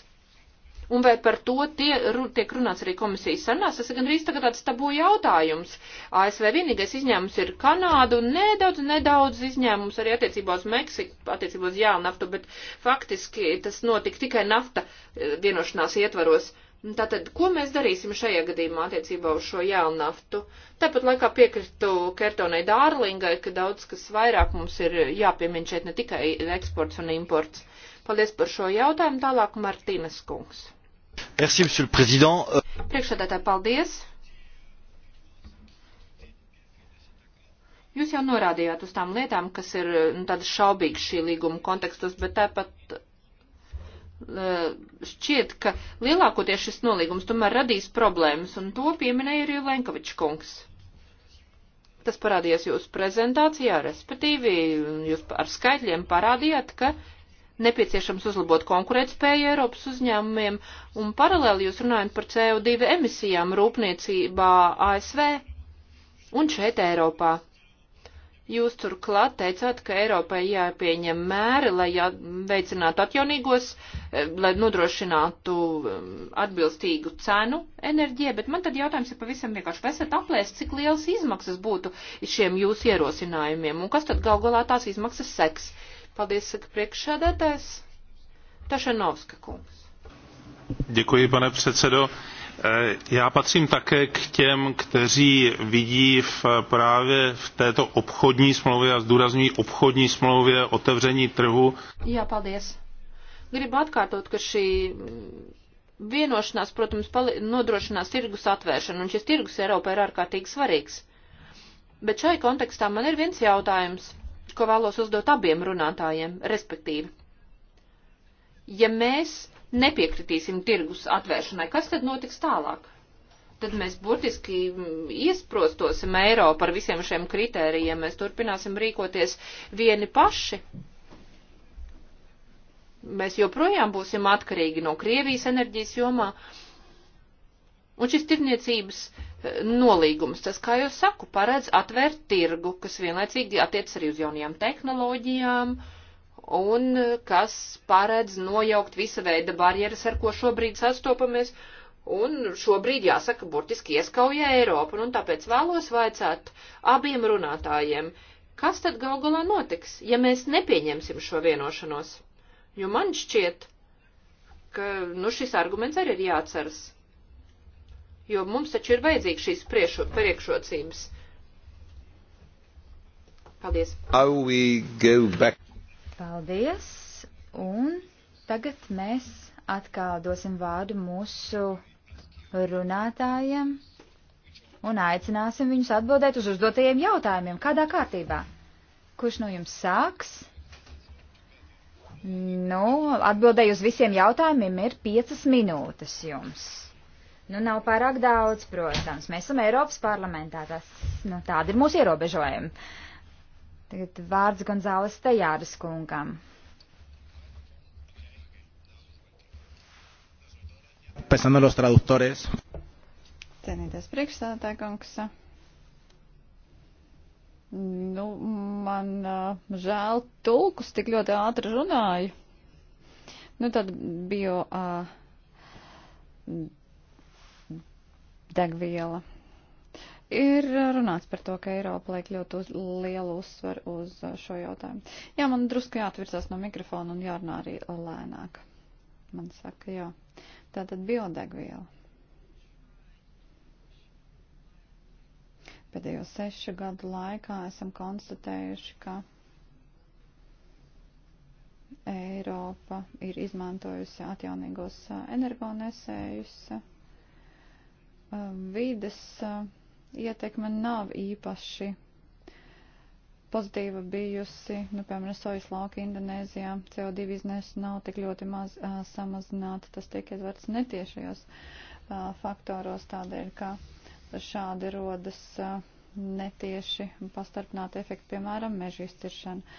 Un vai par to tie, ru, tiek runāts arī komisijas sarunās? Tas ir gandrīz tagad tāds tabu jautājums. ASV vienīgais izņēmums ir Kanāda un nedaudz, nedaudz izņēmums arī attiecībā uz Meksiku, attiecībā uz jālnaftu, bet faktiski tas notika tikai nafta e, vienošanās ietvaros. Tātad, ko mēs darīsim šajā gadījumā attiecībā uz šo jēlnaftu? Tāpat laikā piekritu Kertonai Dārlingai, ka daudz kas vairāk mums ir jāpiemina šeit ne tikai eksports un imports. Paldies par šo jautājumu. Tālāk Martīnas kungs. Merci, monsieur le président. Priekšsēdētāji, paldies. Jūs jau norādījāt uz tām lietām, kas ir nu, tādas šaubīgas šī līguma kontekstos, bet tāpat šķiet, ka lielākoties šis nolīgums tomēr radīs problēmas, un to pieminēja arī Lenkovičs kungs. Tas parādījās jūsu prezentācijā, respektīvi jūs ar skaitļiem parādījāt, ka nepieciešams uzlabot konkurētspēju Eiropas uzņēmumiem, un paralēli jūs runājat par CO2 emisijām rūpniecībā ASV un šeit Eiropā. Jūs turklāt teicāt, ka Eiropai jāpieņem mēri, lai veicinātu atjaunīgos, eh, lai nodrošinātu um, atbilstīgu cenu enerģijai, bet man tad jautājums ir pavisam vienkārši, vai esat aplēst, cik lielas izmaksas būtu šiem jūsu ierosinājumiem, un kas tad gal galā tās izmaksas seks? Uh, Paldies, saka priekšsēdētājs. Tašanovska kungs. Děkuji, pane předsedo. E, já patřím také k těm, kteří vidí v, právě v této obchodní smlouvě a zdůrazňují obchodní smlouvě otevření trhu. Jā, paldies. Gribu atkārtot, ka šī mm, vienošanās, protams, nodrošinās tirgus atvēršanu, un šis tirgus Eiropā ir ārkārtīgi svarīgs. Bet šai kontekstā man ir viens jautājums ko vēlos uzdot abiem runātājiem, respektīvi. Ja mēs nepiekritīsim tirgus atvēršanai, kas tad notiks tālāk? Tad mēs burtiski mm, iesprostosim eiro par visiem šiem kritērijiem, mēs turpināsim rīkoties vieni paši mēs joprojām būsim atkarīgi no Krievijas enerģijas jomā, Un šis tirniecības eh, nolīgums, tas, kā jau saku, paredz atvērt tirgu, kas vienlaicīgi attiec arī uz jaunajām tehnoloģijām un eh, kas paredz nojaukt visa veida barjeras, ar ko šobrīd sastopamies. Un šobrīd, jāsaka, burtiski ieskauja Eiropu, un tāpēc vēlos vaicāt abiem runātājiem, kas tad gal galā notiks, ja mēs nepieņemsim šo vienošanos? Jo man šķiet, ka, nu, šis arguments arī ir jāatceras jo mums taču ir vajadzīgs šīs priekšo, priekšrocības. Paldies. Paldies. Un tagad mēs atkal dosim vārdu mūsu runātājiem un aicināsim viņus atbildēt uz uzdotajiem jautājumiem. Kādā kārtībā? Kurš no jums sāks? Nu, atbildēju uz visiem jautājumiem ir piecas minūtes jums nu, nav pārāk daudz, protams. Mēs esam Eiropas parlamentā, tas, nu, tāda ir mūsu ierobežojumi. Tagad vārds Gonzāles Tejāras kungam. Pensando los traductores. Cienīties priekšstādātā kungs. Nu, man uh, žēl tulkus tik ļoti ātri runāju. Nu, tad biju uh, degviela. Ir runāts par to, ka Eiropa liek ļoti uz, lielu uzsvaru uz uh, šo jautājumu. Jā, man drusku jāatvirzās no mikrofona un jārunā arī lēnāk. Man saka, jā. Tātad biodegviela. Pēdējo sešu gadu laikā esam konstatējuši, ka Eiropa ir izmantojusi atjaunīgos uh, energonesējus vides ietekme nav īpaši pozitīva bijusi, nu, piemēram, sojas lauka Indonēzijā, CO2 iznesu nav tik ļoti maz uh, samazināta, tas tiek ietverts netiešajos uh, faktoros tādēļ, ka šādi rodas uh, netieši pastarpināti efekti, piemēram, meža izciršana.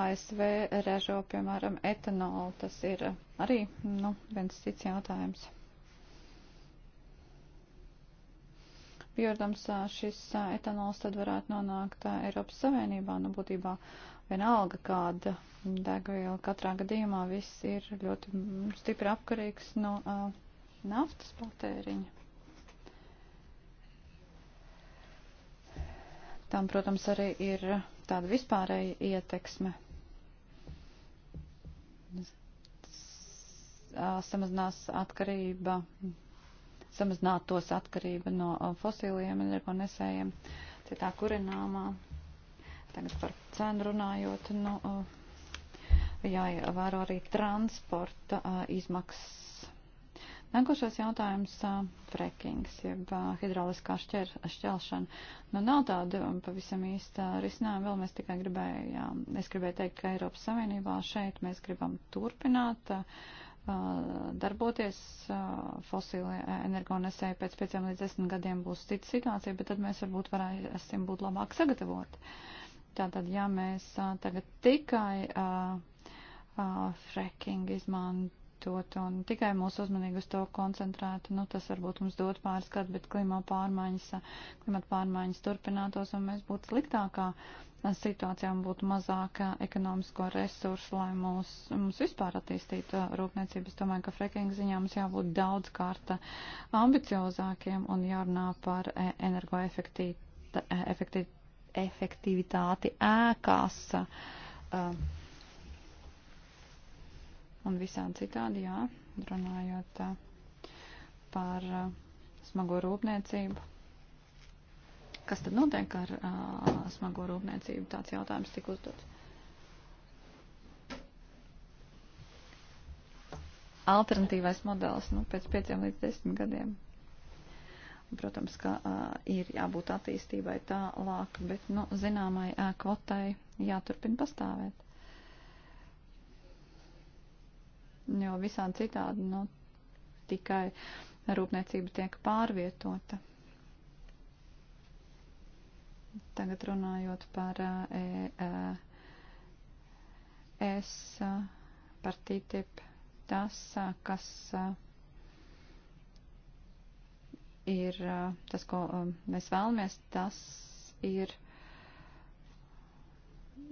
ASV ražo, piemēram, etanolu, tas ir arī, nu, viens cits jautājums. Protams, šis etanols tad varētu nonākt Eiropas Savienībā, nu būtībā vienalga kāda degviela. Katrā gadījumā viss ir ļoti mm, stipri apkarīgs no nu, uh, naftas patēriņa. Tam, protams, arī ir tāda vispārēja ieteksme. Samazinās atkarība samazināt tos atkarību no uh, fosīliem energonesējiem, citā kurināmā. Tagad par cenu runājot, nu, uh, jāievēro arī transporta uh, izmaksas. Nākošais jautājums - frekings, jeb hidrauliskā šķer, šķelšana. Nu, nav tāda um, pavisam īsta risinājuma, vēl mēs tikai gribējām, es gribēju teikt, ka Eiropas Savienībā šeit mēs gribam turpināt. Uh, darboties fosīlie energonesēji pēc 5 līdz 10 gadiem būs cita situācija, bet tad mēs varbūt varēsim būt labāk sagatavot. Tātad, ja mēs tagad tikai uh, uh, fracking izmantot un tikai mūsu uzmanīgi uz to koncentrētu, nu tas varbūt mums dot pāris gadu, bet klima pārmaiņas, klimata pārmaiņas turpinātos un mēs būtu sliktākā situācijām būtu mazāk eh, ekonomisko resursu, lai mūs, mums vispār attīstītu eh, rūpniecību. Es domāju, ka frekinga ziņā mums jābūt daudz kārta ambiciozākiem un jārunā par eh, energoefektivitāti ēkās. Un visādi citādi, jā, runājot par smago rūpniecību Kas tad notiek ar uh, smago rūpniecību? Tāds jautājums tika uzdots. Alternatīvais modelis nu, pēc pieciem līdz desmit gadiem. Protams, ka uh, ir jābūt attīstībai tālāk, bet nu, zināmai uh, kvotai jāturpina pastāvēt. Jo visādi citādi nu, tikai rūpniecība tiek pārvietota. Tagad runājot par eh, eh, ES, eh, par TTIP, tas, kas ir tas, ko mēs vēlamies, tas ir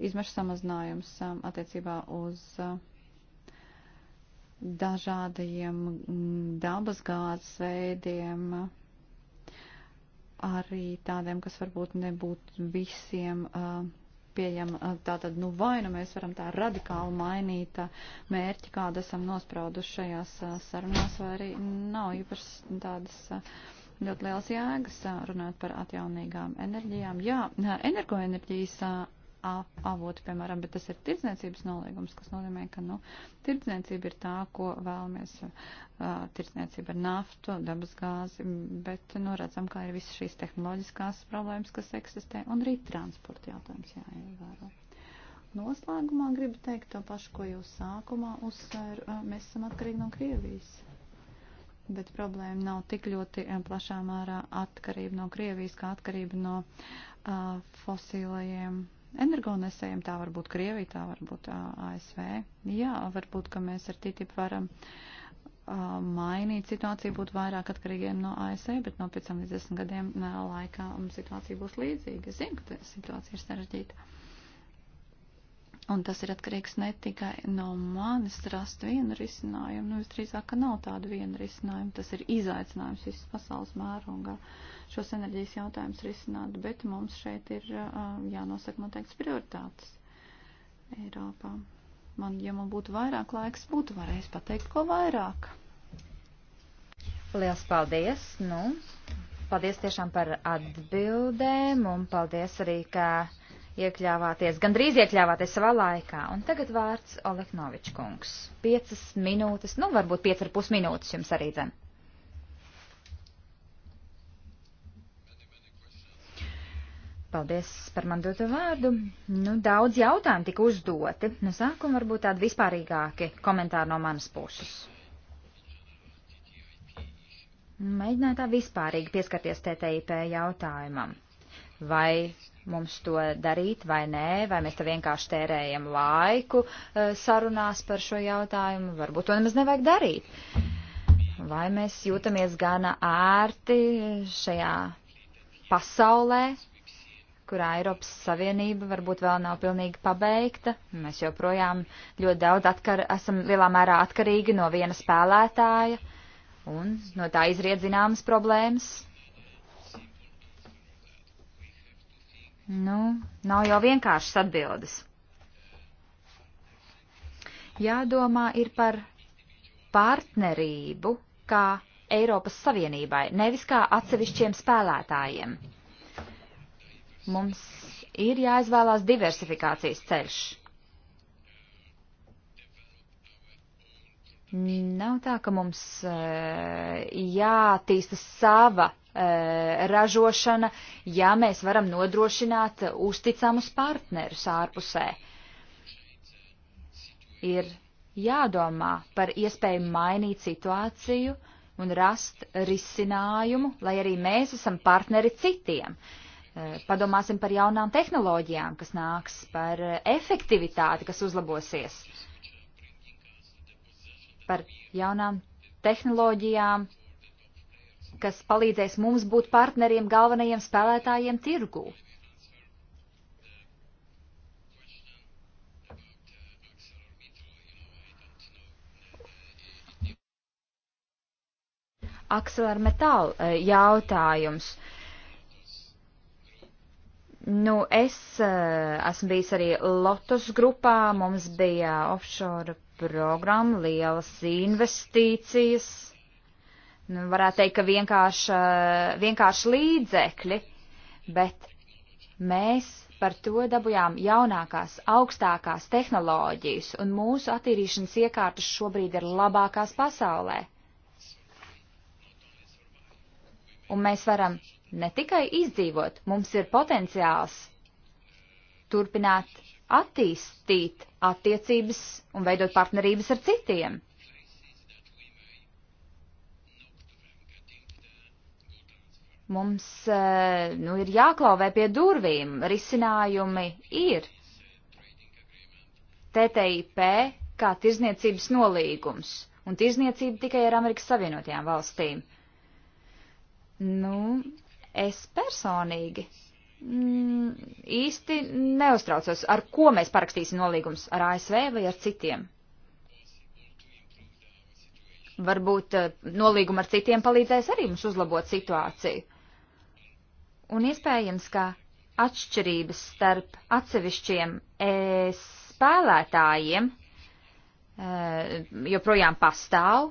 izmešu samazinājums attiecībā uz dažādajiem mm, dabas gāzes veidiem, arī tādiem, kas varbūt nebūtu visiem uh, pieejama. Uh, tātad, nu vai nu mēs varam tā radikāli mainīt uh, mērķi, kādu esam nosprauduši šajās sarunās, vai arī nav īpaši tādas ļoti liels jēgas runāt par atjaunīgām enerģijām. Jā, energoenerģijas avotu, piemēram, bet tas ir tirdzniecības nolīgums, kas nozīmē, ka, nu, tirdzniecība ir tā, ko vēlamies, uh, tirdzniecība ar naftu, dabas gāzi, bet, nu, redzam, kā ir visas šīs tehnoloģiskās problēmas, kas eksistē, un arī transporta jautājums jāievēro. Noslēgumā gribu teikt to pašu, ko jūs sākumā uzsver, uh, mēs esam atkarīgi no Krievijas bet problēma nav tik ļoti plašā mērā atkarība no Krievijas, kā atkarība no uh, fosīlajiem energonesējiem, tā varbūt Krievija, tā varbūt ASV. Jā, varbūt, ka mēs ar TTIP varam mainīt situāciju, būt vairāk atkarīgiem no ASV, bet no 5 līdz 10 gadiem laikā situācija būs līdzīga. Es zinu, ka situācija ir sarežģīta. Un tas ir atkarīgs ne tikai no manis rast vienu risinājumu, nu visdrīzāk, ka nav tādu vienu risinājumu, tas ir izaicinājums visas pasaules mērogā. Uh, šos enerģijas jautājumus risināt, bet mums šeit ir uh, jānosaka noteikts prioritātes Eiropā. Man, ja man būtu vairāk laiks, būtu varējis pateikt, ko vairāk. Liels paldies! Nu, paldies tiešām par atbildēm un paldies arī, ka iekļāvāties, gandrīz iekļāvāties savā laikā. Un tagad vārds Oleknovičs kungs. Piecas minūtes, nu varbūt piecas ar pus minūtes jums arī dzem. Paldies par man doto vārdu. Nu, daudz jautājumu tika uzdoti. No sākuma varbūt tādi vispārīgāki komentāri no manas puses. Mēģināju tā vispārīgi pieskarties TTIP jautājumam. Vai mums to darīt vai nē, vai mēs te vienkārši tērējam laiku eh, sarunās par šo jautājumu, varbūt to nemaz nevajag darīt. Vai mēs jūtamies gana ērti šajā pasaulē, kurā Eiropas Savienība varbūt vēl nav pilnīgi pabeigta. Mēs joprojām ļoti daudz atkar, esam lielā mērā atkarīgi no viena spēlētāja un no tā izriet zināmas problēmas. Nu, nav jau vienkāršas atbildes. Jādomā ir par partnerību kā Eiropas Savienībai, nevis kā atsevišķiem spēlētājiem. Mums ir jāizvēlās diversifikācijas ceļš. Nav tā, ka mums eh, jātīsta sava eh, ražošana, ja mēs varam nodrošināt uzticamus partnerus ārpusē. Ir jādomā par iespēju mainīt situāciju un rast risinājumu, lai arī mēs esam partneri citiem. Uh, Eh, padomāsim par jaunām tehnoloģijām, kas nāks, par efektivitāti, kas uzlabosies, par jaunām tehnoloģijām, kas palīdzēs mums būt partneriem galvenajiem spēlētājiem tirgū. Aksela ar metālu eh, jautājums. Nu, es eh, esmu bijis arī Lotus grupā, mums bija offshore programma, lielas investīcijas. Nu, varētu teikt, ka vienkārši, eh, vienkārši līdzekļi, bet mēs par to dabujām jaunākās, augstākās tehnoloģijas, un mūsu attīrīšanas iekārtas šobrīd ir labākās pasaulē. Un mēs varam ne tikai izdzīvot, mums ir potenciāls turpināt attīstīt attiecības un veidot partnerības ar citiem. Mums eh, nu, ir jāklauvē pie durvīm, risinājumi ir. TTIP kā tirzniecības nolīgums un tirzniecība tikai ar Amerikas Savienotajām valstīm. Nu, Es personīgi mm, īsti neuztraucos, ar ko mēs parakstīsim nolīgums, ar ASV vai ar citiem. Varbūt eh, nolīguma ar citiem palīdzēs arī mums uzlabot situāciju. Un iespējams, ka atšķirības starp atsevišķiem e, spēlētājiem e, joprojām pastāv,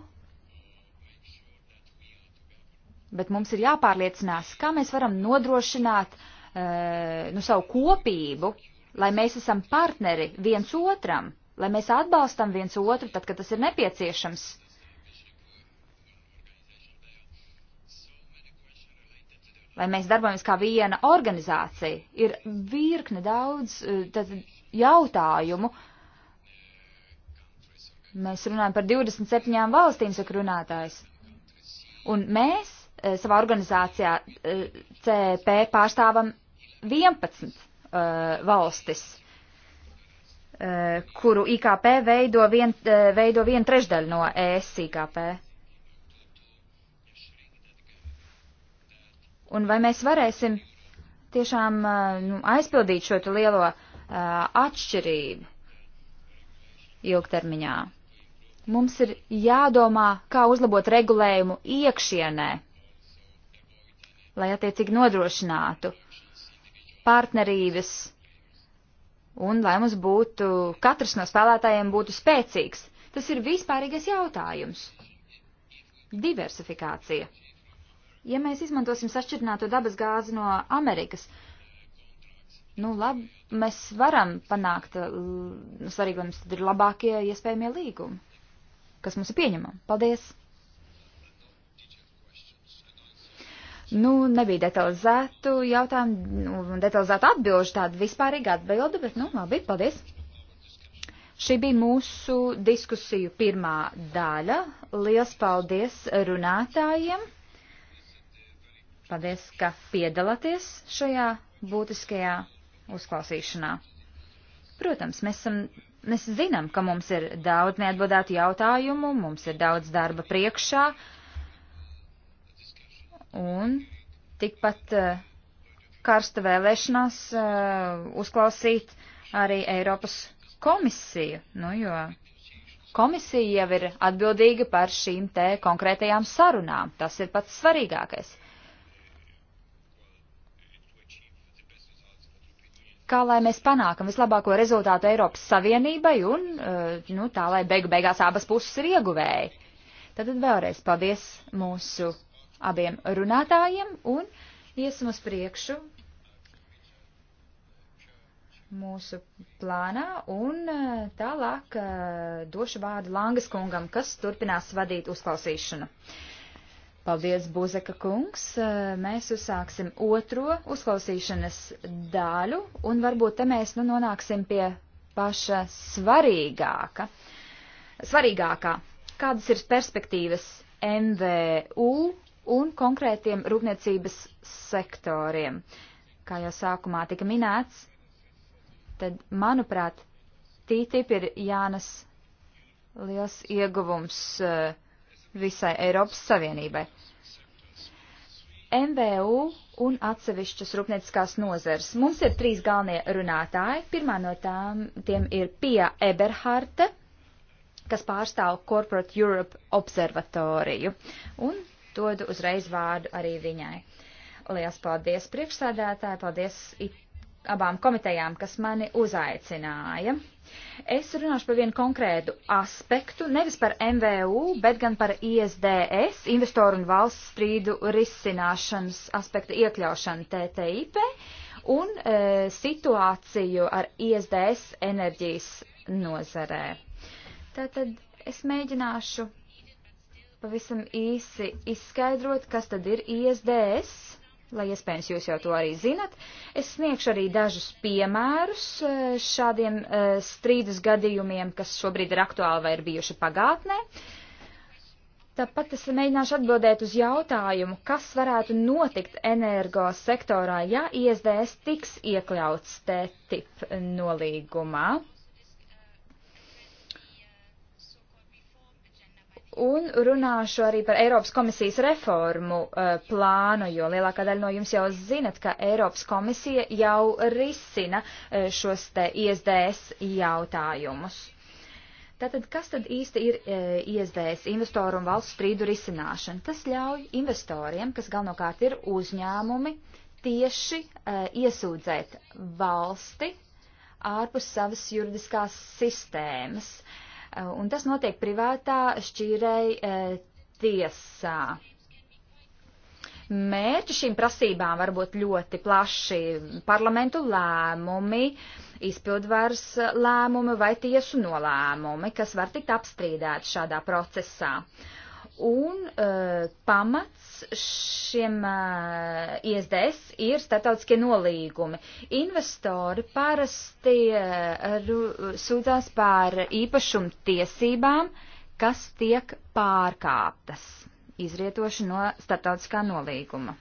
bet mums ir jāpārliecinās, kā mēs varam nodrošināt uh, nu, savu kopību, lai mēs esam partneri viens otram, lai mēs atbalstam viens otru tad, kad tas ir nepieciešams. Lai mēs darbojamies kā viena organizācija, ir virkne daudz eh, tad, jautājumu. Mēs runājam par 27 valstīm, saka runātājs. Un mēs Eh, savā organizācijā eh, CEP pārstāvam 11 eh, valstis, kuru IKP veido, vien, veido vienu trešdaļu no ES IKP. Un vai mēs varēsim tiešām nu, aizpildīt šo lielo uh, atšķirību ilgtermiņā? Mums ir jādomā, kā uzlabot regulējumu iekšienē lai attiecīgi nodrošinātu partnerības un lai mums būtu, katrs no spēlētājiem būtu spēcīgs. Tas ir vispārīgais jautājums. Diversifikācija. Ja mēs izmantosim sašķirtināto dabas gāzi no Amerikas, nu labi, mēs varam panākt, nu svarīgi, lai mums tad ir labākie iespējamie līgumi, kas mums ir pieņemami. Paldies! Nu, nebija detalizētu jautājumu, nu, detalizētu atbilžu, tādu vispārīgu atbildu, bet, nu, labi, paldies. Šī bija mūsu diskusiju pirmā daļa. Liels paldies runātājiem. Paldies, ka piedalāties šajā būtiskajā uzklausīšanā. Protams, mēs, esam, mēs zinām, ka mums ir daudz neatbildētu jautājumu, mums ir daudz darba priekšā un tikpat eh, karsta vēlēšanās eh, uzklausīt arī Eiropas komisiju, nu jo komisija jau ir atbildīga par šīm te konkrētajām sarunām. Tas ir pats svarīgākais. Kā lai mēs panākam vislabāko rezultātu Eiropas Savienībai un eh, nu, tā, lai beigu beigās abas puses ir ieguvēji. Tad vēlreiz paldies mūsu abiem runātājiem un iesim uz priekšu mūsu plānā un e, tālāk e, došu vārdu Langas kungam, kas turpinās vadīt uzklausīšanu. Paldies, Buzeka kungs. E, mēs uzsāksim otro uzklausīšanas daļu un varbūt te mēs nu nonāksim pie paša svarīgāka. Svarīgākā. Kādas ir perspektīvas MVU un konkrētiem rūpniecības sektoriem. Kā jau sākumā tika minēts, tad, manuprāt, TTIP ir Jānas liels ieguvums eh, visai Eiropas Savienībai. MVU un atsevišķas rūpnieciskās nozars. Mums ir trīs galvenie runātāji. Pirmā no tām tiem ir Pia Eberharte, kas pārstāv Corporate Europe observatoriju. Un dodu uzreiz vārdu arī viņai. Lielas paldies priekšsādātāji, paldies abām komitejām, kas mani uzaicināja. Es runāšu par vienu konkrētu aspektu, nevis par MVU, bet gan par ISDS, investoru un valsts strīdu risināšanas aspektu iekļaušanu TTIP un e, situāciju ar ISDS enerģijas nozarē. Tātad es mēģināšu pavisam īsi izskaidrot, kas tad ir ISDS, lai iespējams jūs jau to arī zinat. Es sniegšu arī dažus piemērus eh, šādiem eh, strīdus gadījumiem, kas šobrīd ir aktuāli vai ir bijuši pagātnē. Tāpat es mēģināšu atbildēt uz jautājumu, kas varētu notikt energo sektorā, ja ISDS tiks iekļauts TTIP nolīgumā. Un runāšu arī par Eiropas komisijas reformu uh, plānu, jo lielākā daļa no jums jau zinat, ka Eiropas komisija jau risina uh, šos te ISDS jautājumus. Tātad, kas tad īsti ir e, eh, ISDS, investoru un valsts strīdu risināšana? Tas ļauj investoriem, kas galvenokārt ir uzņēmumi, tieši e, iesūdzēt valsti ārpus savas juridiskās sistēmas, Eh, un tas notiek privātā šķīrei eh, tiesā. Mērķi šīm prasībām var būt ļoti plaši - parlamentu lēmumi, izpildvars lēmumi vai tiesu nolēmumi, kas var tikt apstrīdēti šādā procesā. Un e, pamats šiem uh, ISDS ir startautiskie nolīgumi. Investori parasti uh, sūdzās par īpašumu tiesībām, kas tiek pārkāptas, izrietoši no startautiskā nolīguma.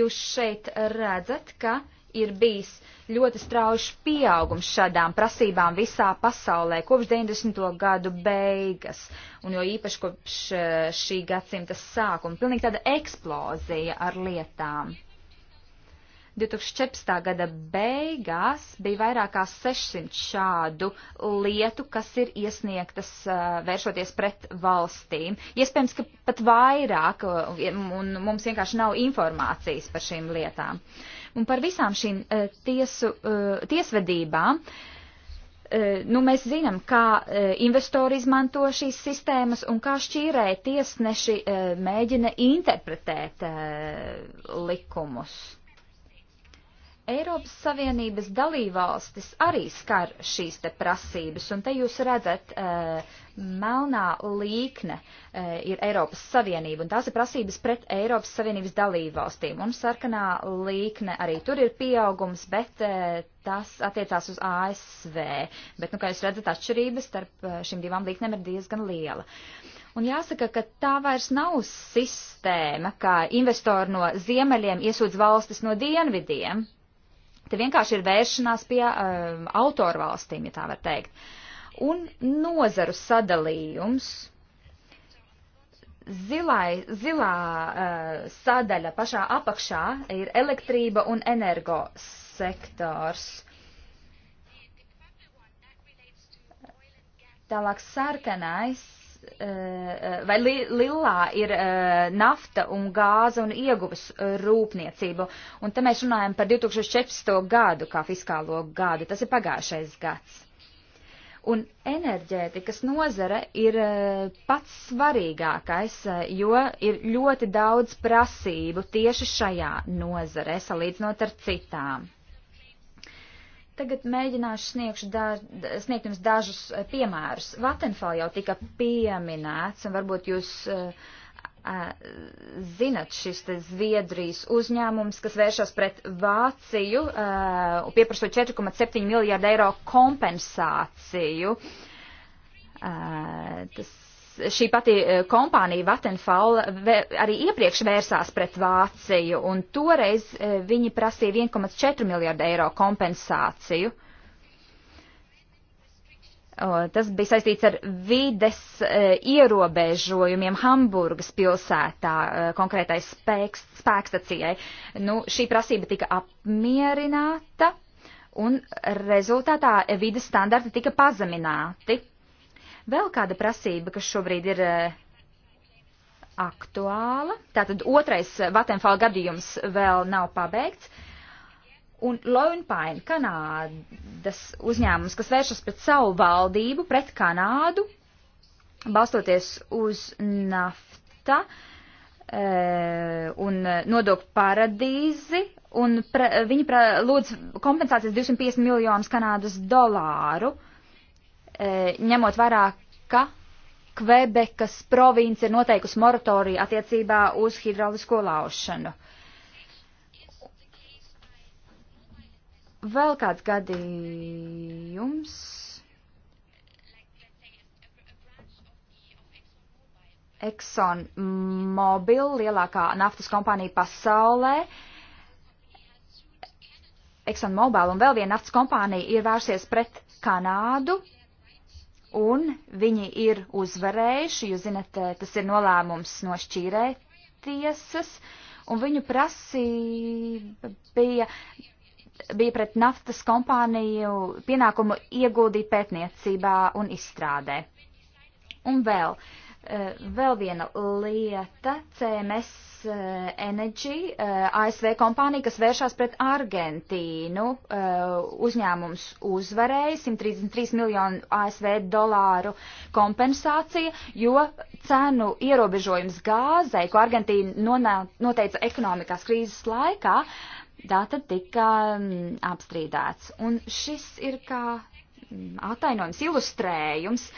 Jūs šeit redzat, ka ir bijis ļoti strauši pieaugums šādām prasībām visā pasaulē kopš 90. gadu beigas, un jo īpaši kopš eh, šī gadsimta sākuma. Pilnīgi tāda eksplozija ar lietām. 2014. gada beigās bija vairāk kā 600 šādu lietu, kas ir iesniegtas eh, vēršoties pret valstīm. Iespējams, ka pat vairāk, eh, un mums vienkārši nav informācijas par šīm lietām. Uh, Un par visām šīm e, tiesu, e, tiesvedībām e, nu, mēs zinām, kā investori izmanto šīs sistēmas un kā šķīrēji tiesneši mēģina interpretēt likumus. Eiropas Savienības dalībvalstis arī skar šīs te prasības, un te jūs redzat, e, melnā līkne e, ir Eiropas Savienība, un tās ir prasības pret Eiropas Savienības dalībvalstīm, un sarkanā līkne arī tur ir pieaugums, bet e, tas attiecās uz ASV, bet, nu, kā jūs redzat, atšķirības starp šīm divām līknēm ir diezgan liela. Un jāsaka, ka tā vairs nav sistēma, kā investori no ziemeļiem iesūdz valstis no dienvidiem, Te vienkārši ir vēršanās pie um, autorvalstīm, ja tā var teikt. Un nozaru sadalījums zilai, zilā uh, sadaļa pašā apakšā ir elektrība un energo sektors. Tālāk sarkanais vai li, Lillā ir eh, nafta un gāze un ieguves eh, rūpniecību. Un te mēs runājam par 2014. gadu kā fiskālo gadu. Tas ir pagājušais gads. Un enerģētikas nozare ir eh, pats svarīgākais, jo ir ļoti daudz prasību tieši šajā nozare, salīdzinot ar citām. Tagad mēģināšu sniegšu daž, sniegt jums dažus eh, piemērus. Vatenfall jau tika pieminēts, un varbūt jūs uh, uh, zinat šis Zviedrijas uzņēmums, kas vēršas pret Vāciju, uh, pieprasot 4,7 miljārdu eiro kompensāciju. Tas šī pati eh, kompānija Vattenfall arī iepriekš vērsās pret Vāciju, un toreiz eh, viņi prasīja 1,4 miljardu eiro kompensāciju. Tas bija saistīts ar vides eh, ierobežojumiem Hamburgas pilsētā konkrētai spēks, spēkstacijai. Nu, šī prasība tika apmierināta, un rezultātā vides standarti tika pazemināti Vēl kāda prasība, kas šobrīd ir eh, aktuāla. Tātad otrais Vatenfāla gadījums vēl nav pabeigts. Un Loinpain, Kanādas uzņēmums, kas vēršas pret savu valdību, pret Kanādu, balstoties uz nafta e, un nodokļu paradīzi, un pre, viņi pre, lūdz kompensācijas 250 miljonus Kanādas dolāru. E, E, ņemot vērā, ka Kvebekas province ir noteikusi moratoriju attiecībā uz hidraulisko laušanu. Vēl kāds gadījums. Exxon Mobil, lielākā naftas kompānija pasaulē. Exxon Mobil un vēl viena naftas kompānija ir vērsies pret Kanādu un viņi ir uzvarējuši, jūs zinat, eh, tas ir nolēmums no šķīrē tiesas, un viņu prasība bija, bija pret naftas kompāniju pienākumu ieguldīt pētniecībā un izstrādē. Un vēl, Eh, vēl viena lieta - CMS eh, Energy, eh, ASV kompānija, kas vēršās pret Argentīnu. Uzņēmums uzvarēja 133 miljonu ASV dolāru kompensācija, jo cenu ierobežojums gāzei, ko Argentīna noteica ekonomikās krīzes laikā, tātad tika mm, apstrīdēts. Un šis ir kā mm, atainojums, ilustrējums,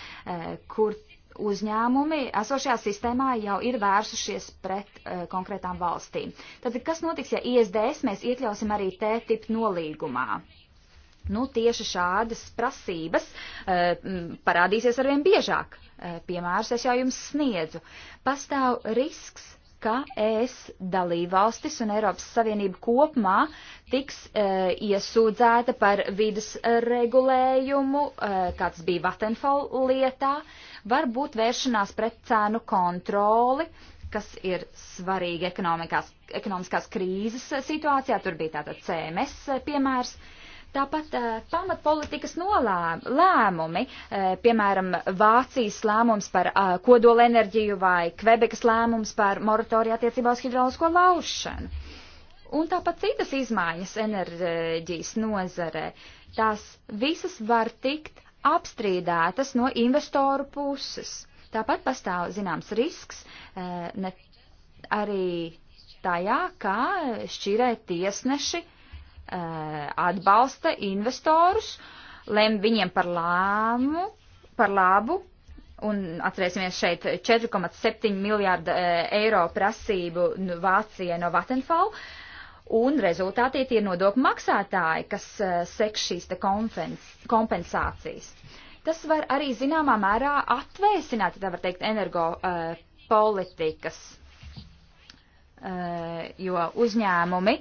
kur uzņēmumi esošajā sistēmā jau ir vērsušies pret uh, konkrētām valstīm. Tad kas notiks, ja ISDS mēs iekļausim arī TTIP nolīgumā? Nu, tieši šādas prasības uh, parādīsies arvien biežāk. Uh, piemērs es jau jums sniedzu. Pastāv risks, ka ES dalībvalstis un Eiropas Savienība kopumā tiks uh, iesūdzēta par vidas regulējumu, uh, kāds bija Vattenfall lietā. Uh, var būt vēršanās pret cēnu kontroli, kas ir svarīgi ekonomiskās krīzes situācijā. Tur bija tātad CMS piemērs. Tāpat eh, pamatpolitikas nolēmumi, eh, piemēram, Vācijas lēmums par eh, kodolenerģiju vai Kvebekas lēmums par moratoriju attiecībā uz hidraulisko laušanu. Un tāpat citas izmaiņas enerģijas nozarē. Tās visas var tikt apstrīdētas no investoru puses. Tāpat pastāv zināms risks eh, ne, arī tajā, kā šķirē tiesneši eh, atbalsta investorus, lem viņiem par lēmu, par labu, un atcerēsimies šeit 4,7 miljārda eh, eiro prasību nu Vācijai no Vattenfall, uh, un rezultātī tie nodokļu maksātāji, kas uh, seks šīs te kompensācijas. Tas var arī zināmā mērā atvēsināt, tā var teikt, energo uh, politikas, uh, jo uzņēmumi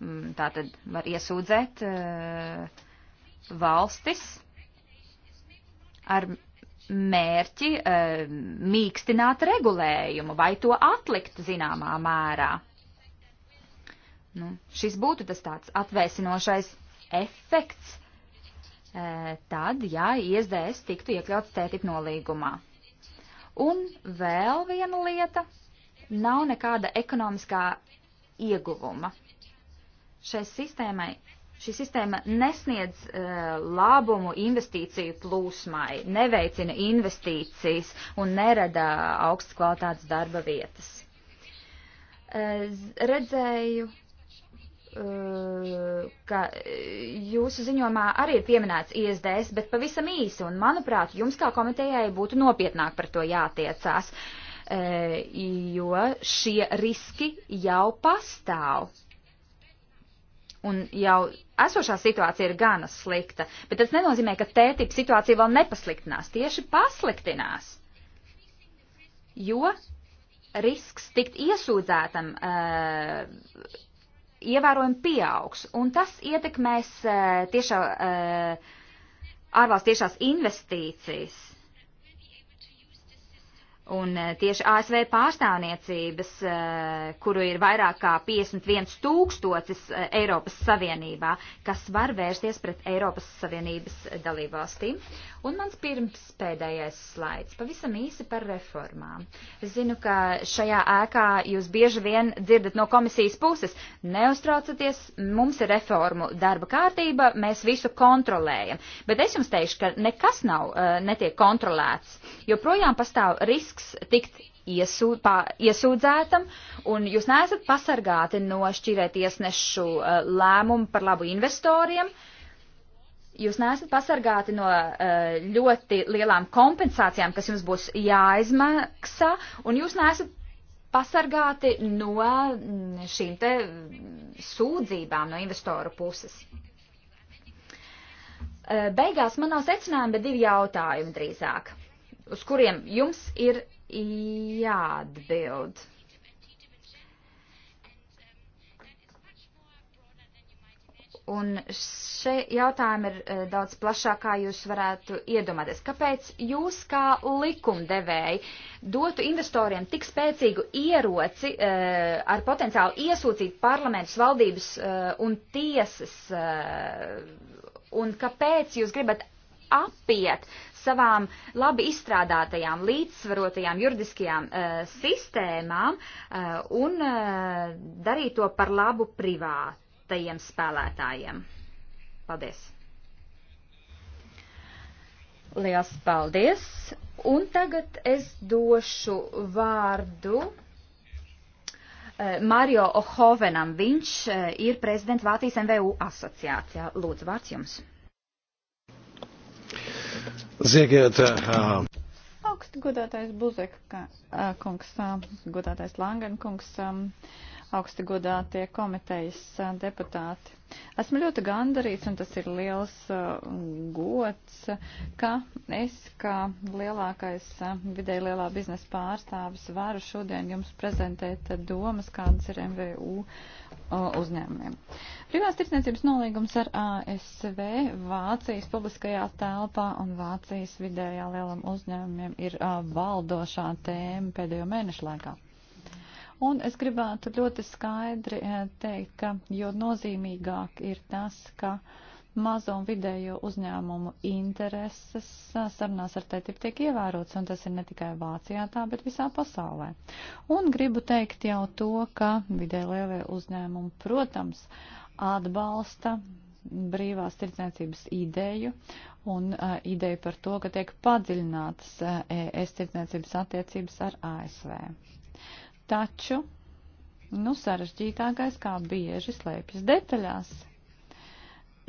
mm, tā tad var iesūdzēt uh, valstis ar mērķi uh, mīkstināt regulējumu vai to atlikt zināmā mērā. Nu, šis būtu tas tāds atvēsinošais efekts, e, tad, ja ISDS tiktu iekļauts tētip nolīgumā. Un vēl viena lieta - nav nekāda ekonomiskā ieguvuma. Šai sistēmai šī sistēma nesniedz uh, labumu investīciju plūsmai, neveicina investīcijas un nerada augstas kvalitātes darba vietas. Uh, redzēju Eh, ka eh, jūsu ziņojumā arī ir pieminēts ISDS, bet pavisam īsi, un manuprāt, jums kā komitejai būtu nopietnāk par to jātiecās, eh, jo šie riski jau pastāv. Un jau esošā situācija ir gana slikta, bet tas nenozīmē, ka tētipa situācija vēl nepasliktinās, tieši pasliktinās. Jo risks tikt iesūdzētam uh, ievērojami pieaugs, un tas ietekmēs eh, tiešā, eh, ārvalstu tiešās investīcijas. Un eh, tieši ASV pārstāvniecības, eh, kuru ir vairāk kā 51 tūkstocis eh, Eiropas Savienībā, kas var vērsties pret Eiropas Savienības dalībvalstīm. Un mans pirms pēdējais slaids, pavisam īsi par reformām. Es zinu, ka šajā ēkā jūs bieži vien dzirdat no komisijas puses, neuztraucaties, mums ir reformu darba kārtība, mēs visu kontrolējam. Bet es jums teikšu, ka nekas nav, netiek kontrolēts, jo projām pastāv risks risks tikt iesūd, pā, iesūdzētam, un jūs neesat pasargāti no šķirēt iesnešu eh, lēmumu par labu investoriem. Jūs neesat pasargāti no eh, ļoti lielām kompensācijām, kas jums būs jāizmaksā, un jūs neesat pasargāti no mm, šīm te mm, sūdzībām no investoru puses. Eh, beigās man nav secinājumi, bet divi jautājumi drīzāk uz kuriem jums ir jāatbild. Un šie jautājumi ir eh, daudz plašākā jūs varētu iedomāties. Kāpēc jūs kā likumdevēji dotu investoriem tik spēcīgu ieroci eh, ar potenciālu iesūcīt parlamentus, valdības eh, un tiesas? Un kāpēc jūs gribat apiet savām labi izstrādātajām, līdzsvarotajām juridiskajām uh, sistēmām uh, un uh, darīt to par labu privātajiem spēlētājiem. Paldies! Liels paldies! Un tagad es došu vārdu Mario Ohovenam. Viņš ir prezidents Vācijas MVU asociācijā. Lūdzu, vārds jums! Sehr geehrter Herr. Augstu godātais Buzek kungs, godātais Langen kungs, augsti godātie komitejas deputāti. Esmu ļoti gandarīts, un tas ir liels gods, ka es, kā lielākais vidēji lielā biznesa pārstāvis, varu šodien jums prezentēt domas, kādas ir MVU uzņēmumiem. Privās tirdzniecības nolīgums ar ASV Vācijas publiskajā telpā un Vācijas vidējā lielam uzņēmumiem ir valdošā tēma pēdējo mēnešu laikā. Un es gribētu ļoti skaidri eh, teikt, ka jo nozīmīgāk ir tas, ka mazo un vidējo uzņēmumu intereses eh, sarunās ar TTIP tiek ievērots, un tas ir ne tikai Vācijā tā, bet visā pasaulē. Un gribu teikt jau to, ka vidē lielie uzņēmumi, protams, atbalsta brīvās tirdzniecības ideju un uh, ideju par to, ka tiek padziļinātas uh, ES tirdzniecības attiecības ar ASV. Taču, nu, sarežģītākais, kā bieži slēpjas detaļās.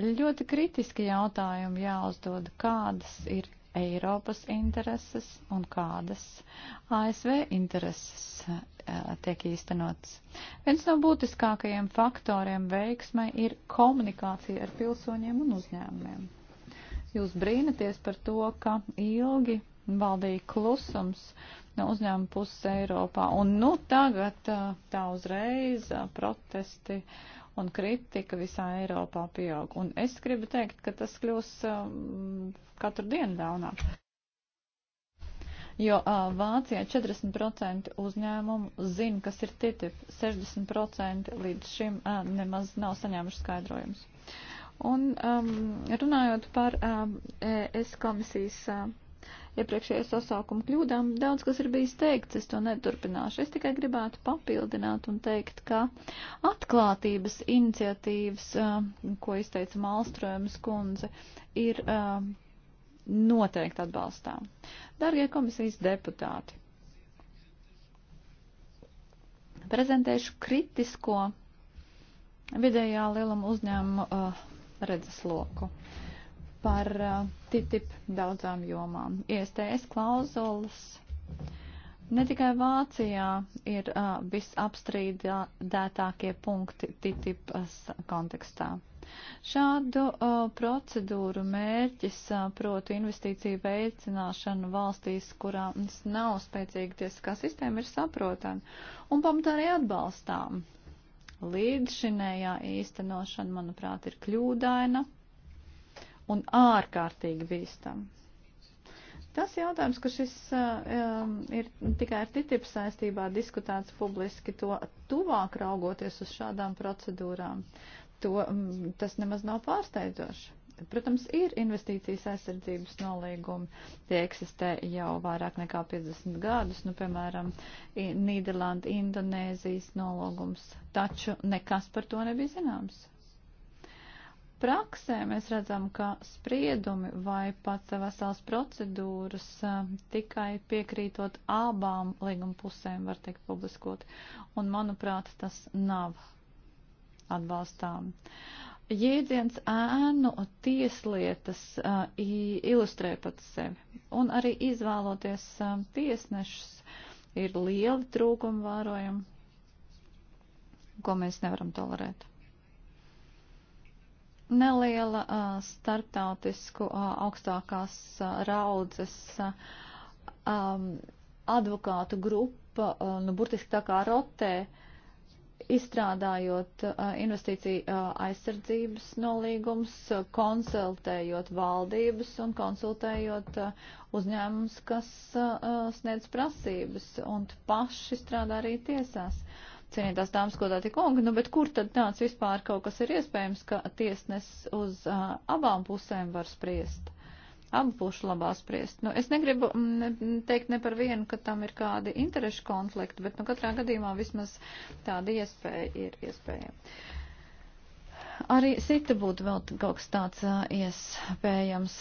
Ļoti kritiski jautājumi jāuzdod, kādas ir Eiropas intereses un kādas ASV intereses e, tiek īstenotas. Viens no būtiskākajiem faktoriem veiksmai ir komunikācija ar pilsoņiem un uzņēmumiem. Jūs brīnaties par to, ka ilgi valdīja klusums no uzņēmuma puses Eiropā. Un nu tagad tā uzreiz protesti un kritika visā Eiropā pieaug. Un es gribu teikt, ka tas kļūs katru dienu ļaunāk. Jo uh, Vācijā 40% uzņēmumu zina, kas ir TTIP, 60% līdz šim uh, nemaz nav saņēmuši skaidrojumus. Un um, runājot par uh, ES komisijas uh, iepriekšējā sasaukuma kļūdām. Daudz kas ir bijis teikts, es to neturpināšu. Es tikai gribētu papildināt un teikt, ka atklātības iniciatīvas, ko izteica Malstrēmas kundze, ir noteikti atbalstām. Dargie komisijas deputāti, prezentēšu kritisko vidējā lieluma uzņēmuma uh, redzesloku. loku par uh, TTIP daudzām jomām. ISTS klauzulas ne tikai Vācijā ir uh, visapstrīdētākie punkti TTIP uh, kontekstā. Šādu uh, procedūru mērķis, uh, proti investīciju veicināšana valstīs, kurās nav spēcīga tiesiskā sistēma, ir saprotama un pamatā arī atbalstām. Līdzšinējā īstenošana, manuprāt, ir kļūdaina un ārkārtīgi bīstam. Tas jautājums, ka šis eh, um, ir tikai ar TTIP saistībā diskutēts publiski, to tuvāk raugoties uz šādām procedūrām, to, um, tas nemaz nav pārsteidzoši. Protams, ir investīcijas aizsardzības nolīgumi, tie eksistē jau vairāk nekā 50 gadus, nu, piemēram, Nīderlanda, Indonēzijas nolūgums, taču nekas par to nebija zināms. Praksē mēs redzam, ka spriedumi vai pat vesels procedūras eh, tikai piekrītot abām līguma pusēm var tikt publiskot. Un, manuprāt, tas nav atbalstām. Jēdziens ēnu tieslietas uh, ilustrē pats sevi. Un arī izvēloties uh, tiesnešus ir lieli trūkumi vērojumi, ko mēs nevaram tolerēt neliela uh, starptautisku uh, augstākās uh, raudzes uh, um, advokātu grupa, uh, nu, burtiski tā kā rotē, izstrādājot uh, investīciju uh, aizsardzības nolīgums, uh, konsultējot valdības un konsultējot uh, uzņēmums, kas uh, sniedz prasības un paši strādā arī tiesās. Uh, cienītās dāmas, godāti kungi, nu bet kur tad tāds vispār kaut kas ir iespējams, ka tiesnes uz uh, abām pusēm var spriest? Abu pušu labā spriest. Nu, es negribu mm, teikt ne par vienu, ka tam ir kādi interešu konflikti, bet nu katrā gadījumā vismaz tāda iespēja ir iespējama. Arī cita būtu vēl kaut kas tāds uh, iespējams.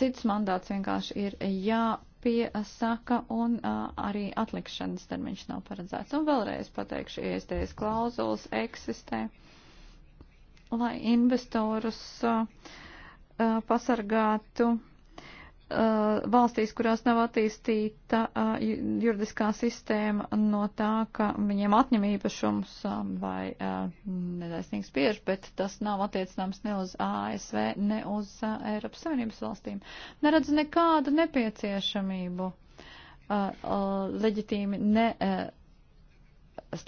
Cits mandāts vienkārši ir jā. Ja piesaka un uh, arī atlikšanas termiņš nav paredzēts. Un vēlreiz pateikšu, iestājas klauzulas eksistē, lai investorus uh, pasargātu Uh, valstīs, kurās nav attīstīta uh, juridiskā sistēma no tā, ka viņiem atņem īpašums um, vai uh, netaisnīgs spiež, bet tas nav attiecināms ne uz ASV, ne uz Eiropas Savienības valstīm. Neredz nekādu nepieciešamību leģitīmi ne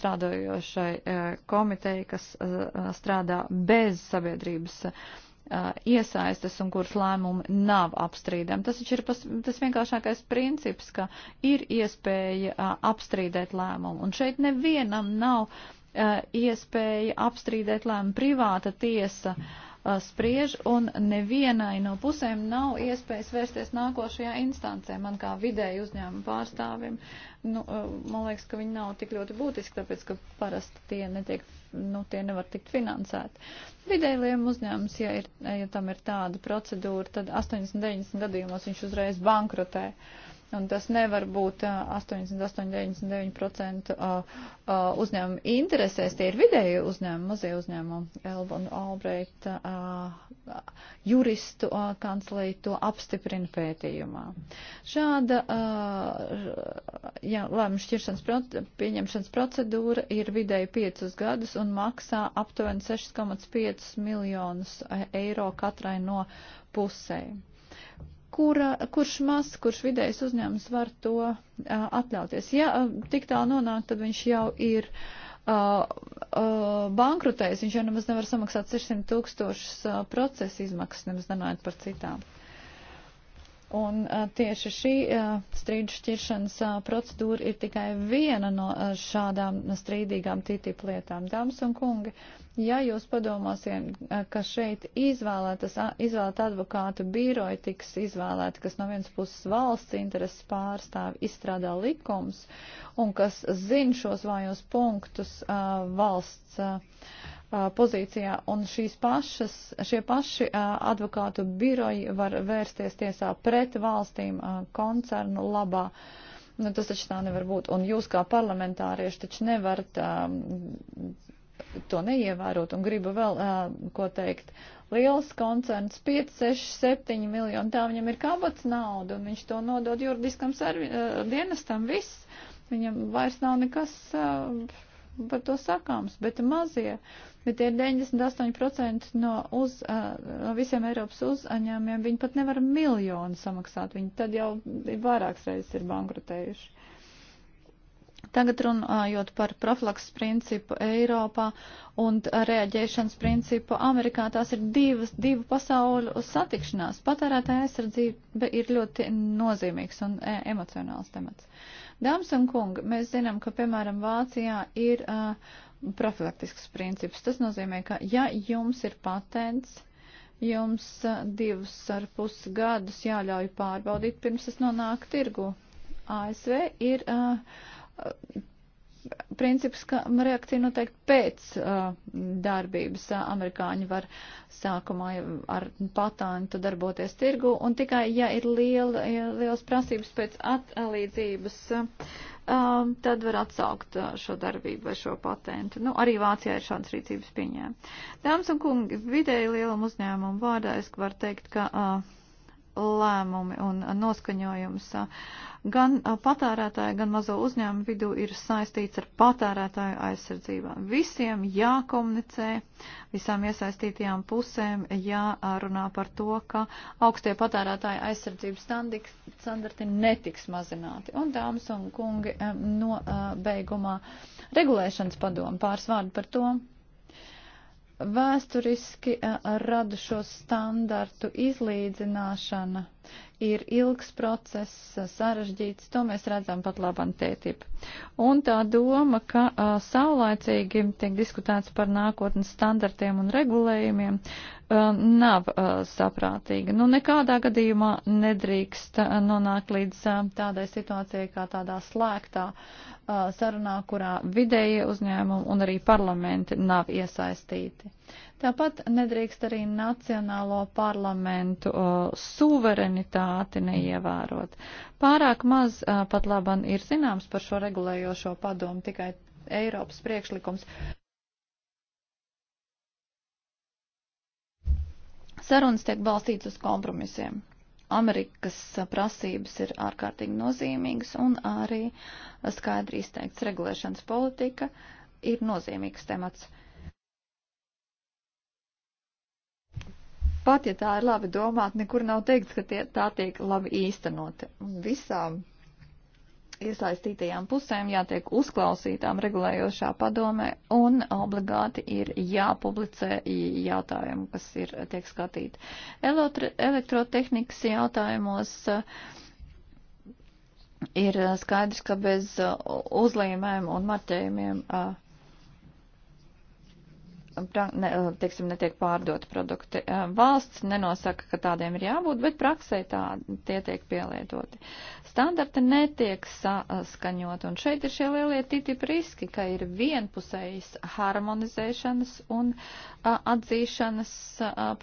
strādojošai komitei, kas strādā bez sabiedrības Uh, iesaistas un kuras lēmumi nav apstrīdami. Tas ir pas, tas vienkāršākais princips, ka ir iespēja uh, apstrīdēt lēmumu. Un šeit nevienam nav uh, iespēja apstrīdēt lēmumu privāta tiesa. Mm Uh, spriež, un nevienai no pusēm nav iespējas vērsties nākošajā instancē. Man kā vidēji uzņēmuma pārstāvim, nu, uh, man liekas, ka viņi nav tik ļoti būtiski, tāpēc, ka parasti tie netiek, nu, tie nevar tikt finansēti. Vidējiem uzņēmums, ja, ir, ja tam ir tāda procedūra, tad 80-90 gadījumos viņš uzreiz bankrotē. Uh, Un tas nevar būt 88-99% uzņēmumu interesēs. Tie ir vidēji uzņēmumi, mazie uzņēmumi. Elva un Albreit juristu kanclī to apstiprina pētījumā. Šāda lēmuma šķiršanas pieņemšanas procedūra ir vidēji 5 gadus un maksā aptuveni 6,5 miljonus eiro katrai no pusēm kura, kurš mazs, kurš vidējs uzņēmums var to uh, atļauties. Ja uh, tik tālu nonāk, tad viņš jau ir uh, uh, bankrutējis, viņš jau nemaz nevar samaksāt 600 tūkstošus uh, procesa izmaksas, nemaz nenājot par citām. Un a, uh, tieši šī uh, strīdu šķiršanas a, uh, procedūra ir tikai viena no a, šādām strīdīgām TTIP lietām. Dāmas un kungi, ja jūs padomāsiet, ka šeit izvēlētas, izvēlēt advokātu bīroja tiks izvēlēta, kas no vienas puses valsts intereses pārstāv izstrādā likums un kas zin šos vājos punktus valsts Uh, pozīcijā, un šīs pašas, šie paši uh, advokātu biroji var vērsties tiesā pret valstīm uh, koncernu labā. Nu, tas taču tā nevar būt, un jūs kā parlamentārieši taču nevarat um, to neievērot, un gribu vēl ko teikt. Liels koncerns, 5, 6, 7 miljoni, tā viņam ir kabats nauda, un viņš to nodod juridiskam servi, dienestam, viss. Viņam vairs nav nekas. Uh, par to sakāms, bet mazie, bet tie ir 98% no, uz, no visiem Eiropas uzņēmumiem, viņi pat nevar miljonu samaksāt, viņi tad jau vairākas reizes ir bankrotējuši. Tagad runājot par profilaks principu Eiropā un reaģēšanas principu Amerikā, tās ir divas, divu pasauļu satikšanās. Patērētāja aizsardzība ir ļoti nozīmīgs un emocionāls temats. Dāmas un kungi, mēs zinām, ka, piemēram, Vācijā ir uh, profilaktisks princips. Tas nozīmē, ka ja jums ir patents, jums uh, divus ar pus gadus jāļauj pārbaudīt, pirms tas nonāk tirgu. ASV ir uh, princips, ka reakcija noteikti pēc uh, darbības. Amerikāņi var sākumā ar patāntu darboties tirgu, un tikai, ja ir liela, liels prasības pēc atlīdzības, uh, tad var atsaukt uh, šo darbību vai šo patentu. Nu, arī Vācijā ir šādas rīcības pieņēma. Dāmas un kungi, vidēji lielam uzņēmumu vārdā es varu teikt, ka. Uh, lēmumi un noskaņojums gan uh, patērētāju, gan mazo uzņēmumu vidū ir saistīts ar patērētāju aizsardzībām. Visiem jākomunicē, visām iesaistītajām pusēm jārunā par to, ka augstie patērētāju aizsardzības standarti netiks mazināti. Un dāmas un kungi, um, no uh, beigumā regulēšanas padomu pāris vārdu par to. Vēsturiski radušo standartu izlīdzināšana ir ilgs process, sarežģīts, to mēs redzam pat labam tētību. Un tā doma, ka a, saulēcīgi tiek diskutēts par nākotnes standartiem un regulējumiem, Uh, nav uh, saprātīga. Nu, nekādā gadījumā nedrīkst uh, nonākt līdz tādai situācijai kā tādā slēgtā sarunā, kurā vidējie uzņēmumi un arī parlamenti nav iesaistīti. Tāpat nedrīkst arī nacionālo parlamentu o, suverenitāti neievērot. Pārāk maz a, pat laban ir zināms par šo regulējošo padomu, tikai Eiropas priekšlikums. Sarunas tiek balstītas uz kompromisiem. Amerikas prasības ir ārkārtīgi nozīmīgas un arī skaidri izteikts regulēšanas politika ir nozīmīgs temats. Pat ja tā ir labi domāt, nekur nav teikts, ka tie, tā tiek labi īstenota. Visām iesaistītajām pusēm jātiek uzklausītām regulējošā padomē un obligāti ir jāpublicē jautājumi, kas ir tiek skatīti. Elektrotehnikas jautājumos uh, ir uh, skaidrs, ka bez uh, uzlīmēm un marķējumiem. Uh, ne, eh, teiksim, netiek pārdot produkti. Eh, valsts nenosaka, ka tādiem ir jābūt, bet praksē tā, tie tiek pielietoti. Standarti netiek saskaņot, un šeit ir šie lielie TTIP riski, ka ir vienpusējas harmonizēšanas un eh, atzīšanas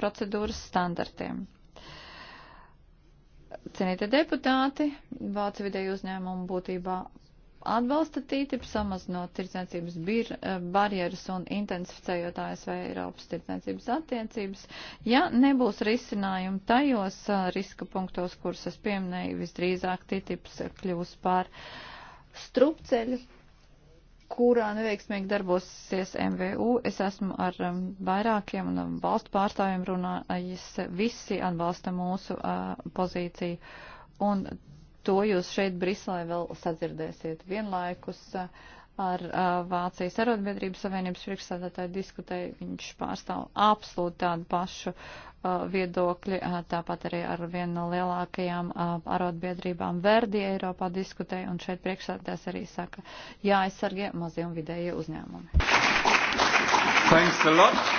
procedūras standartiem. Cienītie deputāti, Vācu vidēju uzņēmumu būtībā atbalsta TTIP, samazinot tirdzniecības eh, barjeras un intensificējot ASV Eiropas tirdzniecības attiecības. Ja nebūs risinājumu tajos eh, riska punktos, kurus es pieminēju, visdrīzāk TTIPs kļūs par strupceļu kurā neveiksmīgi darbosies MVU. Es esmu ar um, vairākiem un um, valstu pārstāvjiem runājis. Visi atbalsta mūsu uh, pozīciju. Un To jūs šeit Briselē vēl sadzirdēsiet vienlaikus. Uh, ar uh, Vācijas arotbiedrības savienības priekšsādātāju diskutēju, viņš pārstāv absolūti tādu pašu uh, viedokļi, tāpat arī ar vienu no lielākajām arotbiedrībām Verdi Eiropā diskutēja, un šeit priekšsādātājs arī saka, jāaizsargie mazie un vidējie uzņēmumi. Thanks a lot.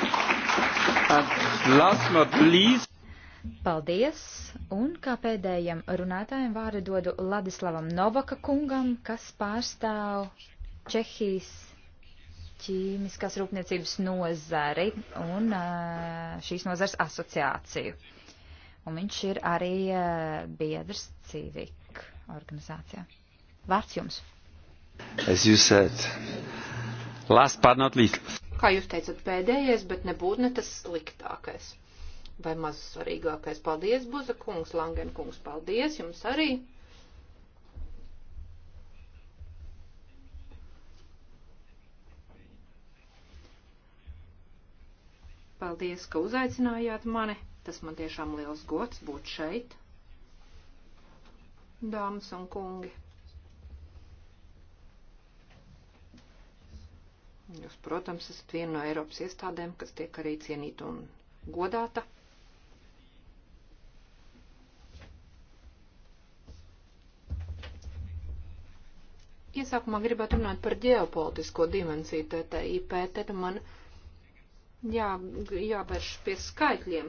And last not least. Paldies! Un kā pēdējiem runātājiem vārdu dodu Ladislavam Novaka kungam, kas pārstāv Čehijas ķīmiskās rūpniecības nozari un šīs nozars asociāciju. Un viņš ir arī biedrs Civik organizācijā. Vārds jums! As you said, last but not least. Kā jūs teicat, pēdējais, bet nebūtu ne tas sliktākais vai maz svarīgākais. Paldies, Buza kungs, Langen kungs, paldies jums arī. Paldies, ka uzaicinājāt mani. Tas man tiešām liels gods būt šeit. Dāmas un kungi. Jūs, protams, esat viena no Eiropas iestādēm, kas tiek arī cienīta un godāta. Iesākumā gribētu runāt par ģeopolitisko dimensiju TTIP, tad man jā, jāvērš pie skaitļiem.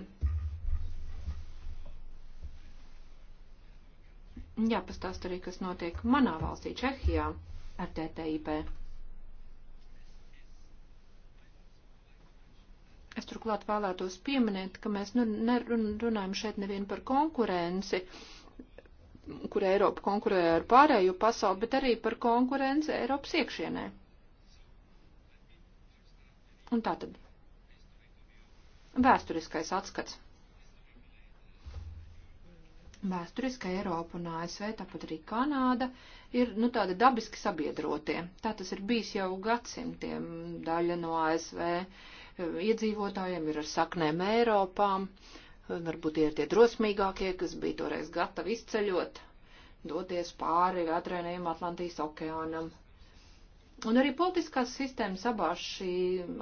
Jāpastāst arī, kas notiek manā valstī, Čehijā, ar TTIP. Es turklāt vēlētos pieminēt, ka mēs nu, nerunājam šeit nevien par konkurenci. Uh, kur Eiropa konkurē ar pārējo pasauli, bet arī par konkurenci Eiropas iekšienē. Un tā tad. Vēsturiskais atskats. Vēsturiski Eiropa un ASV, tāpat arī Kanāda, ir nu, tādi dabiski sabiedrotie. Tā tas ir bijis jau gadsimtiem. Daļa no ASV eh, iedzīvotājiem ir ar saknēm Eiropām. Uh, Varbūt tie ir tie drosmīgākie, kas bija toreiz gatavi izceļot, doties pāri vētrainējiem Atlantijas okeānam. Un arī politiskās sistēmas abās šī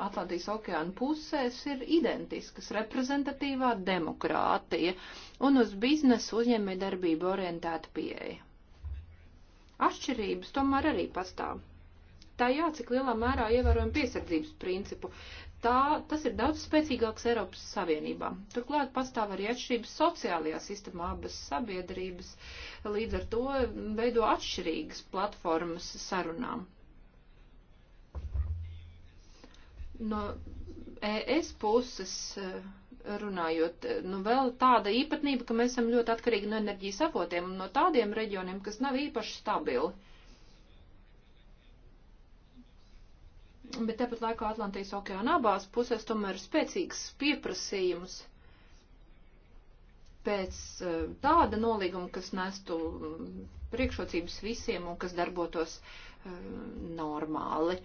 Atlantijas okeāna pusēs ir identiskas - reprezentatīvā demokrātija un uz biznesu uzņēmē darbību orientēta pieeja. Atšķirības tomēr arī pastāv. Tā jā, cik lielā mērā ievērojam piesardzības principu, tā, tas ir daudz spēcīgāks Eiropas Savienībā. Turklāt pastāv arī atšķirības sociālajā sistēmā abas sabiedrības, līdz ar to veido atšķirīgas platformas sarunām. No ES puses eh, runājot, eh, nu vēl tāda īpatnība, ka mēs esam ļoti atkarīgi no enerģijas avotiem un no tādiem reģioniem, kas nav īpaši stabili bet tepat laikā Atlantijas okeāna abās pusēs tomēr ir spēcīgs pieprasījums pēc e, tāda nolīguma, kas nestu mm, priekšrocības visiem un kas darbotos e, normāli.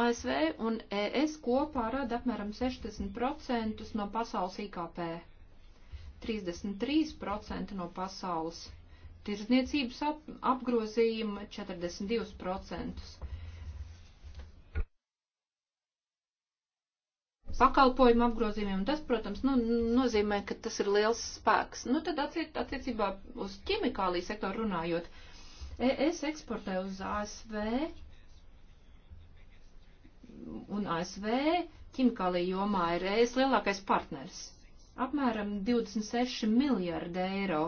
ASV un ES kopā rada apmēram 60% no pasaules IKP, 33% no pasaules tirdzniecības ap, apgrozījuma, 42% pakalpojumu apgrozījumiem, un tas, protams, nu, nozīmē, ka tas ir liels spēks. Nu, tad attiec, attiecībā uz ķimikālī sektoru runājot, es eksportēju uz ASV un ASV ķimikālija jomā ir ES lielākais partners. Apmēram 26 miljārdi eiro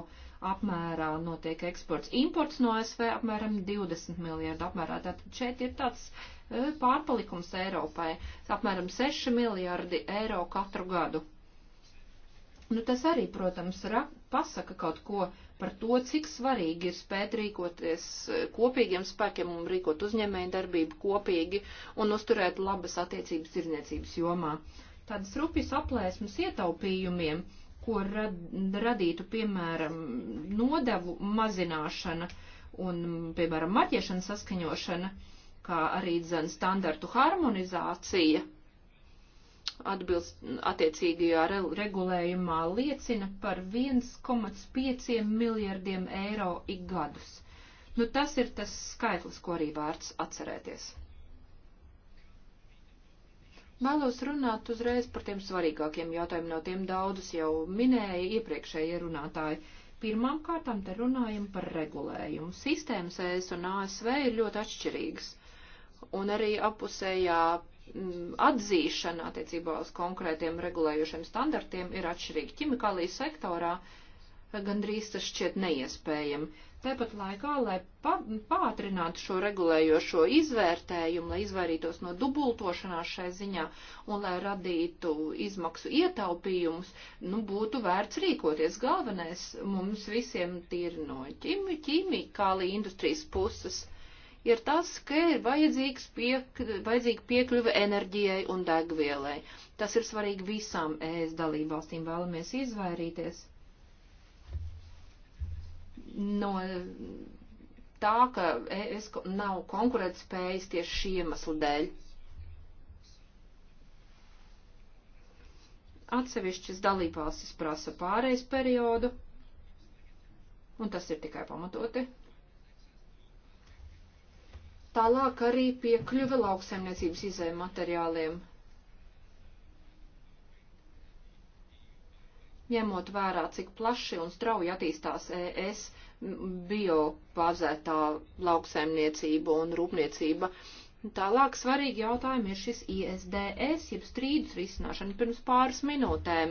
apmērā notiek eksports. Imports no ASV apmēram 20 miljārdi apmērā. Tātad šeit ir tāds uh, E, pārpalikums Eiropai - apmēram 6 miljardi eiro katru gadu. Nu, tas arī, protams, ra, pasaka kaut ko par to, cik svarīgi ir spēt rīkoties e, kopīgiem spēkiem un rīkot uzņēmēju darbību kopīgi un uzturēt labas attiecības tirniecības jomā. Tādas rupjas aplēsmas ietaupījumiem, ko rad, radītu, piemēram, nodevu mazināšana un, piemēram, marķēšana saskaņošana. Uh, kā arī dzen standartu harmonizācija atbilst attiecīgajā regulējumā liecina par 1,5 miljardiem eiro ik gadus. Nu, tas ir tas skaitlis, ko arī vērts atcerēties. Vēlos runāt uzreiz par tiem svarīgākiem jautājumiem, no tiem daudzus jau minēja iepriekšējie runātāji. Pirmām kārtām te runājam par regulējumu. Sistēmas ES un ASV ir ļoti atšķirīgas un arī apusējā mm, atzīšana attiecībā uz konkrētiem regulējušiem standartiem ir atšķirīga. Ķimikālijas sektorā gandrīz tas šķiet neiespējami. Tāpat laikā, lai pa, pātrinātu šo regulējošo izvērtējumu, lai izvairītos no dubultošanās šai ziņā un lai radītu izmaksu ietaupījumus, nu, būtu vērts rīkoties. Galvenais mums visiem tīri no ķīmikālī industrijas puses. Uh, ir tas, ka ir piek, vajadzīga piekļuve enerģijai un degvielai. Tas ir svarīgi visām ES dalībvalstīm vēlamies izvairīties no tā, ka ES nav konkurētspējas tieši šī iemesla dēļ. Atsevišķas dalībvalstis prasa pārejas periodu, un tas ir tikai pamatoti. Tālāk arī piekļuve lauksaimniecības izējuma materiāliem. Ņemot vērā, cik plaši un strauji attīstās ES biopāzētā lauksaimniecība un rūpniecība, Tālāk svarīgi jautājumi ir šis ISDS, jeb strīdus risināšana pirms pāris minūtēm.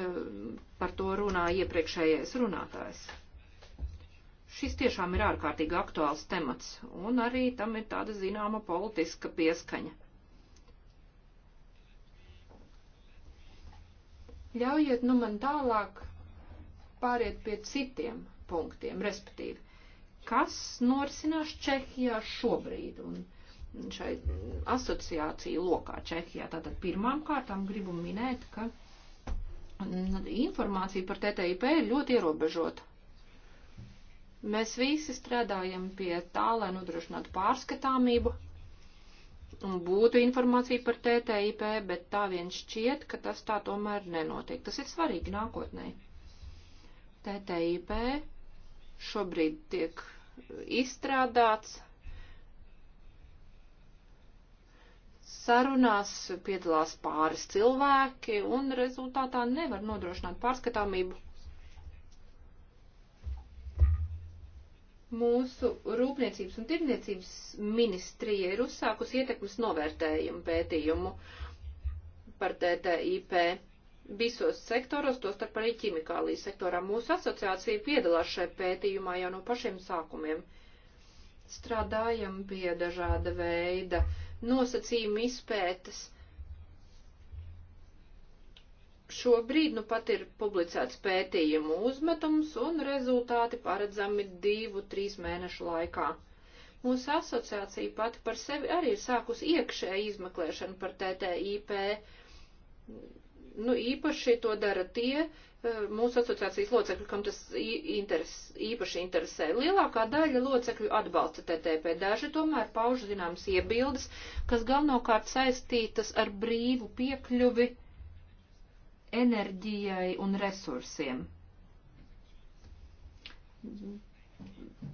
Eh, par to runāja iepriekšējais runātājs. Šis tiešām ir ārkārtīgi aktuāls temats, un arī tam ir tāda zināma politiska pieskaņa. Ļaujiet nu man tālāk pāriet pie citiem punktiem, respektīvi, kas norisinās Čehijā šobrīd un šai asociāciju lokā Čehijā. Tātad pirmām kārtām gribu minēt, ka informācija par TTIP ir ļoti ierobežota. Mēs visi strādājam pie tā, lai nodrošinātu pārskatāmību un būtu informācija par TTIP, bet tā vien šķiet, ka tas tā tomēr nenotiek. Tas ir svarīgi nākotnē. TTIP šobrīd tiek izstrādāts. Sarunās piedalās pāris cilvēki un rezultātā nevar nodrošināt pārskatāmību Mūsu rūpniecības un tirdzniecības ministrija ir uzsākusi ietekmes novērtējumu pētījumu par TTIP visos sektoros, tostarp arī ķimikālī sektorā. Mūsu asociācija piedalās šajā pētījumā jau no pašiem sākumiem. Strādājam pie dažāda veida nosacījuma izpētes Šobrīd nu pat ir publicēts pētījumu uzmetums un rezultāti paredzami divu, trīs mēnešu laikā. Mūsu asociācija pati par sevi arī ir sākusi iekšēju izmeklēšanu par TTIP. Nu, īpaši to dara tie eh, mūsu asociācijas locekļi, kam tas interes, īpaši interesē. Lielākā daļa locekļu atbalsta TTP, daži tomēr pauž zināmas iebildes, kas galvenokārt saistītas ar brīvu piekļuvi enerģijai un resursiem.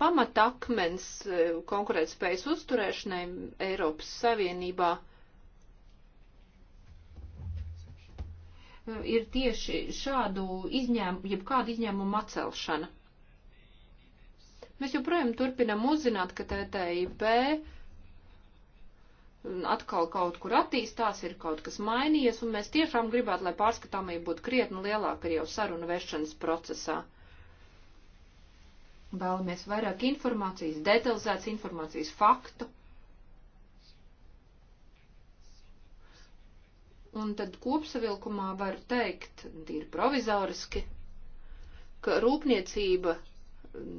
Pamatakmens eh, konkurētspējas uzturēšanai Eiropas Savienībā eh, ir tieši šādu izņēmumu, jeb kādu izņēmumu atcelšana. Mēs joprojām turpinam uzzināt, ka TTIP atkal kaut kur attīstās, ir kaut kas mainījies, un mēs tiešām gribētu, lai pārskatāmība būtu krietni lielāka arī jau sarunu vešanas procesā. Vēlamies vairāk informācijas, detalizētas informācijas, faktu. Un tad kopsavilkumā var teikt, tīri provizoriski, ka rūpniecība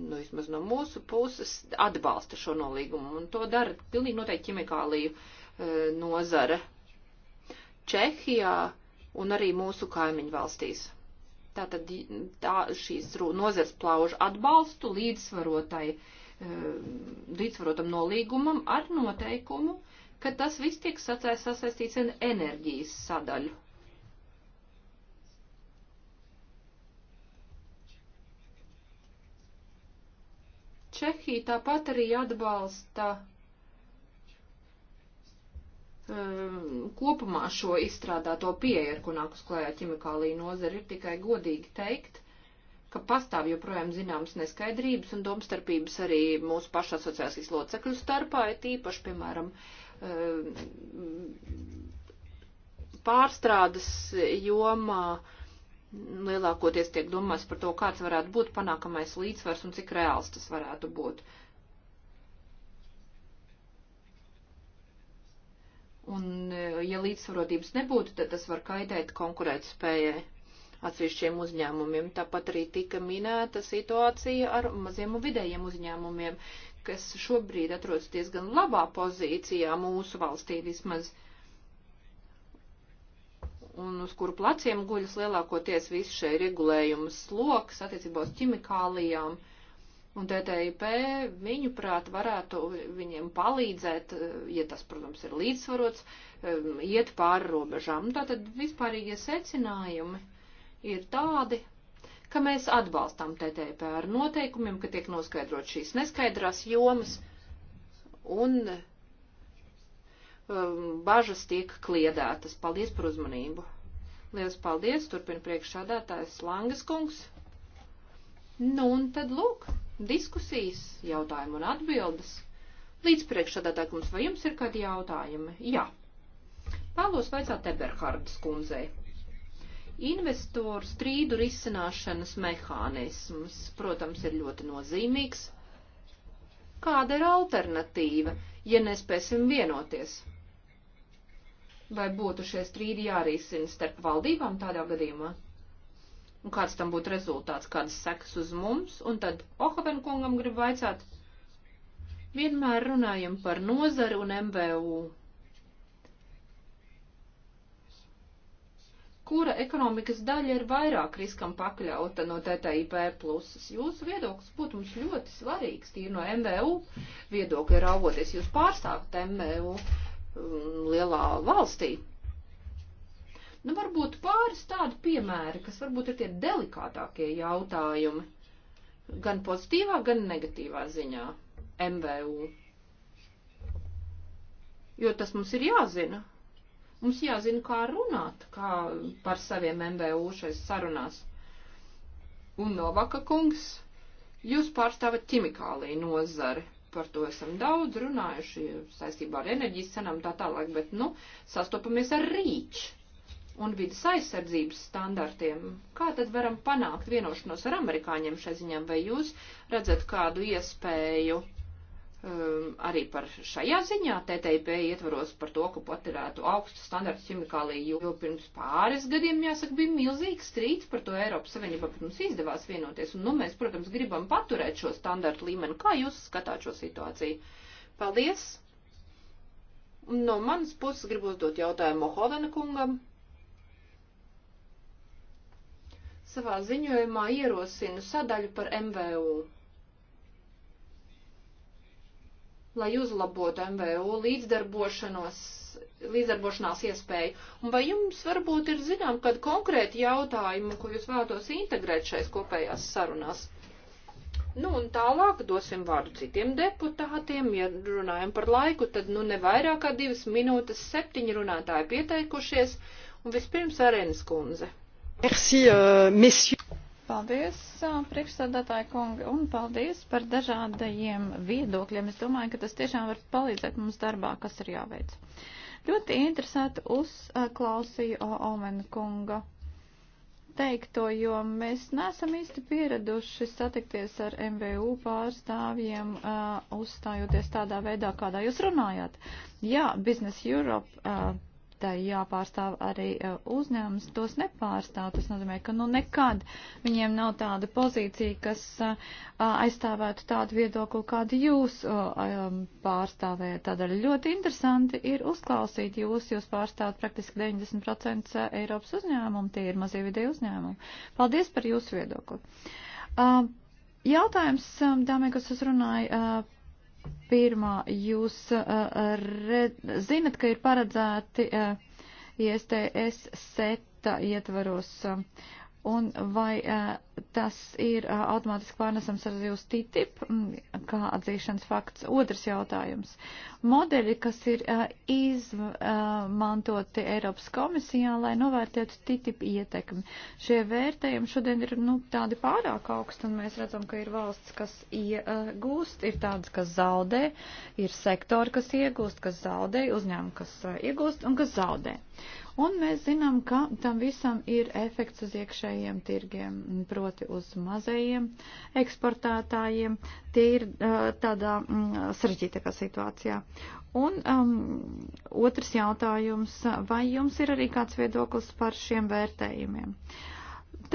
nu, vismaz no mūsu puses, atbalsta šo nolīgumu. Un to dara pilnīgi noteikti ķimikāliju uh, nozare Čehijā un arī mūsu kaimiņu valstīs. Tātad tā, šīs nozars plauž atbalstu līdzsvarotai, e, līdzsvarotam nolīgumam ar noteikumu, ka tas viss tiek sasaistīts ar enerģijas sadaļu Čehija tāpat arī atbalsta um, kopumā šo izstrādāto pieeju, ar ko nāk uz klājā ķimikālija nozara, ir tikai godīgi teikt, ka pastāv joprojām zināmas neskaidrības un domstarpības arī mūsu pašu asociācijas locekļu starpā, ir tīpaši, piemēram, um, pārstrādes jomā. Uh, lielākoties tiek domāts par to, kāds varētu būt panākamais līdzsvars un cik reāls tas varētu būt. Un, e, ja līdzsvarotības nebūtu, tad tas var kaitēt konkurētspējai atsevišķiem uzņēmumiem. Tāpat arī tika minēta situācija ar maziem un vidējiem uzņēmumiem, kas šobrīd atrodas diezgan labā pozīcijā mūsu valstī vismaz. Uh, un uz kuru placiem guļas lielākoties visi šie regulējuma sloks attiecībā uz ķimikālijām. Un TTIP, viņuprāt, varētu viņiem palīdzēt, eh, ja tas, protams, ir līdzsvarots, eh, iet pāri robežām. Nu, tātad vispārīgie secinājumi ir tādi, ka mēs atbalstam TTIP ar noteikumiem, ka tiek noskaidrot šīs neskaidrās jomas un um, bažas tiek kliedētas. Paldies par uzmanību. Lielas paldies, turpina priekšsādātājs Langas kungs. Nu un tad lūk, diskusijas, jautājumi un atbildes. Līdz priekšsādātāj kungs, vai jums ir kādi jautājumi? Jā. Pālos vajadzētu Eberhardas kundzei investoru strīdu risināšanas mehānisms, protams, ir ļoti nozīmīgs. Kāda ir alternatīva, ja nespēsim vienoties? vai būtu šie strīdi jārisina starp valdībām tādā gadījumā? Un kāds tam būtu rezultāts, kādas sekas uz mums? Un tad Ohaven kungam grib vaicāt, vienmēr runājam par nozari un MVU. Kura ekonomikas daļa ir vairāk riskam pakļauta no TTIP pluses? Jūsu viedoklis būtu mums ļoti svarīgs, tīri no MVU viedokļa raugoties, jūs pārstāvat MVU. Uh, Mm, lielā valstī. Nu, varbūt pāris tādi piemēri, kas varbūt ir tie delikātākie jautājumi, gan pozitīvā, gan negatīvā ziņā MVU. Jo tas mums ir jāzina. Mums jāzina, kā runāt, kā par saviem MVU šais sarunās. Un Novaka kungs, jūs pārstāvat ķimikālī nozari par to esam daudz runājuši saistībā ar enerģijas cenām tā tālāk, bet, nu, sastopamies ar rīču un vidas aizsardzības standartiem. Kā tad varam panākt vienošanos ar amerikāņiem šai ziņām, vai jūs redzat kādu iespēju um, arī par šajā ziņā TTIP ietvaros par to, ka paturētu augstu standartu ķimikāliju, jo pirms pāris gadiem, jāsaka, bija milzīgs strīds par to Eiropas Savienībā, bet mums izdevās vienoties, un nu mēs, protams, gribam paturēt šo standartu līmeni. Kā jūs skatāt šo situāciju? Paldies! No manas puses gribu uzdot jautājumu Hovena kungam. Savā ziņojumā ierosinu sadaļu par MVU lai uzlabotu MVU līdzdarbošanos, līdzdarbošanās iespēju. Un vai jums varbūt ir zinām kādu konkrētu jautājumu, ko jūs vēlatos integrēt šais kopējās sarunās? Nu, un tālāk dosim vārdu citiem deputātiem. Ja runājam par laiku, tad nu ne vairāk kā divas minūtes septiņi runātāji pieteikušies. Un vispirms Arēnas kundze. Merci, uh, messieurs. Paldies, priekšsādātāji kungi, un paldies par dažādajiem viedokļiem. Es domāju, ka tas tiešām var palīdzēt mums darbā, kas ir jāveic. Ļoti interesanti uzklausīju Omena kunga teikto, jo mēs neesam īsti pieraduši satikties ar MVU pārstāvjiem, uh, uzstājoties tādā veidā, kādā jūs runājāt. Jā, Business Europe. Uh, tai jāpārstāv arī e, uzņēmums, tos nepārstāv. Tas nozīmē, ka nu nekad viņiem nav tāda pozīcija, kas e, aizstāvētu tādu viedokli, kādu jūs e, pārstāvējat. Tādēļ ļoti interesanti ir uzklausīt jūs, jūs pārstāvat praktiski 90% Eiropas uzņēmumu, tie ir mazie vidēji uzņēmumi. Paldies par jūsu viedokli. Jautājums, dāmē, kas uzrunāja Pirmā, jūs eh, red, zinat, ka ir paredzēti eh, ISTS seta ietvaros Un vai uh, tas ir uh, automātiski pārnesams arī uz TTIP, mm, kā atzīšanas fakts? Otrs jautājums. Modeļi, kas ir uh, izmantoti Eiropas komisijā, lai novērtētu TTIP ietekmi. Šie vērtējumi šodien ir nu, tādi pārāk augsti, un mēs redzam, ka ir valsts, kas iegūst, ir tādas, kas zaudē, ir sektori, kas iegūst, kas zaudē, uzņēmumi, kas iegūst un kas zaudē. Un mēs zinām, ka tam visam ir efekts uz iekšējiem tirgiem, proti uz mazajiem eksportētājiem. Tie ir tādā mm, sarežģītākā situācijā. Un um, otrs jautājums, vai jums ir arī kāds viedoklis par šiem vērtējumiem?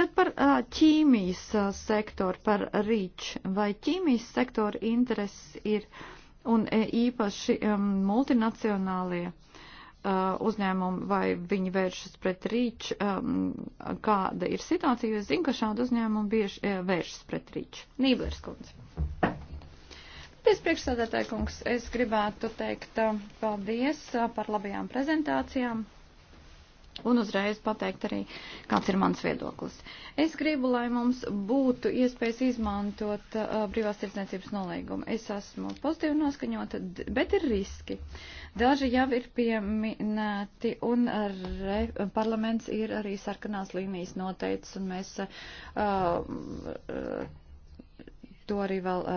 Tad par uh, ķīmijas sektoru, par rīč. Vai ķīmijas sektora intereses ir un īpaši um, multinacionālie uh, Uh, uzņēmumu vai viņi vēršas pret rīču, um, kāda ir situācija, jo es zinu, ka šāda uzņēmuma bieži uh, vēršas pret rīču. Nīblers kundze. Paldies, priekšsādātāji kungs. Es gribētu teikt uh, paldies par labajām prezentācijām un uzreiz pateikt arī, kāds ir mans viedoklis. Es gribu, lai mums būtu iespējas izmantot uh, brīvās tirdzniecības nolīgumu. Es esmu pozitīvi noskaņota, bet ir riski. Daži jau ir pieminēti, un re, parlaments ir arī sarkanās līnijas noteicis, un mēs uh, uh, to arī vēl. Uh,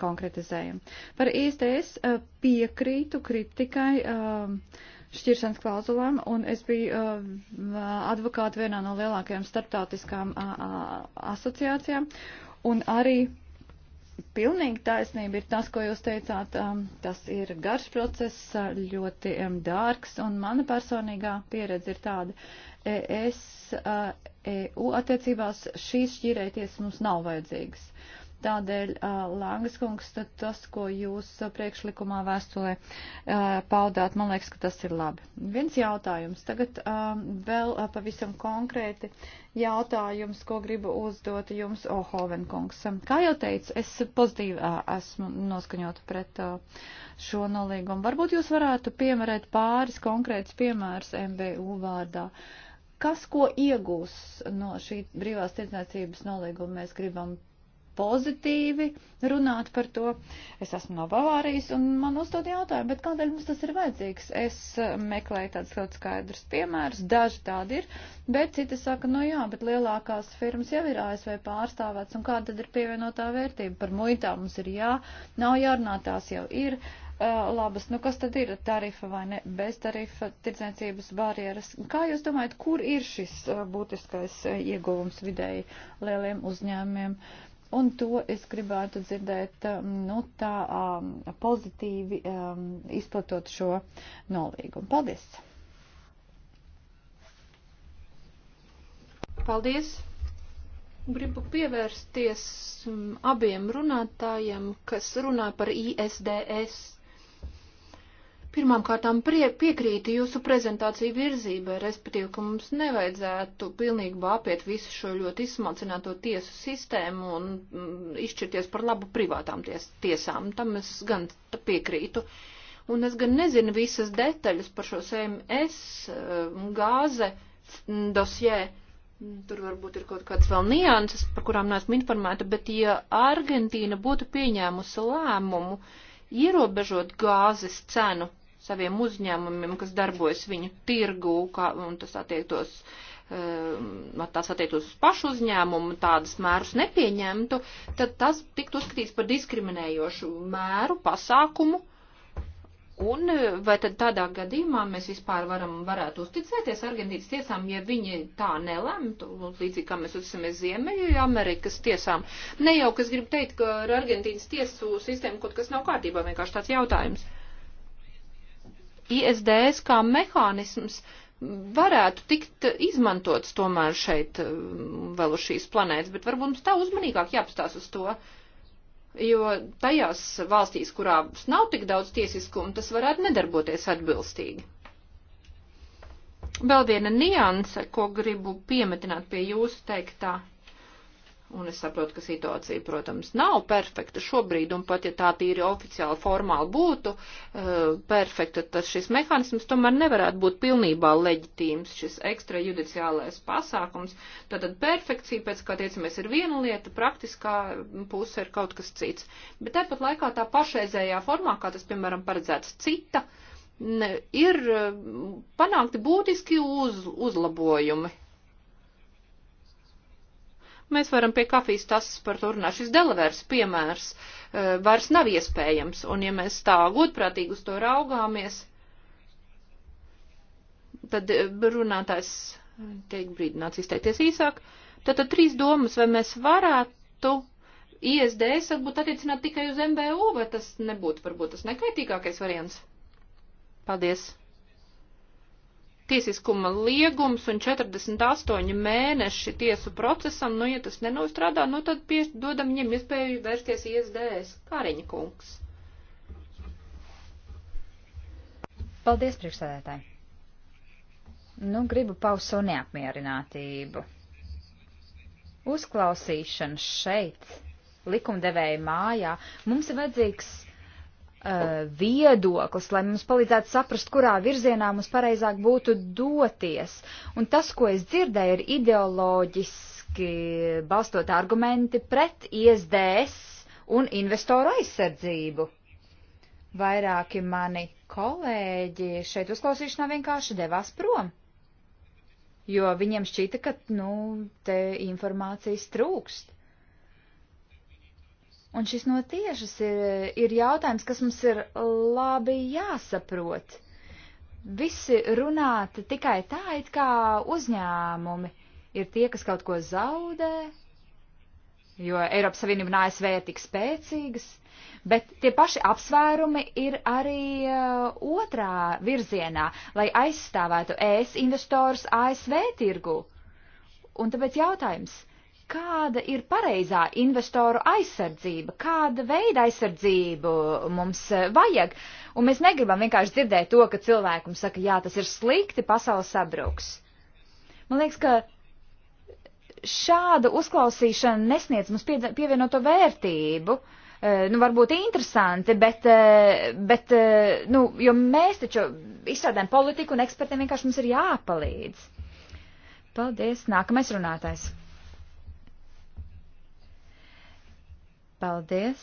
konkretizējam. Par ISTS uh, piekrītu kritikai. Uh, šķiršanas klauzulēm, un es biju uh, advokāti vienā no lielākajām starptautiskām uh, uh, asociācijām, un arī pilnīgi taisnība ir tas, ko jūs teicāt, um, tas ir garš process, uh, ļoti um, dārgs, un mana personīgā pieredze ir tāda, es uh, EU attiecībās šīs šķirēties mums nav vajadzīgas. Uh, Tādēļ, Langas kungs, tas, ko jūs priekšlikumā vēstulē paudāt, man liekas, ka tas ir labi. Viens jautājums. Tagad vēl pavisam konkrēti jautājums, ko gribu uzdot jums, Ohoven kungs. Kā jau teicu, es pozitīvi esmu noskaņota pret šo nolīgumu. Varbūt jūs varētu piemērēt pāris konkrētus piemērus MBU vārdā kas ko iegūs no šī brīvās tirdzniecības nolīguma, mēs gribam pozitīvi runāt par to. Es esmu no Bavārijas un man uzdod jautājumu, bet kādēļ mums tas ir vajadzīgs? Es eh, meklēju tādus ļoti skaidrus piemērus, daži tādi ir, bet citi saka, nu jā, bet lielākās firmas jau ir ASV pārstāvēts un kāda tad ir pievienotā vērtība? Par muitām mums ir jā, nav jārunā, tās jau ir eh, labas. Nu, kas tad ir tarifa vai ne? Bez tarifa tirdzniecības barjeras. Kā jūs domājat, kur ir šis eh, būtiskais ieguvums vidēji lieliem uzņēmumiem? Uh, Un to es gribētu dzirdēt um, nu, tā um, pozitīvi um, izplatot šo nolīgumu. Paldies! Paldies! Gribu pievērsties abiem runātājiem, kas runā par ISDS Pirmām kārtām prie, piekrīti jūsu prezentāciju virzībai, respektīvi, ka mums nevajadzētu pilnībā apiet visu šo ļoti izsmalcināto tiesu sistēmu un mm, izšķirties par labu privātām ties, tiesām. Tam es gan piekrītu. Un es gan nezinu visas detaļas par šo CMS mm, gāze mm, dosjē. Tur varbūt ir kaut kādas vēl nianses, par kurām neesmu informēta, bet ja Argentīna būtu pieņēmusi lēmumu ierobežot gāzes cenu saviem uzņēmumiem, kas darbojas viņu tirgu, kā, un tas attiektos, eh, tās attiektos uz pašu uzņēmumu, tādas mērus nepieņemtu, tad tas tiktu uzskatīts par diskriminējošu mēru, pasākumu, Un eh, vai tad tādā gadījumā mēs vispār varam, varētu uzticēties Argentīnas tiesām, ja viņi tā nelemtu, līdzīgi kā mēs uzticamies Ziemeļu Amerikas tiesām? Ne jau, kas grib teikt, ka ar Argentīnas tiesu sistēmu kaut kas nav kārtībā, vienkārši tāds jautājums. ISDS kā mehānisms varētu tikt izmantots tomēr šeit um, vēl uz šīs planētas, bet varbūt mums tā uzmanīgāk jāpastās uz to, jo tajās valstīs, kurās nav tik daudz tiesiskuma, tas varētu nedarboties atbilstīgi. Vēl viena nianse, ko gribu piemetināt pie jūsu teiktā. Un es saprotu, ka situācija, protams, nav perfekta šobrīd, un pat ja tā tīri oficiāli formāli būtu uh, perfekta, tad šis mehānisms tomēr nevarētu būt pilnībā leģitīms, šis ekstrajudiciālais pasākums. Tātad perfekcija, pēc kā tiecamies, ir viena lieta, praktiskā puse ir kaut kas cits. Bet tāpat laikā tā pašreizējā formā, kā tas, piemēram, paredzēts cita, ne, ir eh, panākti būtiski uz, uzlabojumi Mēs varam pie kafijas tasas par to runāt. Šis Delavērs piemērs eh, vairs nav iespējams, un ja mēs tā godprātīgi uz to raugāmies, tad eh, runātājs eh, tiek brīdināts izteikties īsāk. Tātad trīs domas, vai mēs varētu ISDS varbūt attiecināt tikai uz MBU, vai tas nebūtu varbūt tas nekaitīgākais variants? Paldies! tiesiskuma liegums un 48 mēneši tiesu procesam, nu, ja tas nenostrādā, nu, tad pieš, dodam viņiem iespēju vērsties ISDS. Kāriņa kungs. Paldies, priekšsēdētāji. Nu, gribu paust savu neapmierinātību. Uzklausīšana šeit likumdevēja mājā, mums ir vajadzīgs Uh, viedoklis, lai mums palīdzētu saprast, kurā virzienā mums pareizāk būtu doties. Un tas, ko es dzirdēju, ir ideoloģiski balstot argumenti pret ISDS un investoru aizsardzību. Vairāki mani kolēģi šeit uzklausīšanā vienkārši devās prom, jo viņiem šķita, ka, nu, te informācijas trūkst. Un šis no tiešas ir, ir jautājums, kas mums ir labi jāsaprot. Visi runāt tikai tā, it kā uzņēmumi ir tie, kas kaut ko zaudē, jo Eiropas Savienība un ASV ir tik spēcīgas, bet tie paši apsvērumi ir arī uh, otrā virzienā, lai aizstāvētu ES investors ASV tirgu. Un tāpēc jautājums, kāda ir pareizā investoru aizsardzība, kāda veida aizsardzību mums eh, vajag. Un mēs negribam vienkārši dzirdēt to, ka cilvēkam saka, jā, tas ir slikti, pasaules sabruks. Man liekas, ka šāda uzklausīšana nesniedz mums pievienoto vērtību. Eh, nu, varbūt interesanti, bet, eh, bet nu, jo mēs taču izstrādājam politiku un ekspertiem vienkārši mums ir jāpalīdz. Paldies. Nākamais runātājs. Paldies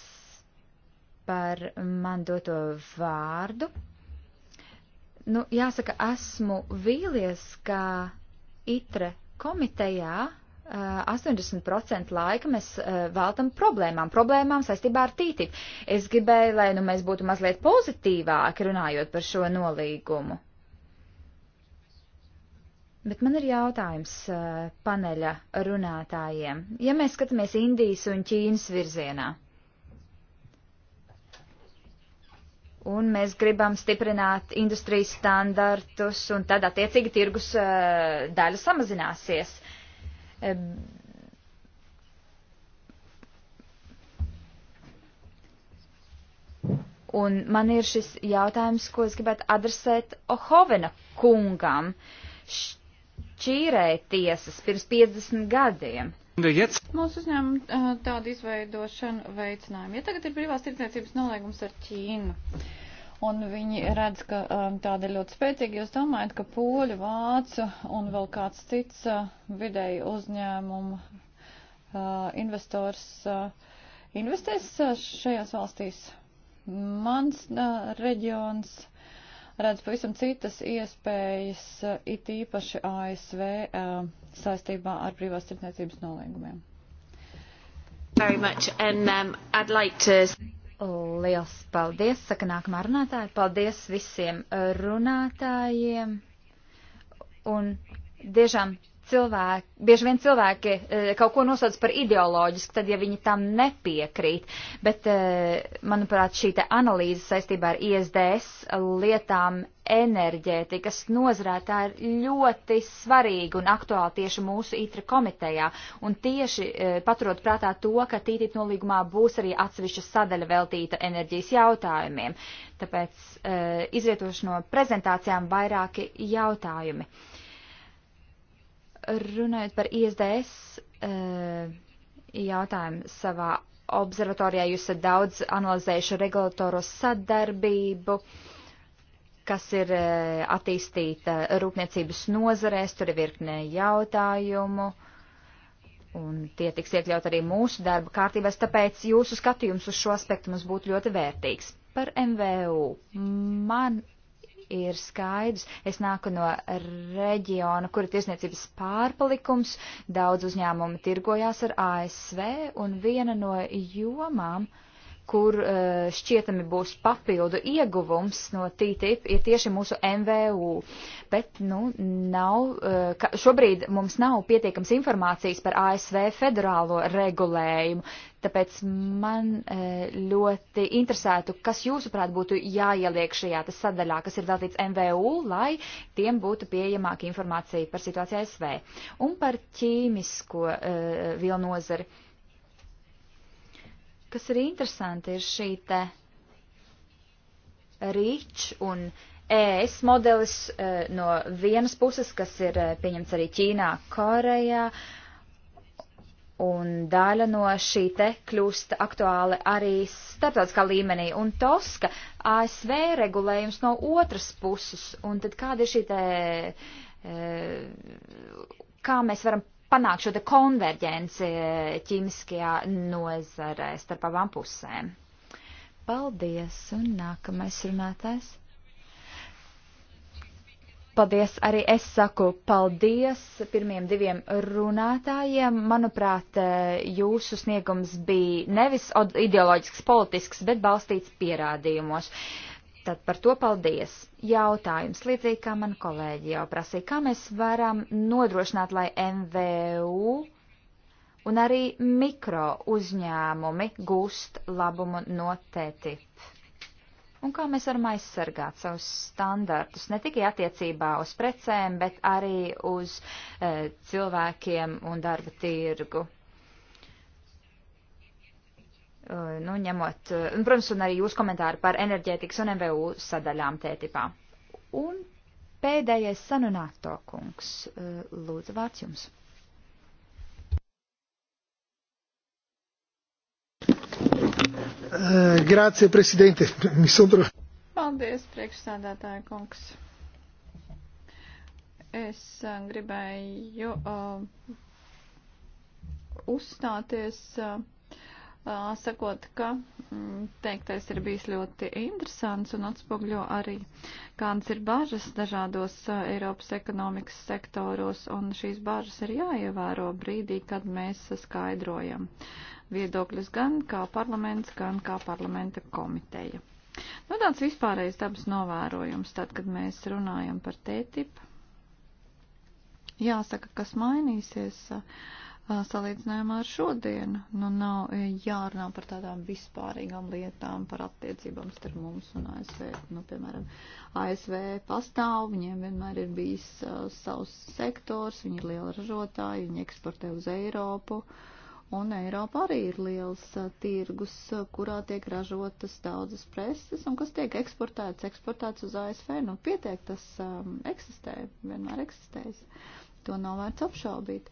par man doto vārdu. Nu, jāsaka, esmu vīlies, ka itre komitejā 80% laika mēs veltam problēmām, problēmām saistībā ar tītību. Es gribēju, lai nu, mēs būtu mazliet pozitīvāki runājot par šo nolīgumu. Bet man ir jautājums eh, paneļa runātājiem. Ja mēs skatāmies Indijas un Ķīnas virzienā, un mēs gribam stiprināt industrijas standartus, un tad attiecīgi tirgus eh, daļa samazināsies. Eh, un man ir šis jautājums, ko es gribētu adresēt Ohovena kungam. Uh, Čīrei tiesas pirms 50 gadiem. Nu, Mūsu uzņēmuma tādu izveidošanu veicinājumu. Ja tagad ir brīvās tirdzniecības nolēgums ar Ķīnu, un viņi redz, ka tāda ir ļoti spēcīga, jūs domājat, ka poļu, vācu un vēl kāds cits vidēji uzņēmumu investors investēs šajās valstīs? Mans reģions redz pavisam citas iespējas, it īpaši ASV eh, saistībā ar privās tirdzniecības nolīgumiem. And, um, like to... Liels paldies, saka nākamā runātāja. Paldies visiem runātājiem. Un tiešām cilvēki, bieži vien cilvēki e, kaut ko nosauc par ideoloģisku, tad ja viņi tam nepiekrīt, bet, e, manuprāt, šī te analīze saistībā ar ISDS lietām enerģētikas nozarē tā ir ļoti svarīga un aktuāla tieši mūsu ITRA komitejā. Un tieši e, paturot prātā to, ka TTIP nolīgumā būs arī atsevišķa sadaļa veltīta enerģijas jautājumiem. Tāpēc izvietošu no prezentācijām vairāki jautājumi. Uh, Runājot par ISDS eh, jautājumu savā observatorijā, jūs esat daudz analizējuši regulatoro sadarbību, kas ir eh, attīstīta rūpniecības nozarēs, tur ir virknē jautājumu un tie tiks iekļaut arī mūsu darba kārtībās, tāpēc jūsu skatījums uz šo aspektu mums būtu ļoti vērtīgs. Par MVU. Man ir skaidrs. Es nāku no reģiona, kura tiesniecības pārpalikums, daudz uzņēmumu tirgojās ar ASV, un viena no jomām, kur eh, šķietami būs papildu ieguvums no TTIP, ir tieši mūsu MVU. Bet, nu, nav, eh, šobrīd mums nav pietiekams informācijas par ASV federālo regulējumu, Tāpēc man e, ļoti interesētu, kas jūsuprāt būtu jāieliek šajā sadaļā, kas ir veltīts MVU, lai tiem būtu pieejamāka informācija par situāciju ASV un par ķīmisko e, vilnozari. Kas ir interesanti, ir šī te rīč un ES modelis e, no vienas puses, kas ir pieņemts arī Ķīnā, Korejā. Uh, Un daļa no šī te kļūst aktuāli arī starptautiskā līmenī. Un Toska ASV regulējums no otras puses. Un tad kāda ir šī te, e, kā mēs varam panākt šo te konverģenci e, ķīmiskajā nozarē starp abām pusēm? Paldies, un nākamais runātājs. Paldies, arī es saku paldies pirmiem diviem runātājiem. Manuprāt, eh, jūsu sniegums bija nevis ideoloģisks, politisks, bet balstīts pierādījumos. Tad par to paldies. Jautājums, līdzīgi kā man kolēģi jau prasīja, kā mēs varam nodrošināt, lai MVU un arī mikro uzņēmumi gūst labumu no TTIP? un kā mēs varam aizsargāt savus standartus ne tikai attiecībā uz precēm, bet arī uz e, cilvēkiem un darba tirgu. E, nu, ņemot, eh, un, protams, un arī jūs komentāri par enerģētikas un MVU sadaļām tētipā. Un pēdējais sanunāto kungs. E, lūdzu, vārds jums. Uh, eh, Grācija, prezidente, misundru. Paldies, priekšsādātāja kungs. Es uh, gribēju uh, uzstāties, uh, uh, sakot, ka mm, teiktais ir bijis ļoti interesants un atspogļo arī, kādas ir bažas dažādos uh, Eiropas ekonomikas sektoros, un šīs bažas ir jāievēro brīdī, kad mēs skaidrojam. Uh, viedokļus gan kā parlaments, gan kā parlamenta komiteja. Nu, tāds vispārējais dabas novērojums, tad, kad mēs runājam par tētipu. Jāsaka, kas mainīsies salīdzinājumā ar šodienu. Nu, nav e, jārunā par tādām vispārīgām lietām, par attiecībām starp mums un ASV. Nu, piemēram, ASV pastāv, viņiem vienmēr ir bijis uh, savs sektors, viņi ir liela ražotāji, viņi eksportē uz Eiropu. Uh, Un Eiropā arī ir liels tirgus, kurā tiek ražotas daudzas preces, un kas tiek eksportēts, eksportēts uz ASV. Nu, pietiek, tas um, eksistē, vienmēr eksistēs. To nav vērts apšaubīt.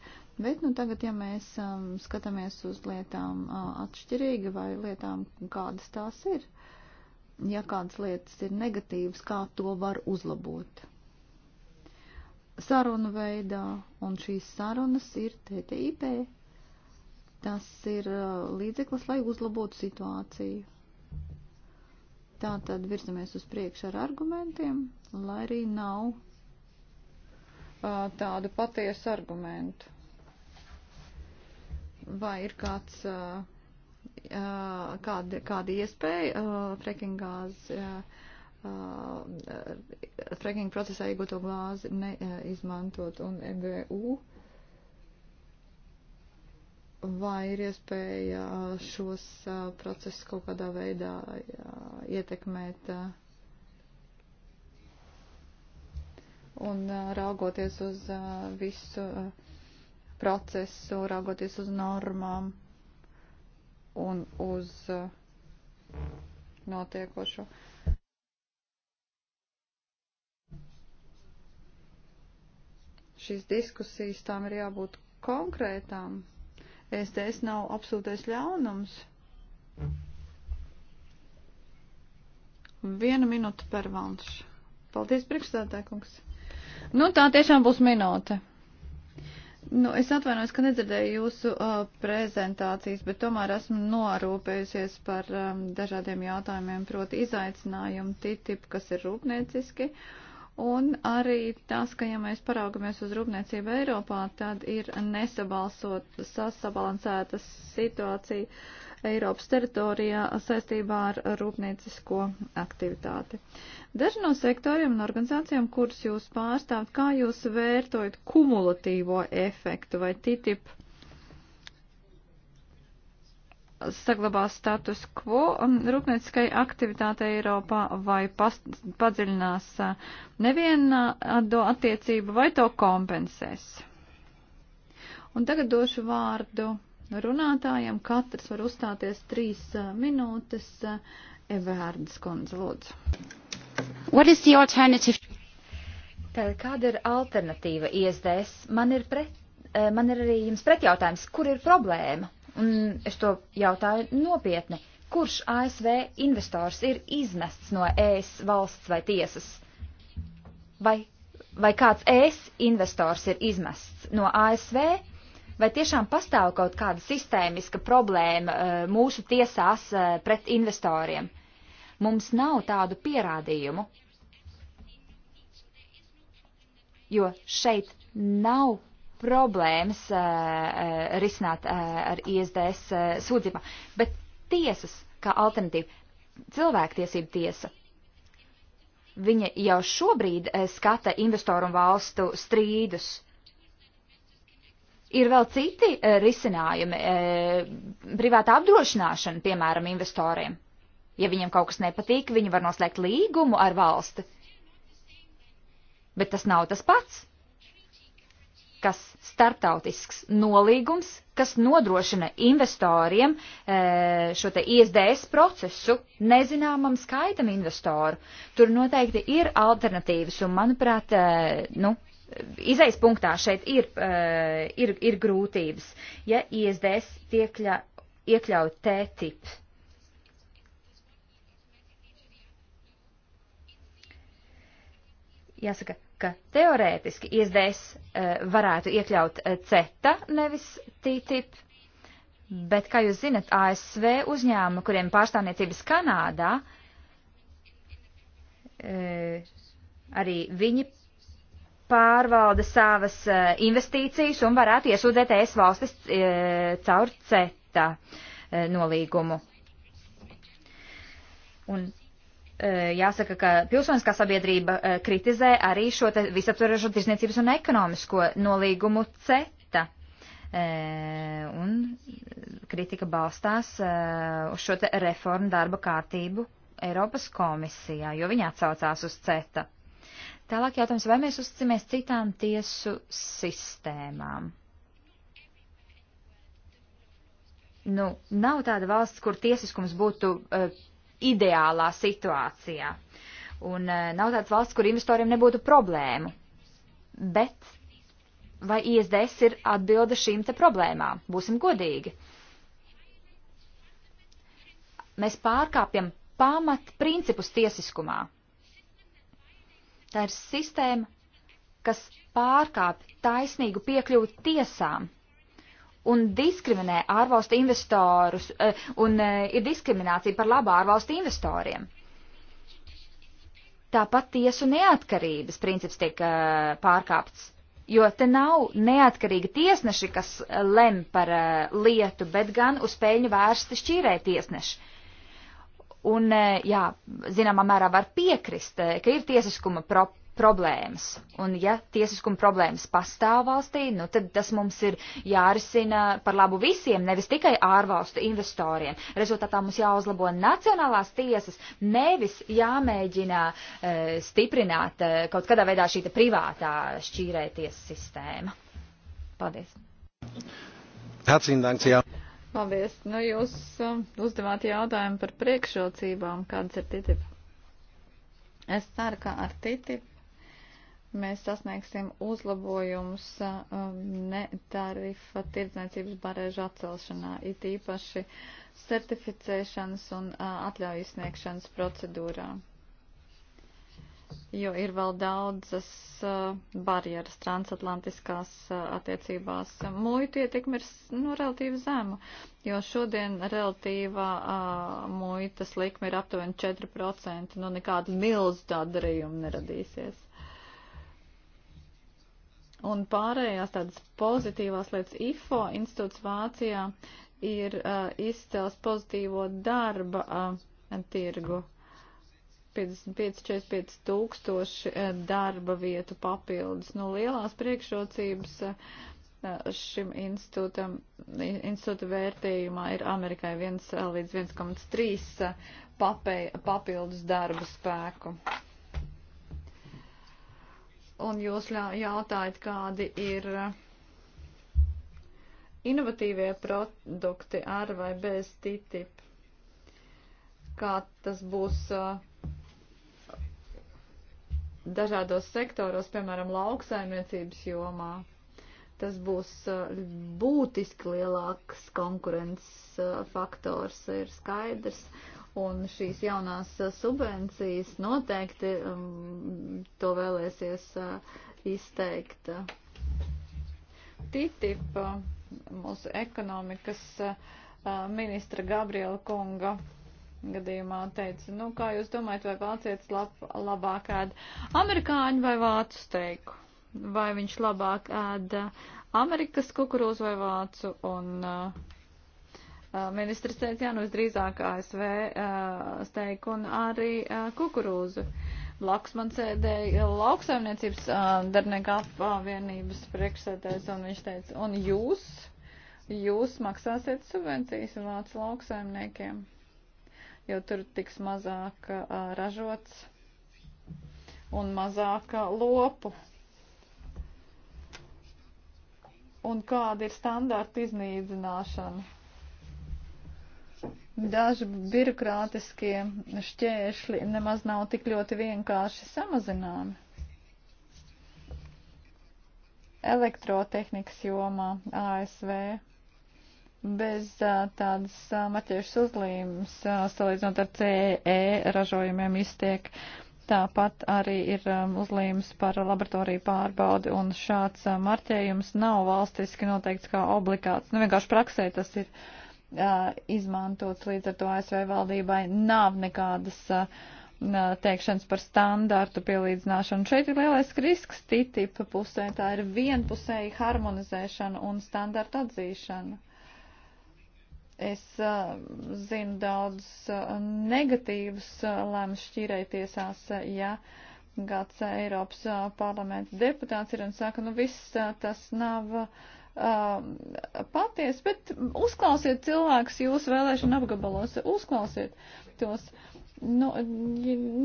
Bet, nu, tagad, ja mēs um, skatāmies uz lietām uh, atšķirīgi vai lietām, kādas tās ir, ja kādas lietas ir negatīvas, kā to var uzlabot? Sarunu veidā, un šīs sarunas ir TTIP Tas ir līdzeklis, lai uzlabotu situāciju. Tā tad virzamies uz priekšu ar argumentiem, lai arī nav uh, tādu patiesu argumentu. Vai ir kāds, uh, uh, kāda, kāda iespēja uh, fracking gāzi, uh, uh, fracking procesā iegūto gāzi neizmantot uh, un MVU? E uh, vai ir iespēja uh, šos uh, procesus kaut kādā veidā uh, ietekmēt. Un raugoties uz visu procesu, raugoties uz normām un uz notiekošo. Šīs diskusijas tām ir jābūt konkrētām, STS nav absolūtais ļaunums. Viena minūte par vanšu. Paldies, priekšstādākums. Nu, tā tiešām būs minūte. Nu, es atvainojos, ka nedzirdēju jūsu uh, prezentācijas, bet tomēr esmu norūpējusies par um, dažādiem jautājumiem, proti izaicinājumu TTIP, kas ir rūpnieciski. Uh, Un arī tas, ka ja mēs paraugamies uz rūpniecību Eiropā, tad ir nesabalsot, sasabalansēta situācija Eiropas teritorijā saistībā ar rūpniecisko aktivitāti. Daži no sektoriem un organizācijām, kuras jūs pārstāvat, kā jūs vērtojat kumulatīvo efektu vai TTIP? saglabās status quo um, rūpnieciskai aktivitāte Eiropā vai pas, padziļinās uh, nevienādo uh, attiecību vai to kompensēs. Un tagad došu vārdu runātājiem. Katrs var uzstāties trīs uh, minūtes. Evērdas kundze, lūdzu. Tad kāda ir alternatīva ISDS? Man ir, pret, man ir arī jums pretjautājums, kur ir problēma? un es to jautāju nopietni, kurš ASV investors ir izmests no ES valsts vai tiesas? Vai, vai kāds ES investors ir izmests no ASV? Vai tiešām pastāv kaut kāda sistēmiska problēma eh, mūsu tiesās eh, pret investoriem? Mums nav tādu pierādījumu, jo šeit nav problēmas uh, risināt uh, ar ISDS uh, sūdzībā. Bet tiesas kā alternatīva, cilvēktiesība tiesa, viņa jau šobrīd uh, skata investoru un valstu strīdus. Ir vēl citi uh, risinājumi, uh, privāta apdrošināšana, piemēram, investoriem. Ja viņam kaut kas nepatīk, viņi var noslēgt līgumu ar valsti. Bet tas nav tas pats kas startautisks nolīgums, kas nodrošina investoriem e, šo te ISDS procesu nezināmam skaitam investoru. Tur noteikti ir alternatīvas, un manuprāt, e, nu, izaisa punktā šeit ir, e, ir, ir grūtības, ja ISDS tiekļa, iekļauj T-tip. Jāsaka, ka teorētiski ISDS eh, varētu iekļaut eh, CETA, nevis TTIP, bet, kā jūs zinat, ASV uzņēmumi, kuriem pārstāvniecības Kanādā, eh, arī viņi pārvalda savas investīcijas un varētu iesūdzēt ES valstis caur CETA nolīgumu. Un Eh, jāsaka, ka pilsoniskā sabiedrība eh, kritizē arī šo visaptvarošo tirsniecības un ekonomisko nolīgumu CETA. Eh, un kritika balstās uz šo te reformu darba kārtību Eiropas komisijā, jo viņi atsaucās uz CETA. Tālāk jautājums, vai mēs uzticamies citām tiesu sistēmām? Nu, nav tāda valsts, kur tiesiskums būtu uh, ideālā situācijā. Un eh, nav tāds valsts, kur investoriem nebūtu problēmu. Bet vai ISDS ir atbilde šīm te problēmām? Būsim godīgi. Mēs pārkāpjam pamat principus tiesiskumā. Tā ir sistēma, kas pārkāp taisnīgu piekļuvu tiesām un diskriminē ārvalstu investorus, eh, un eh, ir diskriminācija par labu ārvalstu investoriem. Tāpat tiesu neatkarības princips tiek eh, pārkāpts, jo te nav neatkarīgi tiesneši, kas lem par lietu, bet gan uz peļņu vērsti šķīrē tiesneši. Un, jā, zināmā mērā var piekrist, ka ir tiesiskuma prop problēmas. Un ja tiesiskuma problēmas pastāv valstī, nu tad tas mums ir jārisina par labu visiem, nevis tikai ārvalstu investoriem. Rezultātā mums jāuzlabo nacionālās tiesas, nevis jāmēģina e, stiprināt e, kaut kādā veidā šī privātā šķīrēties sistēma. Paldies. Herzlichen Dank, Jā. Paldies. Nu, jūs um, uzdevāt jautājumu par priekšrocībām, kādas ir TTIP. Es ceru, ka ar TTIP mēs sasniegsim uzlabojumus um, netarifa tirdzniecības barēžu atcelšanā, it īpaši certificēšanas un atļauju sniegšanas procedūrā. Jo ir vēl daudzas barjeras transatlantiskās attiecībās. Muitu ietekme ir nu, relatīvi zema, jo šodien relatīvā uh, muitas likme ir aptuveni 4%, nu nekādu milzu tādu darījumu neradīsies. Un pārējās tādas pozitīvās lietas IFO institūts Vācijā ir uh, izcēls pozitīvo darba uh, tirgu. 55-45 tūkstoši uh, darba vietu papildus. Nu, lielās priekšrocības uh, šim institūtam, institūta vērtējumā ir Amerikai 1 uh, līdz 1,3 uh, papildus darba spēku. Un jūs jautājat, kādi ir eh, inovatīvie produkti ar vai bez TTIP? Kā tas būs eh, dažādos sektoros, piemēram, lauksaimniecības jomā? Tas būs eh, būtiski lielāks konkurences faktors, ir skaidrs. Uh, Un šīs jaunās uh, subvencijas noteikti um, to vēlēsies uh, izteikt. TTIP, uh, mūsu ekonomikas uh, ministra Gabriela Kunga gadījumā teica, nu, kā jūs domājat, vai vācietis lab, labāk ēd amerikāņu vai vācu steiku? Vai viņš labāk ēd uh, Amerikas kukurūzu vai vācu? Un, uh, Uh, ministrs teica, jā, nu visdrīzāk ASV uh, steiku un arī uh, kukurūzu. Blakus man sēdēja lauksaimniecības darnieka apvienības priekšsēdēs, un viņš teica, un jūs, jūs maksāsiet subvencijas vācu lauksaimniekiem, jo tur tiks mazāk ražots un mazāk lopu. Un kāda ir standarta iznīcināšana? daži birokrātiskie šķēršļi nemaz nav tik ļoti vienkārši samazināmi. Elektrotehnikas jomā ASV bez tādas maķiešu uzlīmes, salīdzinot ar CE ražojumiem, iztiek. Tāpat arī ir uzlīmes par laboratoriju pārbaudi, un šāds marķējums nav valstiski noteikts kā obligāts. Nu, vienkārši praksē tas ir uh, izmantots. Līdz ar to ASV valdībai nav nekādas teikšanas par standārtu pielīdzināšanu. Šeit ir lielais risks TTIP pusē, tā ir vienpusēja harmonizēšana un standārtu atzīšana. Es uh, zinu daudz uh, negatīvas uh, lēmas šķīrētiesās, uh, ja kāds uh, Eiropas uh, parlamenta deputāts ir un saka, nu viss uh, tas nav. Uh, Um, paties, bet uzklausiet cilvēkus jūsu vēlēšana apgabalos, uzklausiet tos. Nu,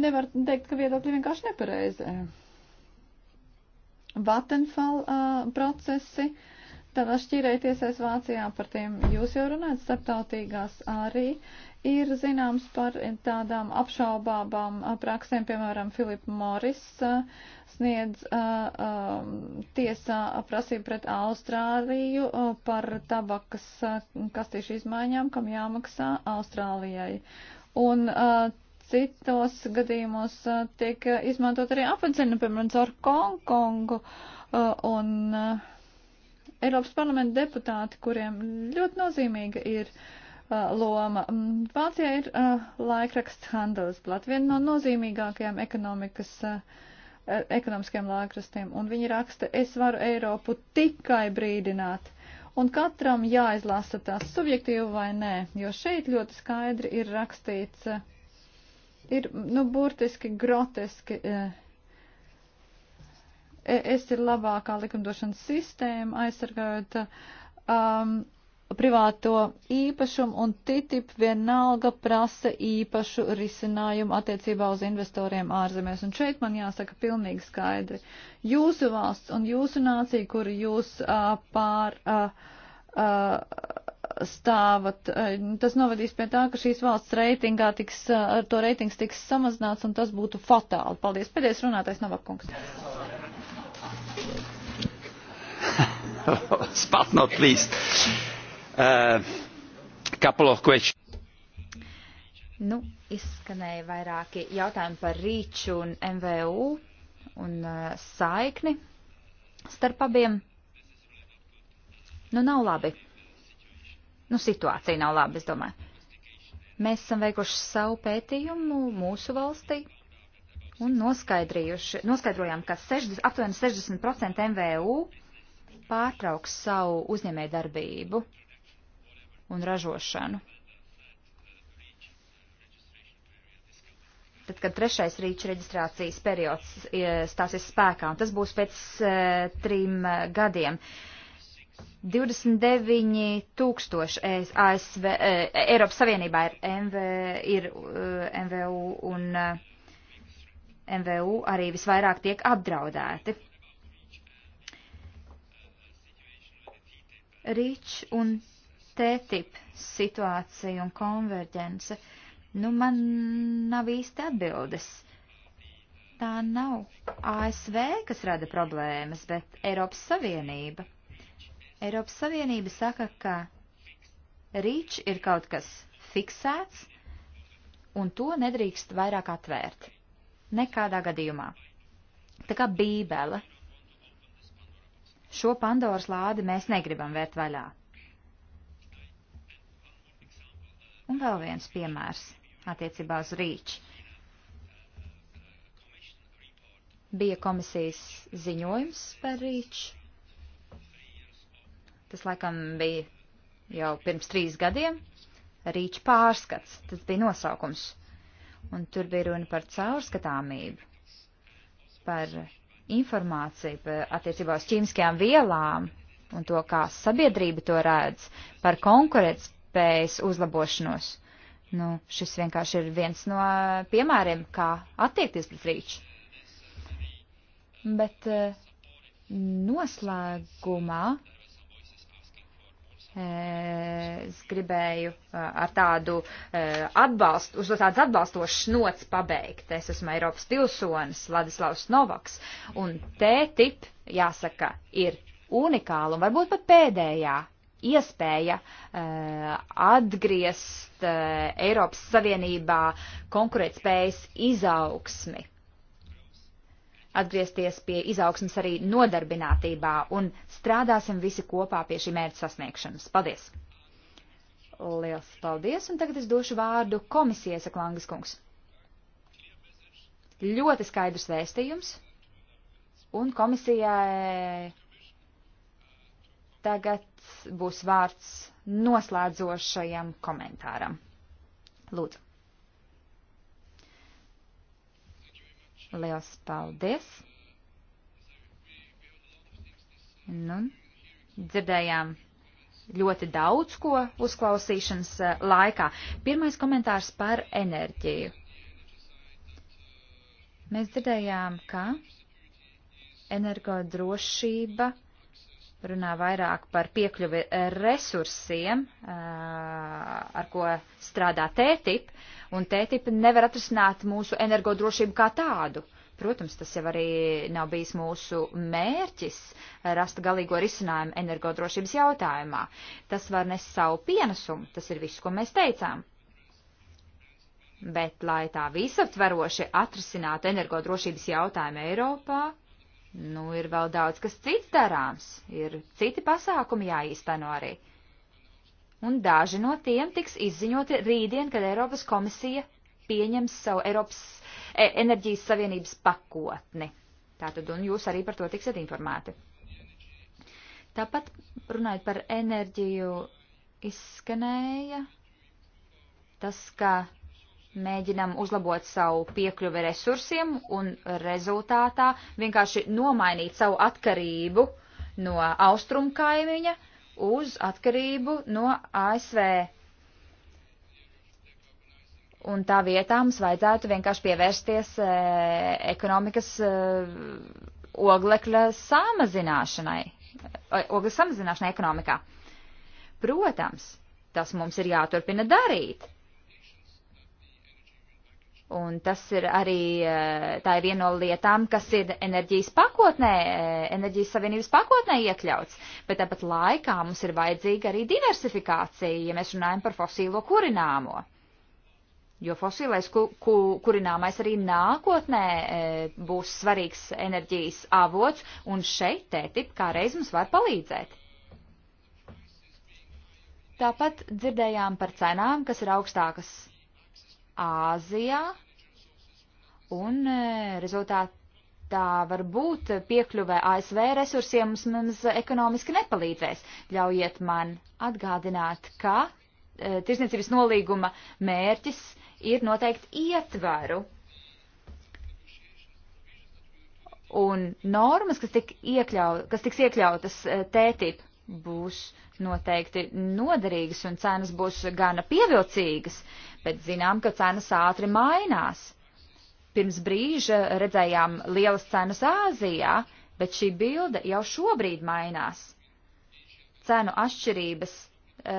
nevar teikt, ka viedokļi vienkārši nepareizi. Vattenfall uh, procesi, tādā šķīrēties aiz Vācijā par tiem jūs jau runājat starptautīgās arī. Uh, ir zināms par tādām apšaubābām uh, praksēm, piemēram, Filipa Moris uh, sniedz uh, um, tiesā prasību pret Austrāliju par tabakas kastīšu izmaiņām, kam jāmaksā Austrālijai. Un citos gadījumos tiek izmantot arī apadzina, piemēram, caur Hongkongu un Eiropas parlamenta deputāti, kuriem ļoti nozīmīga ir uh, Uh, loma. Mm, Vācijā ir uh, laikraksts Handelsblatt, viena no nozīmīgākajām ekonomikas uh, e, ekonomiskiem laikrastiem, un viņi raksta, es varu Eiropu tikai brīdināt, un katram jāizlasa tās subjektīvi vai nē, jo šeit ļoti skaidri ir rakstīts, ir, nu, burtiski groteski, e-, es ir labākā likumdošanas sistēma, aizsargājot um, privāto īpašumu, un TTIP vienalga prasa īpašu risinājumu attiecībā uz investoriem ārzemēs. Un šeit man jāsaka pilnīgi skaidri. Jūsu valsts un jūsu nācija, kuru jūs uh, pār. Uh, uh, stāvat. Tas novadīs pie tā, ka šīs valsts reitingā tiks, ar to reitings tiks samazināts, un tas būtu fatāli. Paldies. Pēdējais runātais Novakungs. Spat not least. Uh, couple of questions. Nu, izskanēja vairāki jautājumi par rīču un MVU un uh, saikni starp abiem. Nu, nav labi. Nu, situācija nav labi, es domāju. Mēs esam veikuši savu pētījumu mūsu valstī un noskaidrojām, ka 60, aptuveni 60% MVU pārtrauks savu uzņēmē darbību un ražošanu. Tad, kad trešais rīču reģistrācijas periods e, stāsies spēkā, un tas būs pēc uh, trim gadiem. 29 tūkstoši ASV, uh, e, Eiropas Savienībā ir, MV, ir uh, MVU un MVU arī visvairāk tiek apdraudēti. Rīč un TTIP situācija un konverģence, nu man nav īsti atbildes. Tā nav ASV, kas rada problēmas, bet Eiropas Savienība. Eiropas Savienība saka, ka rīč ir kaut kas fiksēts, un to nedrīkst vairāk atvērt. Nekādā gadījumā. Tā kā bībele. Šo Pandoras lādi mēs negribam vērt vaļā. Un vēl viens piemērs attiecībā uz rīču. Bija komisijas ziņojums par rīču. Tas laikam bija jau pirms trīs gadiem. Rīču pārskats, tas bija nosaukums. Un tur bija runa par caurskatāmību, par informāciju par attiecībā uz ķīmiskajām vielām un to, kā sabiedrība to redz, par konkurētas savstarpējas uzlabošanos. Nu, šis vienkārši ir viens no piemēriem, kā attiekties pret rīču. Bet eh, noslēgumā eh, es gribēju eh, ar tādu atbalstu, uz tādas atbalstošas nots pabeigt. Es esmu Eiropas pilsonis Ladislavs Novaks, un tētip, jāsaka, ir unikāla un varbūt pat pēdējā iespēja uh, atgriezt uh, Eiropas Savienībā konkurētspējas izaugsmi, atgriezties pie izaugsmas arī nodarbinātībā un strādāsim visi kopā pie šī mērķa sasniegšanas. Paldies! Liels paldies, un tagad es došu vārdu komisijas Aklangas kungs. Ļoti skaidrs vēstījums, un komisijai Tagad būs vārds noslēdzošajam komentāram. Lūdzu. Liels paldies! Nu, dzirdējām ļoti daudz ko uzklausīšanas eh, laikā. Pirmais komentārs par enerģiju. Mēs dzirdējām, ka energodrošība drošība runā vairāk par piekļuvi resursiem, ar ko strādā TTIP, un TTIP nevar atrisināt mūsu energodrošību kā tādu. Protams, tas jau arī nav bijis mūsu mērķis rast galīgo risinājumu energodrošības jautājumā. Tas var nes savu pienesumu, tas ir viss, ko mēs teicām. Bet, lai tā visaptveroši atrisinātu energodrošības jautājumu Eiropā, Nu, ir vēl daudz kas cits darāms, ir citi pasākumi jāīsteno arī. Un daži no tiem tiks izziņoti rītdien, kad Eiropas komisija pieņems savu Eiropas e, enerģijas savienības pakotni. Tātad, un jūs arī par to tiksiet informēti. Tāpat runājot par enerģiju, izskanēja tas, ka mēģinam uzlabot savu piekļuvi resursiem un rezultātā vienkārši nomainīt savu atkarību no austrumu kaimiņa uz atkarību no ASV. Un tā vietā mums vajadzētu vienkārši pievērsties e, ekonomikas e, oglekļa samazināšanai, e, oglekļa samazināšanai ekonomikā. Protams, tas mums ir jāturpina darīt Un tas ir arī, eh, tā ir viena no lietām, kas ir enerģijas pakotnē, eh, enerģijas savienības pakotnē iekļauts. Bet tāpat laikā mums ir vajadzīga arī diversifikācija, ja mēs runājam par fosīlo kurināmo. Jo fosilais ku, ku, kurināmais arī nākotnē eh, būs svarīgs enerģijas avots, un šeit tētip kāreiz mums var palīdzēt. Tāpat dzirdējām par cenām, kas ir augstākas Āzijā, un e, rezultātā varbūt piekļuvē ASV resursiem mums, mums ekonomiski nepalīdzēs. Ļaujiet man atgādināt, ka e, tirsniecības nolīguma mērķis ir noteikti ietvaru. Un normas, kas, tik iekļau, kas tiks iekļautas e, tētip, būs noteikti noderīgas un cenas būs gana pievilcīgas. Uh, bet zinām, ka cenas ātri mainās. Pirms brīža redzējām lielas cenas Āzijā, bet šī bilde jau šobrīd mainās. Cenu atšķirības e,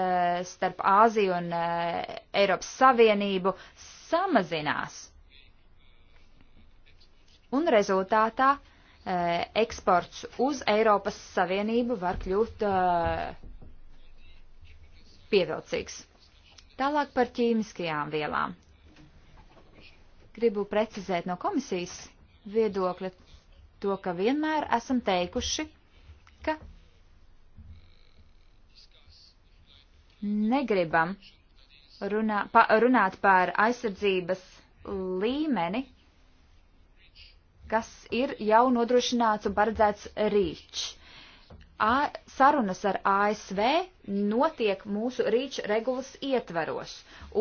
starp Āziju un e, Eiropas Savienību samazinās. Un rezultātā e, eksports uz Eiropas Savienību var kļūt e, pievilcīgs. Tālāk par ķīmiskajām vielām. Gribu precizēt no komisijas viedokļa to, ka vienmēr esam teikuši, ka negribam runā, pa, runāt par aizsardzības līmeni, kas ir jau nodrošināts un paredzēts rīčs. A, sarunas ar ASV notiek mūsu rīču regulas ietvaros,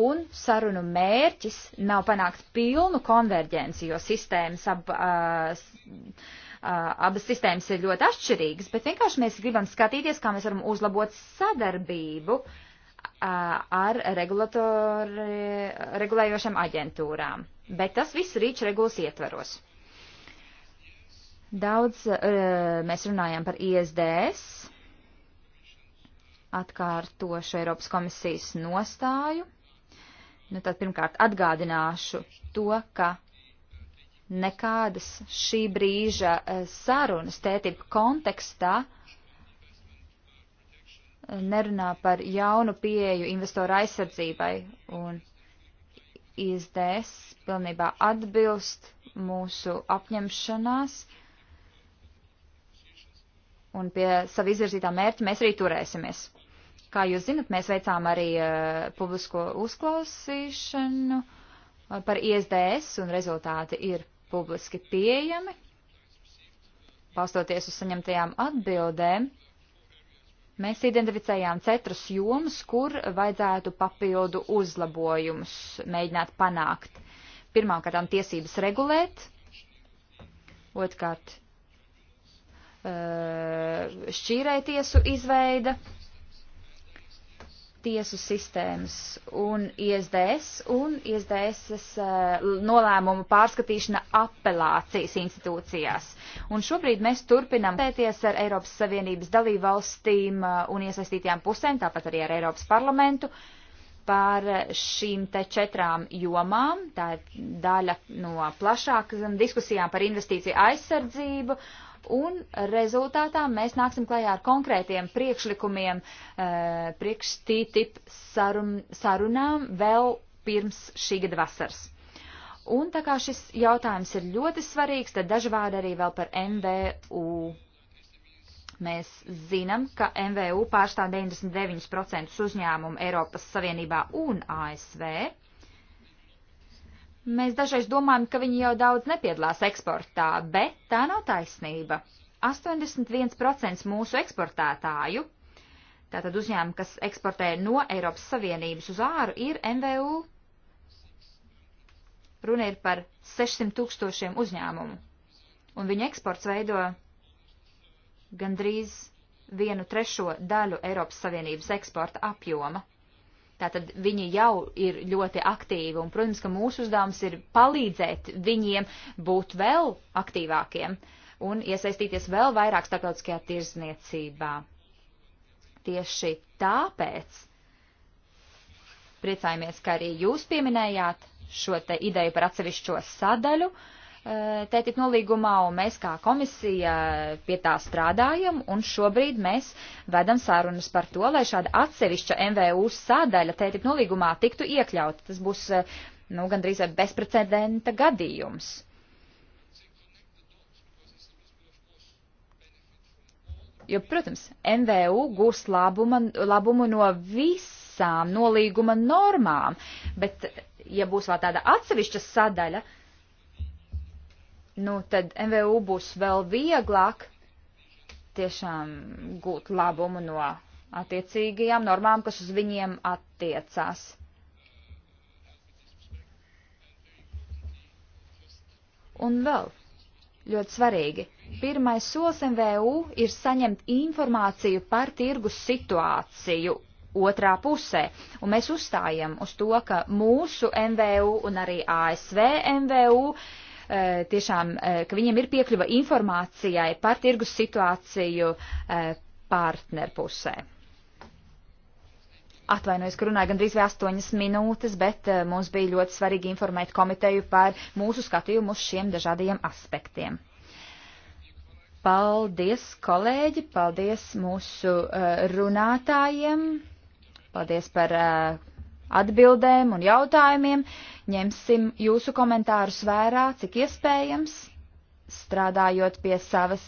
un sarunu mērķis nav panākt pilnu konverģenci, jo sistēmas ab, uh, uh, abas sistēmas ir ļoti atšķirīgas, bet vienkārši mēs gribam skatīties, kā mēs varam uzlabot sadarbību uh, ar regulējošām aģentūrām. Bet tas viss rīču regulas ietvaros. Daudz eh, mēs runājām par ISDS, atkārtošu Eiropas komisijas nostāju. Nu, tad pirmkārt atgādināšu to, ka nekādas šī brīža eh, sarunas tētību kontekstā eh, nerunā par jaunu pieeju investoru aizsardzībai un ISDS pilnībā atbilst mūsu apņemšanās uh, un pie savu izvirzītā mērķa mēs arī turēsimies. Kā jūs zinat, mēs veicām arī uh, publisko uzklausīšanu eh, par ISDS, un rezultāti ir publiski pieejami. Balstoties uz saņemtajām atbildēm, mēs identificējām četrus jomas, kur vajadzētu papildu uzlabojumus mēģināt panākt. Pirmkārt, tiesības regulēt, otrkārt, Uh, šķīrētiesu izveida, tiesu sistēmas un ISDS un ISDS uh, nolēmumu pārskatīšana apelācijas institūcijās. Un šobrīd mēs turpinam pēties ar Eiropas Savienības dalību valstīm uh, un iesaistītajām pusēm, tāpat arī ar Eiropas parlamentu par šīm te četrām jomām. Tā ir daļa no plašākas diskusijām par investīciju aizsardzību un rezultātā mēs nāksim klajā ar konkrētiem priekšlikumiem eh, priekš TTIP sarun, sarunām vēl pirms šī gada vasaras. Un tā kā šis jautājums ir ļoti svarīgs, tad daži vārdi arī vēl par MVU. Mēs zinām, ka MVU pārstāv 99% uzņēmumu Eiropas Savienībā un ASV. Mēs dažreiz domājam, ka viņi jau daudz nepiedalās eksportā, bet tā nav taisnība. 81% mūsu eksportētāju, tātad uzņēmumi, kas eksportē no Eiropas Savienības uz āru, ir MVU. Runa ir par 600 tūkstošiem uzņēmumu, un viņu eksports veido gandrīz vienu trešo daļu Eiropas Savienības eksporta apjoma. Tātad viņi jau ir ļoti aktīvi, un, protams, ka mūsu uzdevums ir palīdzēt viņiem būt vēl aktīvākiem un iesaistīties vēl vairāk starptautiskajā tirzniecībā. Tieši tāpēc priecājamies, ka arī jūs pieminējāt šo te ideju par atsevišķo sadaļu, uh, tētip nolīgumā, un mēs kā komisija pie tā strādājam, un šobrīd mēs vedam sarunas par to, lai šāda atsevišķa MVU sadaļa tētip nolīgumā tiktu iekļauta. Tas būs, eh, nu, gandrīz vai bezprecedenta gadījums. Jo, protams, MVU gūs labuma, labumu no visām nolīguma normām, bet, ja būs vēl tāda atsevišķa sadaļa, uh, nu tad MVU būs vēl vieglāk tiešām gūt labumu no attiecīgajām normām, kas uz viņiem attiecās. Un vēl ļoti svarīgi. Pirmais solis MVU ir saņemt informāciju par tirgus situāciju otrā pusē, un mēs uzstājam uz to, ka mūsu MVU un arī ASV MVU Eh, tiešām, eh, ka viņiem ir piekļuva informācijai par tirgus situāciju eh, partnerpusē. Atvainojos, ka runāju gandrīz vai astoņas minūtes, bet mums bija ļoti svarīgi informēt komiteju par mūsu skatījumu uz šiem dažādiem aspektiem. Paldies, kolēģi, paldies mūsu runātājiem, paldies par atbildēm un jautājumiem. Ņemsim jūsu komentārus vērā, cik iespējams, strādājot pie savas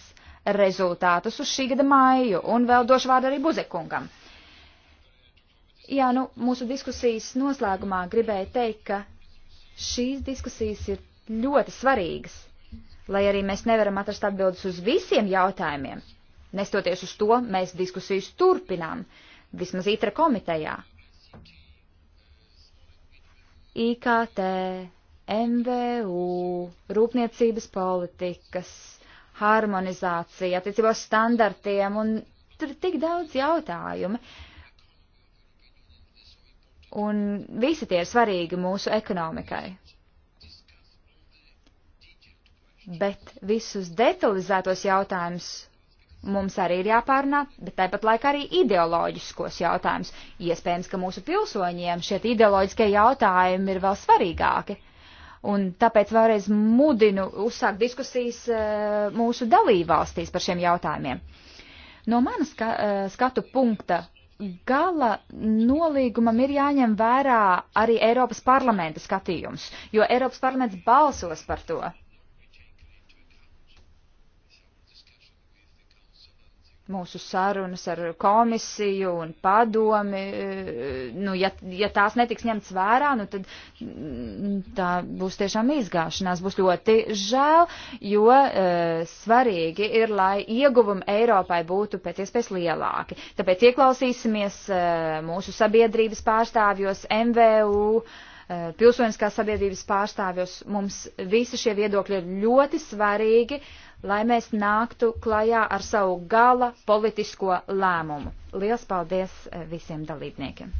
rezultātus uz šī gada māju, un vēl došu vārdu arī Buzekungam. Jā, nu, mūsu diskusijas noslēgumā gribēju teikt, ka šīs diskusijas ir ļoti svarīgas, lai arī mēs nevaram atrast atbildes uz visiem jautājumiem. Nestoties uz to, mēs diskusijas turpinām, vismaz itra komitejā. IKT, MVU, rūpniecības politikas, harmonizācija, attiecībā uz standartiem, un tur ir tik daudz jautājumu. Un visi tie ir svarīgi mūsu ekonomikai. Bet visus detalizētos jautājumus mums arī ir jāpārunā, bet tāpat laikā arī ideoloģiskos jautājumus. Iespējams, ka mūsu pilsoņiem šie ideoloģiskie jautājumi ir vēl svarīgāki. Un tāpēc vēlreiz mudinu uzsākt diskusijas e, mūsu dalībvalstīs par šiem jautājumiem. No manas ska e, skatu punkta gala nolīgumam ir jāņem vērā arī Eiropas parlamenta skatījums, jo Eiropas parlaments balsos par to. mūsu sarunas ar komisiju un padomi, eh, nu, ja, ja tās netiks ņemts vērā, nu, tad mm, tā būs tiešām izgāšanās. Būs ļoti žēl, jo uh, svarīgi ir, lai ieguvumi Eiropai būtu pēc iespējas lielāki. Tāpēc ieklausīsimies uh, mūsu sabiedrības pārstāvjos, MVU, uh, pilsoniskās sabiedrības pārstāvjos. Mums visi šie viedokļi ir ļoti svarīgi, lai mēs nāktu klajā ar savu gala politisko lēmumu. Lielas paldies eh, visiem dalībniekiem!